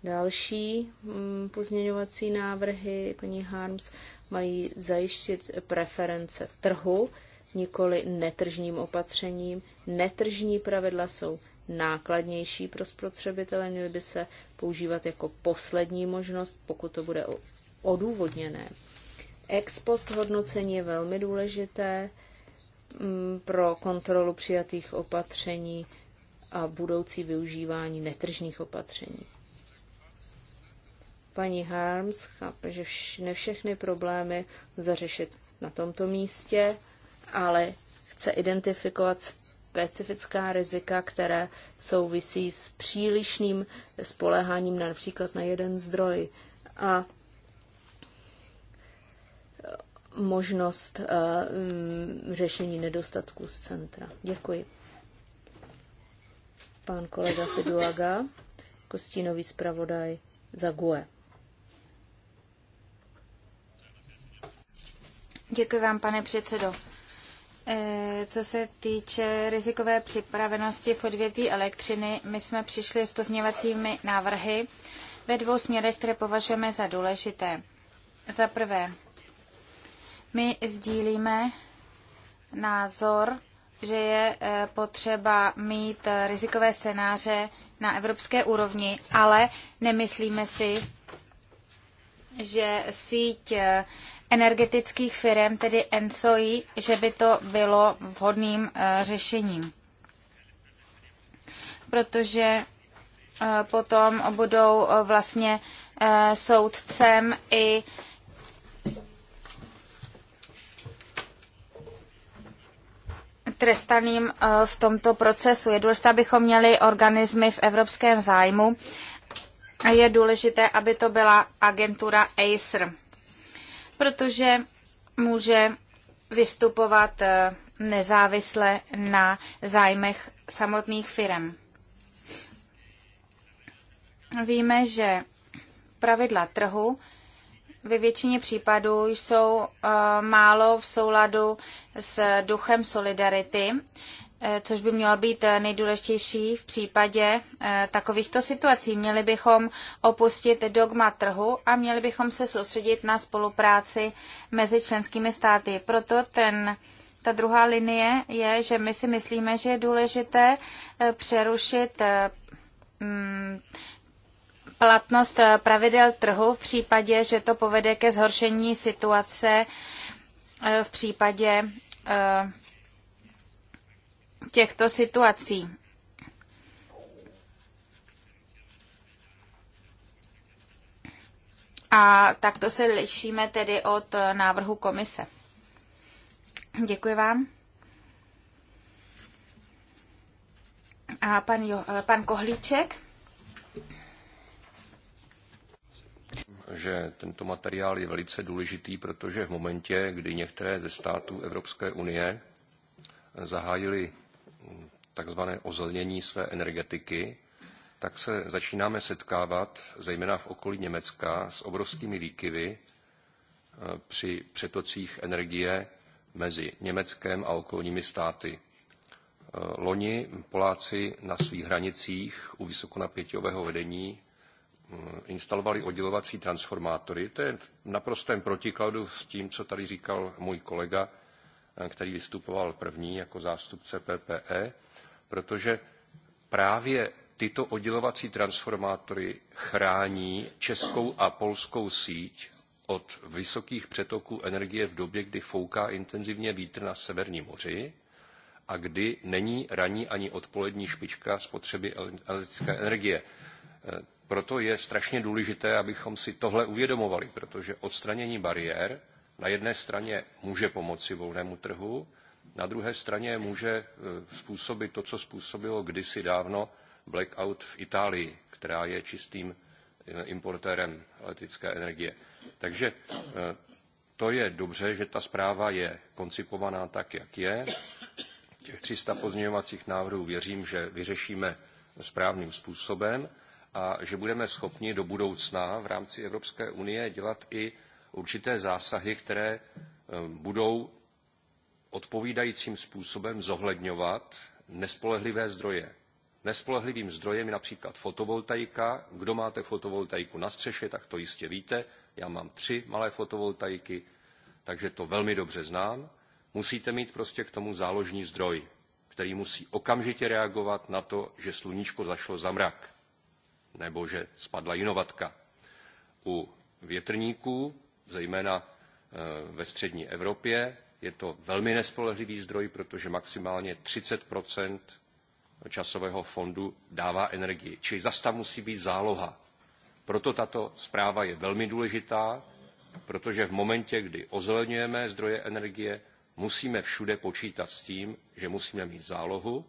Další mm, pozměňovací návrhy paní Harms mají zajištit preference trhu, nikoli netržním opatřením. Netržní pravidla jsou nákladnější pro spotřebitele, měly by se používat jako poslední možnost, pokud to bude odůvodněné. Ex post hodnocení je velmi důležité mm, pro kontrolu přijatých opatření a budoucí využívání netržních opatření. Paní Harms chápe, že vš- ne všechny problémy zařešit na tomto místě, ale chce identifikovat specifická rizika, které souvisí s přílišným spoleháním například na jeden zdroj a e, možnost uh, řešení nedostatků z centra. Děkuji. Pán kolega Seduaga, kostínový zpravodaj za GUE. Děkuji vám, pane předsedo. Eh, co se týče rizikové připravenosti v odvětví elektřiny, my jsme přišli s pozměňovacími návrhy ve dvou směrech, které považujeme za důležité. Za prvé, my sdílíme názor, že je eh, potřeba mít eh, rizikové scénáře na evropské úrovni, ale nemyslíme si, že síť energetických firm, tedy ENSOI, že by to bylo vhodným eh, řešením. Protože eh, potom budou eh, vlastně soudcem i trestaným v tomto procesu. Je důležité, abychom měli organismy v evropském zájmu. Je důležité, aby to byla agentura ACER protože může vystupovat eh, nezávisle na zájmech samotných firm. Víme, že pravidla trhu ve většině případů jsou eh, málo v souladu s duchem solidarity, Eh, což by mělo být eh, nejdůležitější v případě eh, takovýchto situací. Měli bychom opustit dogma trhu a měli bychom se soustředit na spolupráci mezi členskými státy. Proto ten ta druhá linie je, že my si myslíme, že je důležité přerušit mm, platnost pravidel trhu v případě, že to povede ke zhoršení situace v případě těchto situací. A takto se lišíme tedy od návrhu komise. Děkuji vám. A pan, jo, pan Kohlíček? že tento materiál je velice důležitý, protože v momentě, kdy některé ze států Evropské unie zahájily takzvané ozelenění své energetiky, tak se začínáme setkávat, zejména v okolí Německa, s obrovskými výkyvy eh, při přetocích energie mezi Německem a okolními státy. Eh, loni Poláci na svých hranicích u vysokonapěťového vedení eh, instalovali oddělovací transformátory. To je v naprostém protikladu s tím, co tady říkal můj kolega, Eh, který vystupoval první jako zástupce PPE, protože právě tyto oddělovací transformátory chrání českou a polskou síť od vysokých přetoků energie v době, kdy fouká intenzivně vítr na Severním moři a kdy není ranní ani odpolední špička spotřeby elektrické energie. Eh, proto je strašně důležité, abychom si tohle uvědomovali, protože odstranění bariér na jedné straně může pomoci volnému trhu, na druhé straně může e, způsobit to, co způsobilo kdysi dávno blackout v Itálii, která je čistým e, importérem elektrické energie. Takže e, to je dobře, že ta zpráva je koncipovaná tak, jak je. Těch 300 pozměňovacích návrhů věřím, že vyřešíme správným způsobem a že budeme schopni do budoucna v rámci Evropské unie dělat i určité zásahy, které eh, budou odpovídajícím způsobem zohledňovat nespolehlivé zdroje. Nespolehlivým zdrojem je například fotovoltaika. Kdo máte fotovoltaiku na střeše, tak to jistě víte. Já mám tři malé fotovoltaiky, takže to velmi dobře znám. Musíte mít prostě k tomu záložní zdroj, který musí okamžitě reagovat na to, že sluníčko zašlo za mrak nebo že spadla jinovatka. U větrníků zejména eh, ve střední Evropě. Je to velmi nespolehlivý zdroj, protože maximálně 30 časového fondu dává energii. Čili zas tam musí být záloha. Proto tato zpráva je velmi důležitá, protože v momentě, kdy ozelenujeme zdroje energie, musíme všude počítat s tím, že musíme mít zálohu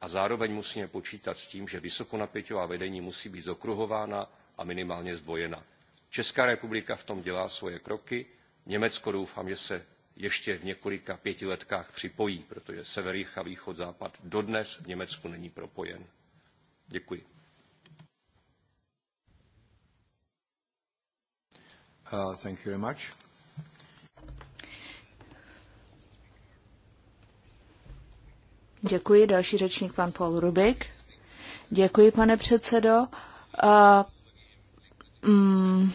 a zároveň musíme počítat s tím, že vysokonapěťová vedení musí být zokruhována a minimálně zdvojena. Česká republika v tom dělá svoje kroky. Německo doufám, že se ještě v několika pětiletkách připojí, protože sever, jich a východ, západ dodnes v Německu není propojen. Děkuji. Uh, thank you very much. Děkuji. Další řečník, pan Paul Rubik. Děkuji, pane předsedo. Uh, mm,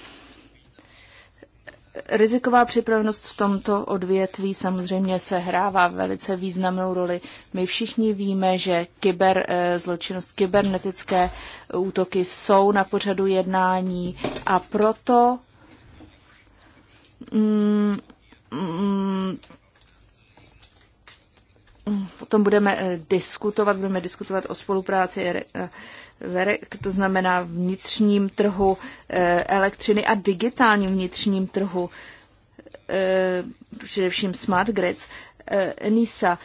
riziková připravenost v tomto odvětví samozřejmě se hrává velice významnou roli. My všichni víme, že kyber, eh, zločinnost, kybernetické útoky jsou na pořadu jednání a proto mm, tom budeme eh, diskutovat, budeme diskutovat o spolupráci eh, VEREK, to znamená vnitřním trhu eh, elektřiny a digitálním vnitřním trhu, především smart grids. NISA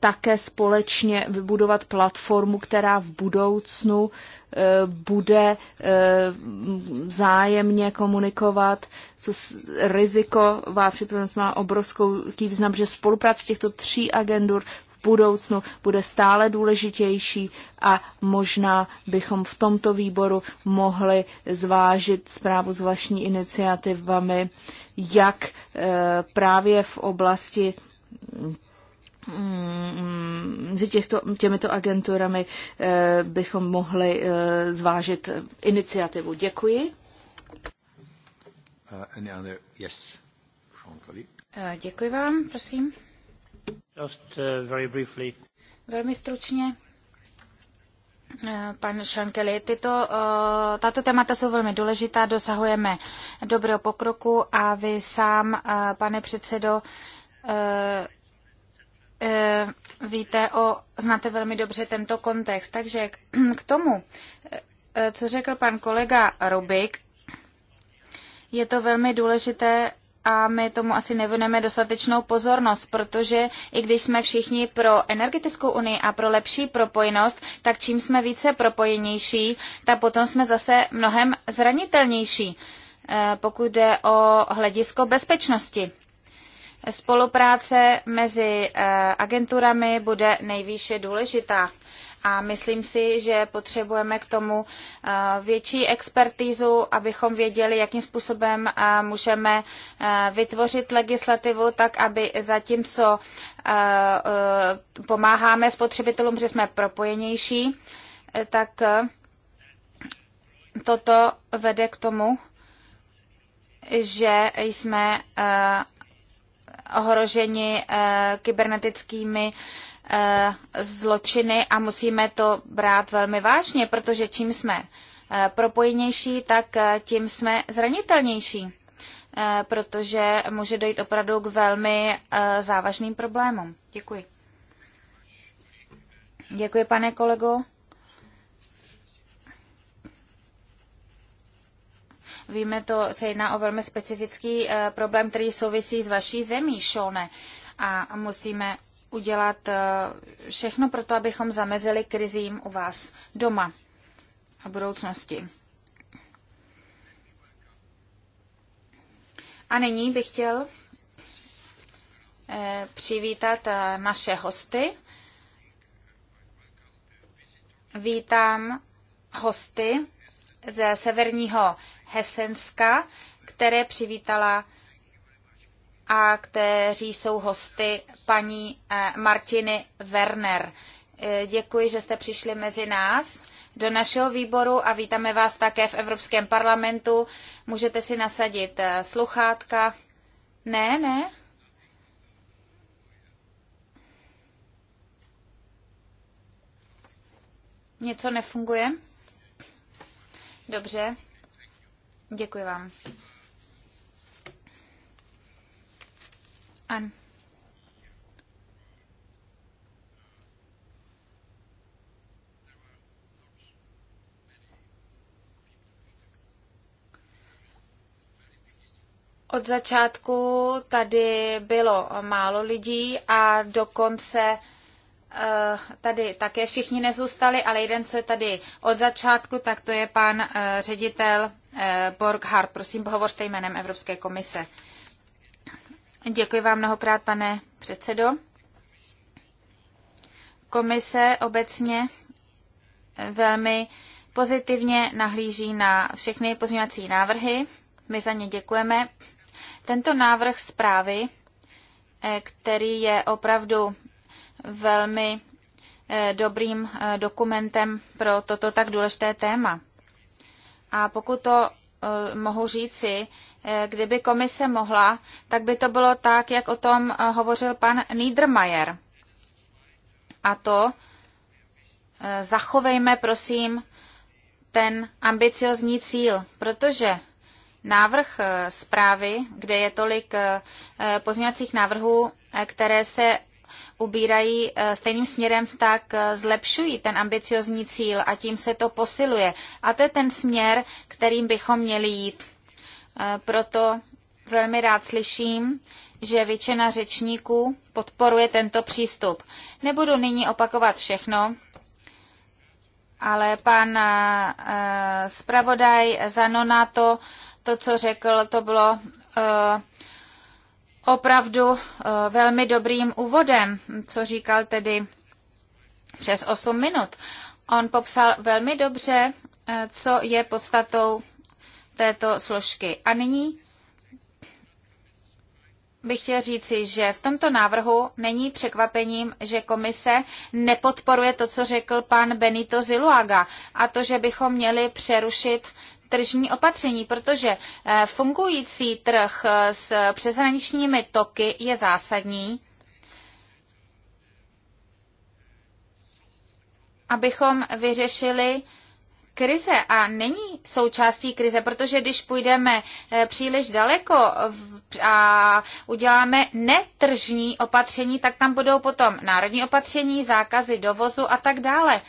také společně vybudovat platformu, která v budoucnu bude zájemně komunikovat, co riziková připravenost má obrovskou význam, že spolupráce těchto tří agendur budoucnu bude stále důležitější a možná bychom v tomto výboru mohli zvážit zprávu s vlastní iniciativami, jak eh, právě v oblasti mezi mm, těchto, těmito agenturami eh, bychom mohli eh, zvážit iniciativu. Děkuji. Uh, yes, Děkuji vám, prosím. Uh, velmi stručně. Eh, pan Šankeli, tyto, eh, tato témata jsou velmi důležitá, dosahujeme dobrého pokroku a vy sám, eh, pane předsedo, víte o, znáte velmi dobře tento kontext. Takže k tomu, co řekl pan kolega Rubik, je to velmi důležité a my tomu asi nevěnujeme dostatečnou pozornost, protože i když jsme všichni pro energetickou unii a pro lepší propojenost, tak čím jsme více propojenější, tak potom jsme zase mnohem zranitelnější, eh, pokud jde o hledisko bezpečnosti. Spolupráce mezi eh, agenturami bude nejvýše důležitá. A myslím si, že potřebujeme k tomu eh, větší expertízu, abychom věděli, jakým způsobem eh, můžeme eh, vytvořit legislativu tak, aby zatímco pomáháme spotřebitelům, že jsme propojenější, tak toto vede k tomu, že jsme ohroženi kybernetickými Eh, zločiny a musíme to brát velmi vážně, protože čím jsme eh, propojenější, tak eh, tím jsme zranitelnější, protože může dojít opravdu k velmi závažným problémům. Děkuji. Děkuji, pane kolego. Víme, to se jedná o velmi specifický problém, který souvisí s vaší zemí, Šone. A musíme udělat eh, všechno pro to, abychom zamezili krizím u vás doma a budoucnosti. A nyní bych chtěl eh, přivítat eh, naše hosty. Vítám hosty ze severního Hesenska, které přivítala a kteří jsou hosty paní eh, Martiny Werner. Eh, děkuji, že jste přišli mezi nás do našeho výboru a vítáme vás také v Evropském parlamentu. Můžete si nasadit eh, sluchátka. Ne, ne. Něco nefunguje? Dobře. Děkuji vám. an. Od začátku tady bylo málo lidí a dokonce eh, tady také všichni nezůstali, ale jeden, co je tady od začátku, tak to je pan eh, ředitel eh, Borghardt. Prosím, pohovořte jménem Evropské komise. Děkuji vám mnohokrát, pane předsedo. Komise obecně velmi pozitivně nahlíží na všechny pozměňovací návrhy. My za ně děkujeme. Tento návrh zprávy, eh, který je opravdu velmi eh, dobrým eh, dokumentem pro toto tak důležité téma. A pokud to Eh, mohu říci, eh, kdyby komise mohla, tak by to bylo tak, jak o tom eh, hovořil pan Niedermayer. A to zachovejme, prosím, ten ambiciozní cíl, protože návrh zprávy, kde je tolik pozměňovacích návrhů, které se ubírají eh, stejným směrem, tak eh, zlepšují ten ambiciozní cíl a tím se to posiluje. A to je ten směr, kterým bychom měli jít. Eh, proto velmi rád slyším, že většina řečníků podporuje tento přístup. Nebudu nyní opakovat všechno, ale pan zpravodaj Zanonato, to, co řekl, to bylo opravdu eh, velmi dobrým úvodem, co říkal tedy přes 8 minut. On popsal velmi dobře, eh, co je podstatou této složky. A nyní bych chtěl říci, že v tomto návrhu není překvapením, že komise nepodporuje to, co řekl pan Benito Ziluaga a to, že bychom měli přerušit tržní opatření, protože eh, fungující trh eh, s přeshraničními toky je zásadní, abychom vyřešili krize a není součástí krize, protože když půjdeme eh, příliš daleko a uděláme netržní opatření, tak tam budou potom národní opatření, zákazy dovozu a tak dále.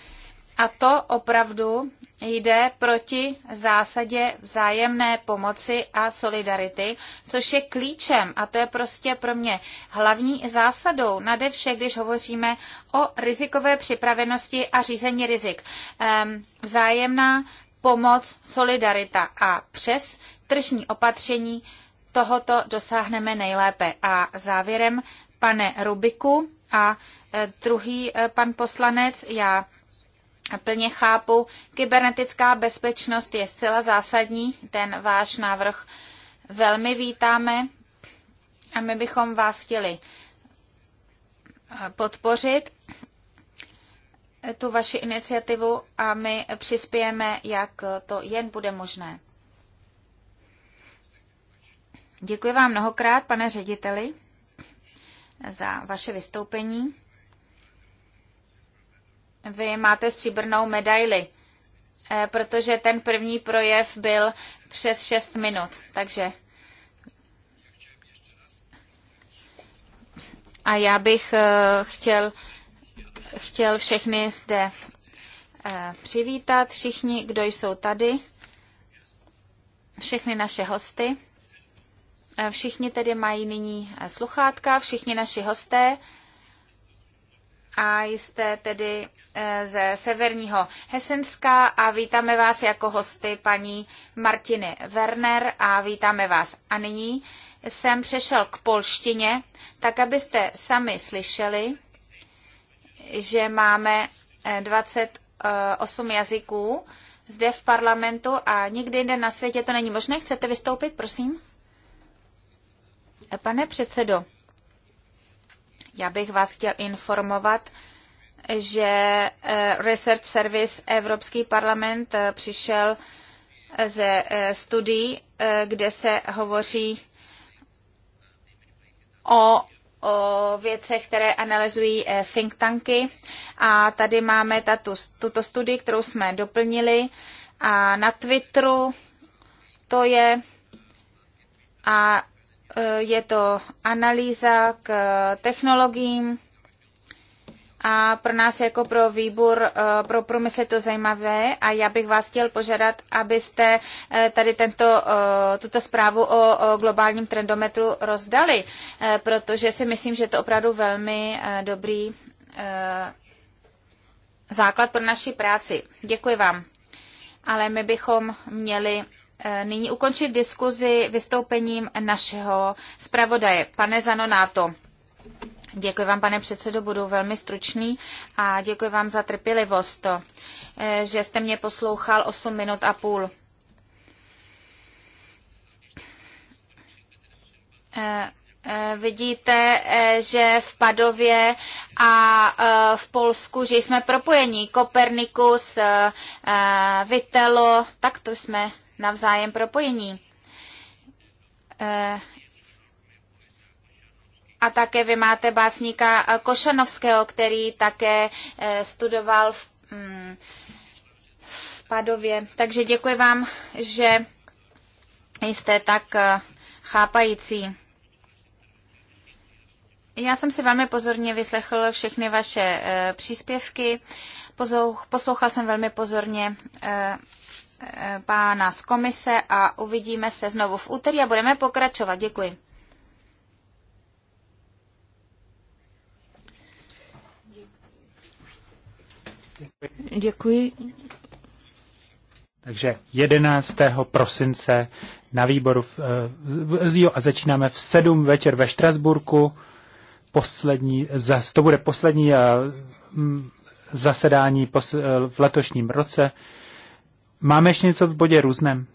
A to opravdu jde proti zásadě vzájemné pomoci a solidarity, což je klíčem a to je prostě pro mě hlavní zásadou nade vše, když hovoříme o rizikové připravenosti a řízení rizik. Ehm, vzájemná pomoc, solidarita a přes tržní opatření tohoto dosáhneme nejlépe. A závěrem, pane Rubiku a e, druhý e, pan poslanec, já plně chápu, kybernetická bezpečnost je zcela zásadní, ten váš návrh velmi vítáme a my bychom vás chtěli eh, podpořit eh, tu vaši iniciativu a my přispějeme, jak to jen bude možné. Děkuji vám mnohokrát, pane řediteli, za vaše vystoupení vy máte stříbrnou medaili, eh, protože ten první projev byl přes 6 minut. Takže A já bych eh, chtěl, chtěl všechny zde eh, přivítat, všichni, kdo jsou tady, všechny naše hosty. Všichni tedy mají nyní sluchátka, všichni naši hosté a jste tedy Eh, ze severního Hesenska a vítáme vás jako hosty paní Martiny Werner a vítáme vás. A nyní jsem přešel k polštině, tak abyste sami slyšeli, že máme 28 eh, eh, jazyků zde v parlamentu a nikdy jinde na světě to není možné. Chcete vystoupit, prosím? Pane předsedo, já bych vás chtěl informovat, že eh, Research Service Evropský parlament eh, přišel eh, ze studií, kde se hovoří o o věcech, které analyzují think tanky. A tady máme tato, tuto studii, kterou jsme doplnili. A na Twitteru to je. A je to analýza k technologiím a pro nás jako pro výbor eh, pro průmysl je to zajímavé a já bych vás chtěl požádat, abyste eh, tady tento, eh, tuto zprávu o globálním trendometru rozdali, protože si myslím, že je to opravdu velmi dobrý základ pro naši práci. Děkuji vám. Ale my bychom měli nyní ukončit diskuzi vystoupením našeho zpravodaje. Pane Zanonáto, Děkuji vám, pane předsedo, budu velmi stručný a děkuji vám za trpělivost, eh, že jste mě poslouchal 8 minut a půl. Eh, eh, vidíte, že v Padově a v Polsku, že jsme propojení Kopernikus, Vitelo, tak to jsme navzájem propojení. A také vy máte básníka eh, Košanovského, který také eh, studoval v, mm, v Padově. Takže děkuji vám, že jste tak eh, chápající. Já jsem si velmi pozorně vyslechl všechny vaše příspěvky. Poslouchal jsem velmi pozorně pána z komise a uvidíme se znovu v úterý a budeme pokračovat. Děkuji. Děkuji. Takže 11. prosince na výboru v, eh, jo, a začínáme v 7 večer ve Štrasburku. Poslední, zas, to bude poslední eh, zasedání pos, eh, v letošním roce. Máme ještě něco v bodě různém?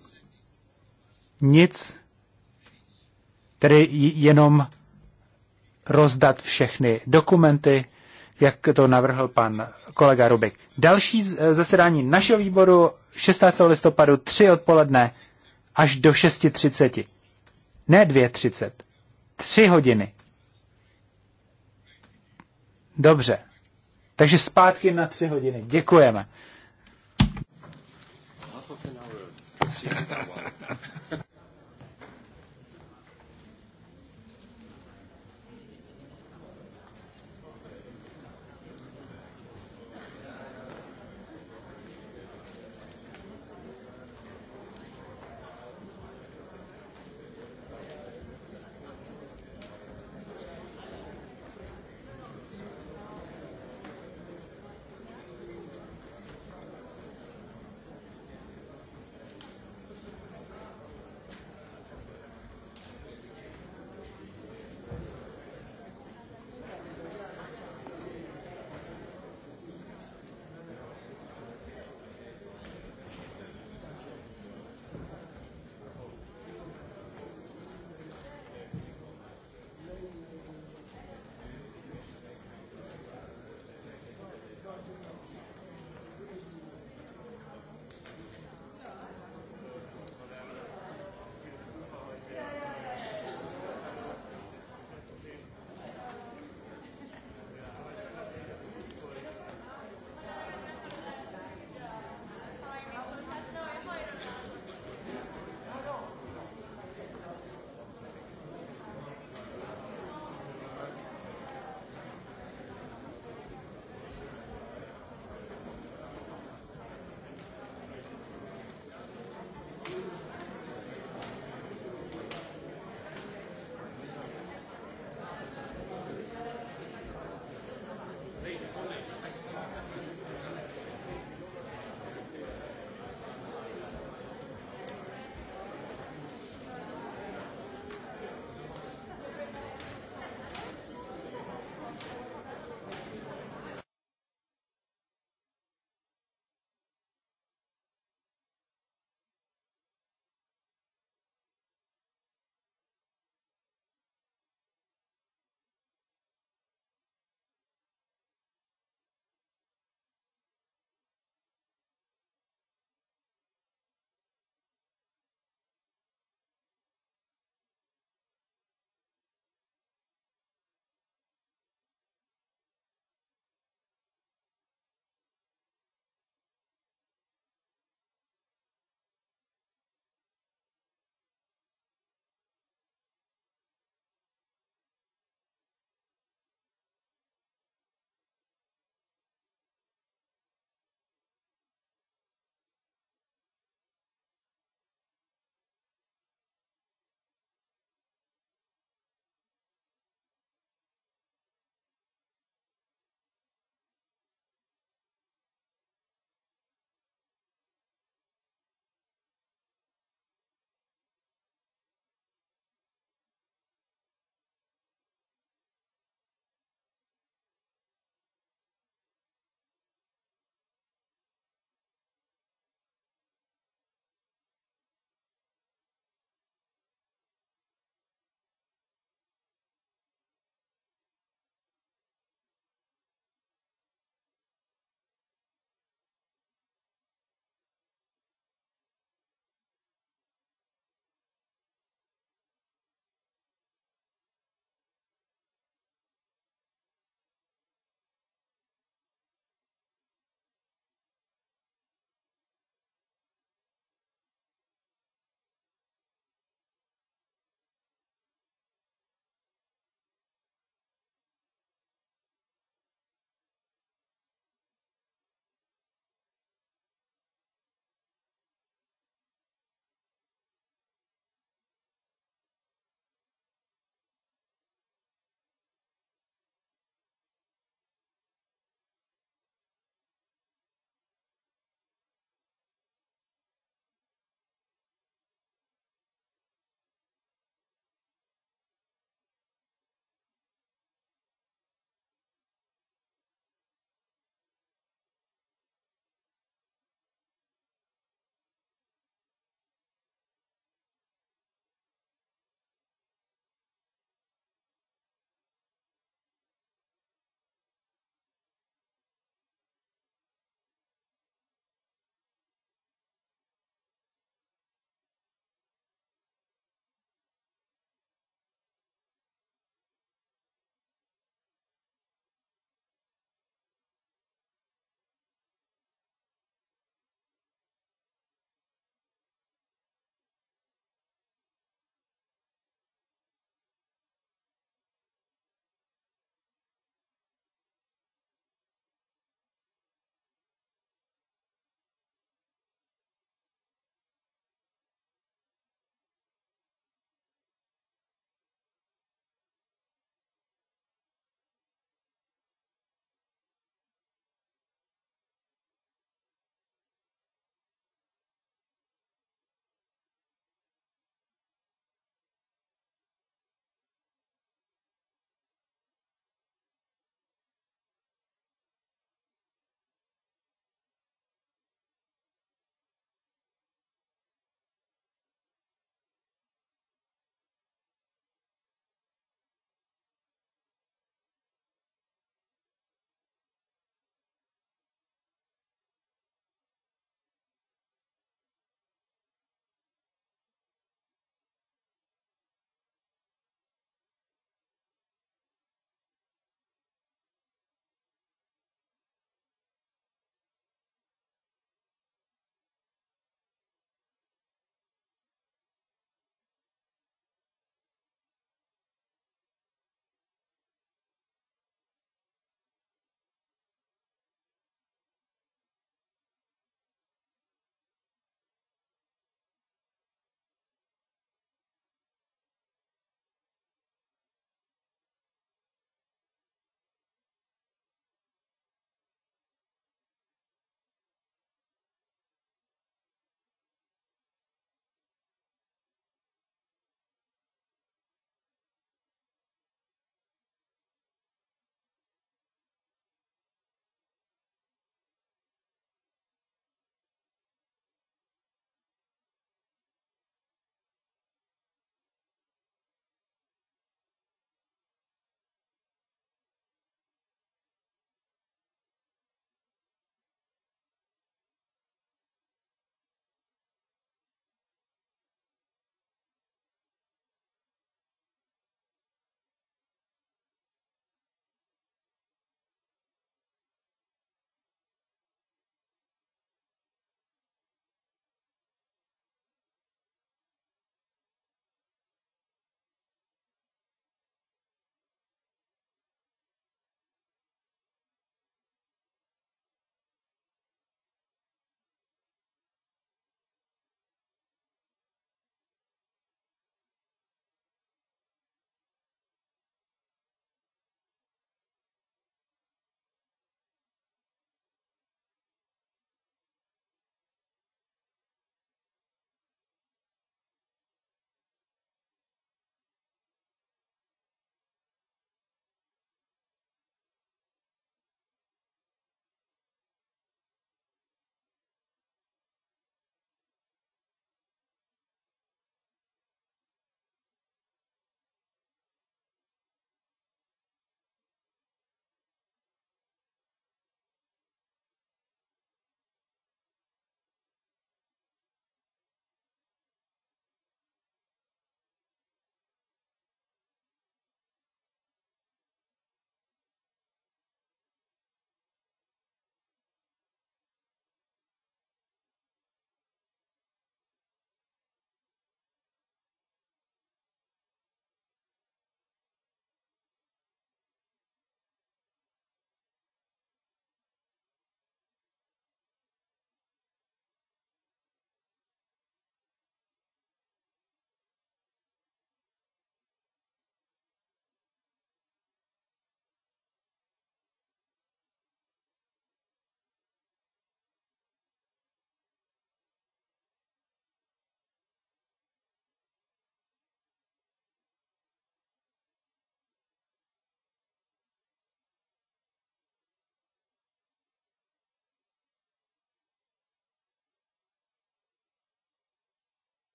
Nic, tedy jenom rozdat všechny dokumenty, jak to navrhl pan kolega Rubik. Další eh, zasedání našeho výboru 16. listopadu 3 odpoledne až do 6.30. Ne 2.30. 3 hodiny. Dobře. Takže zpátky na 3 hodiny. Děkujeme.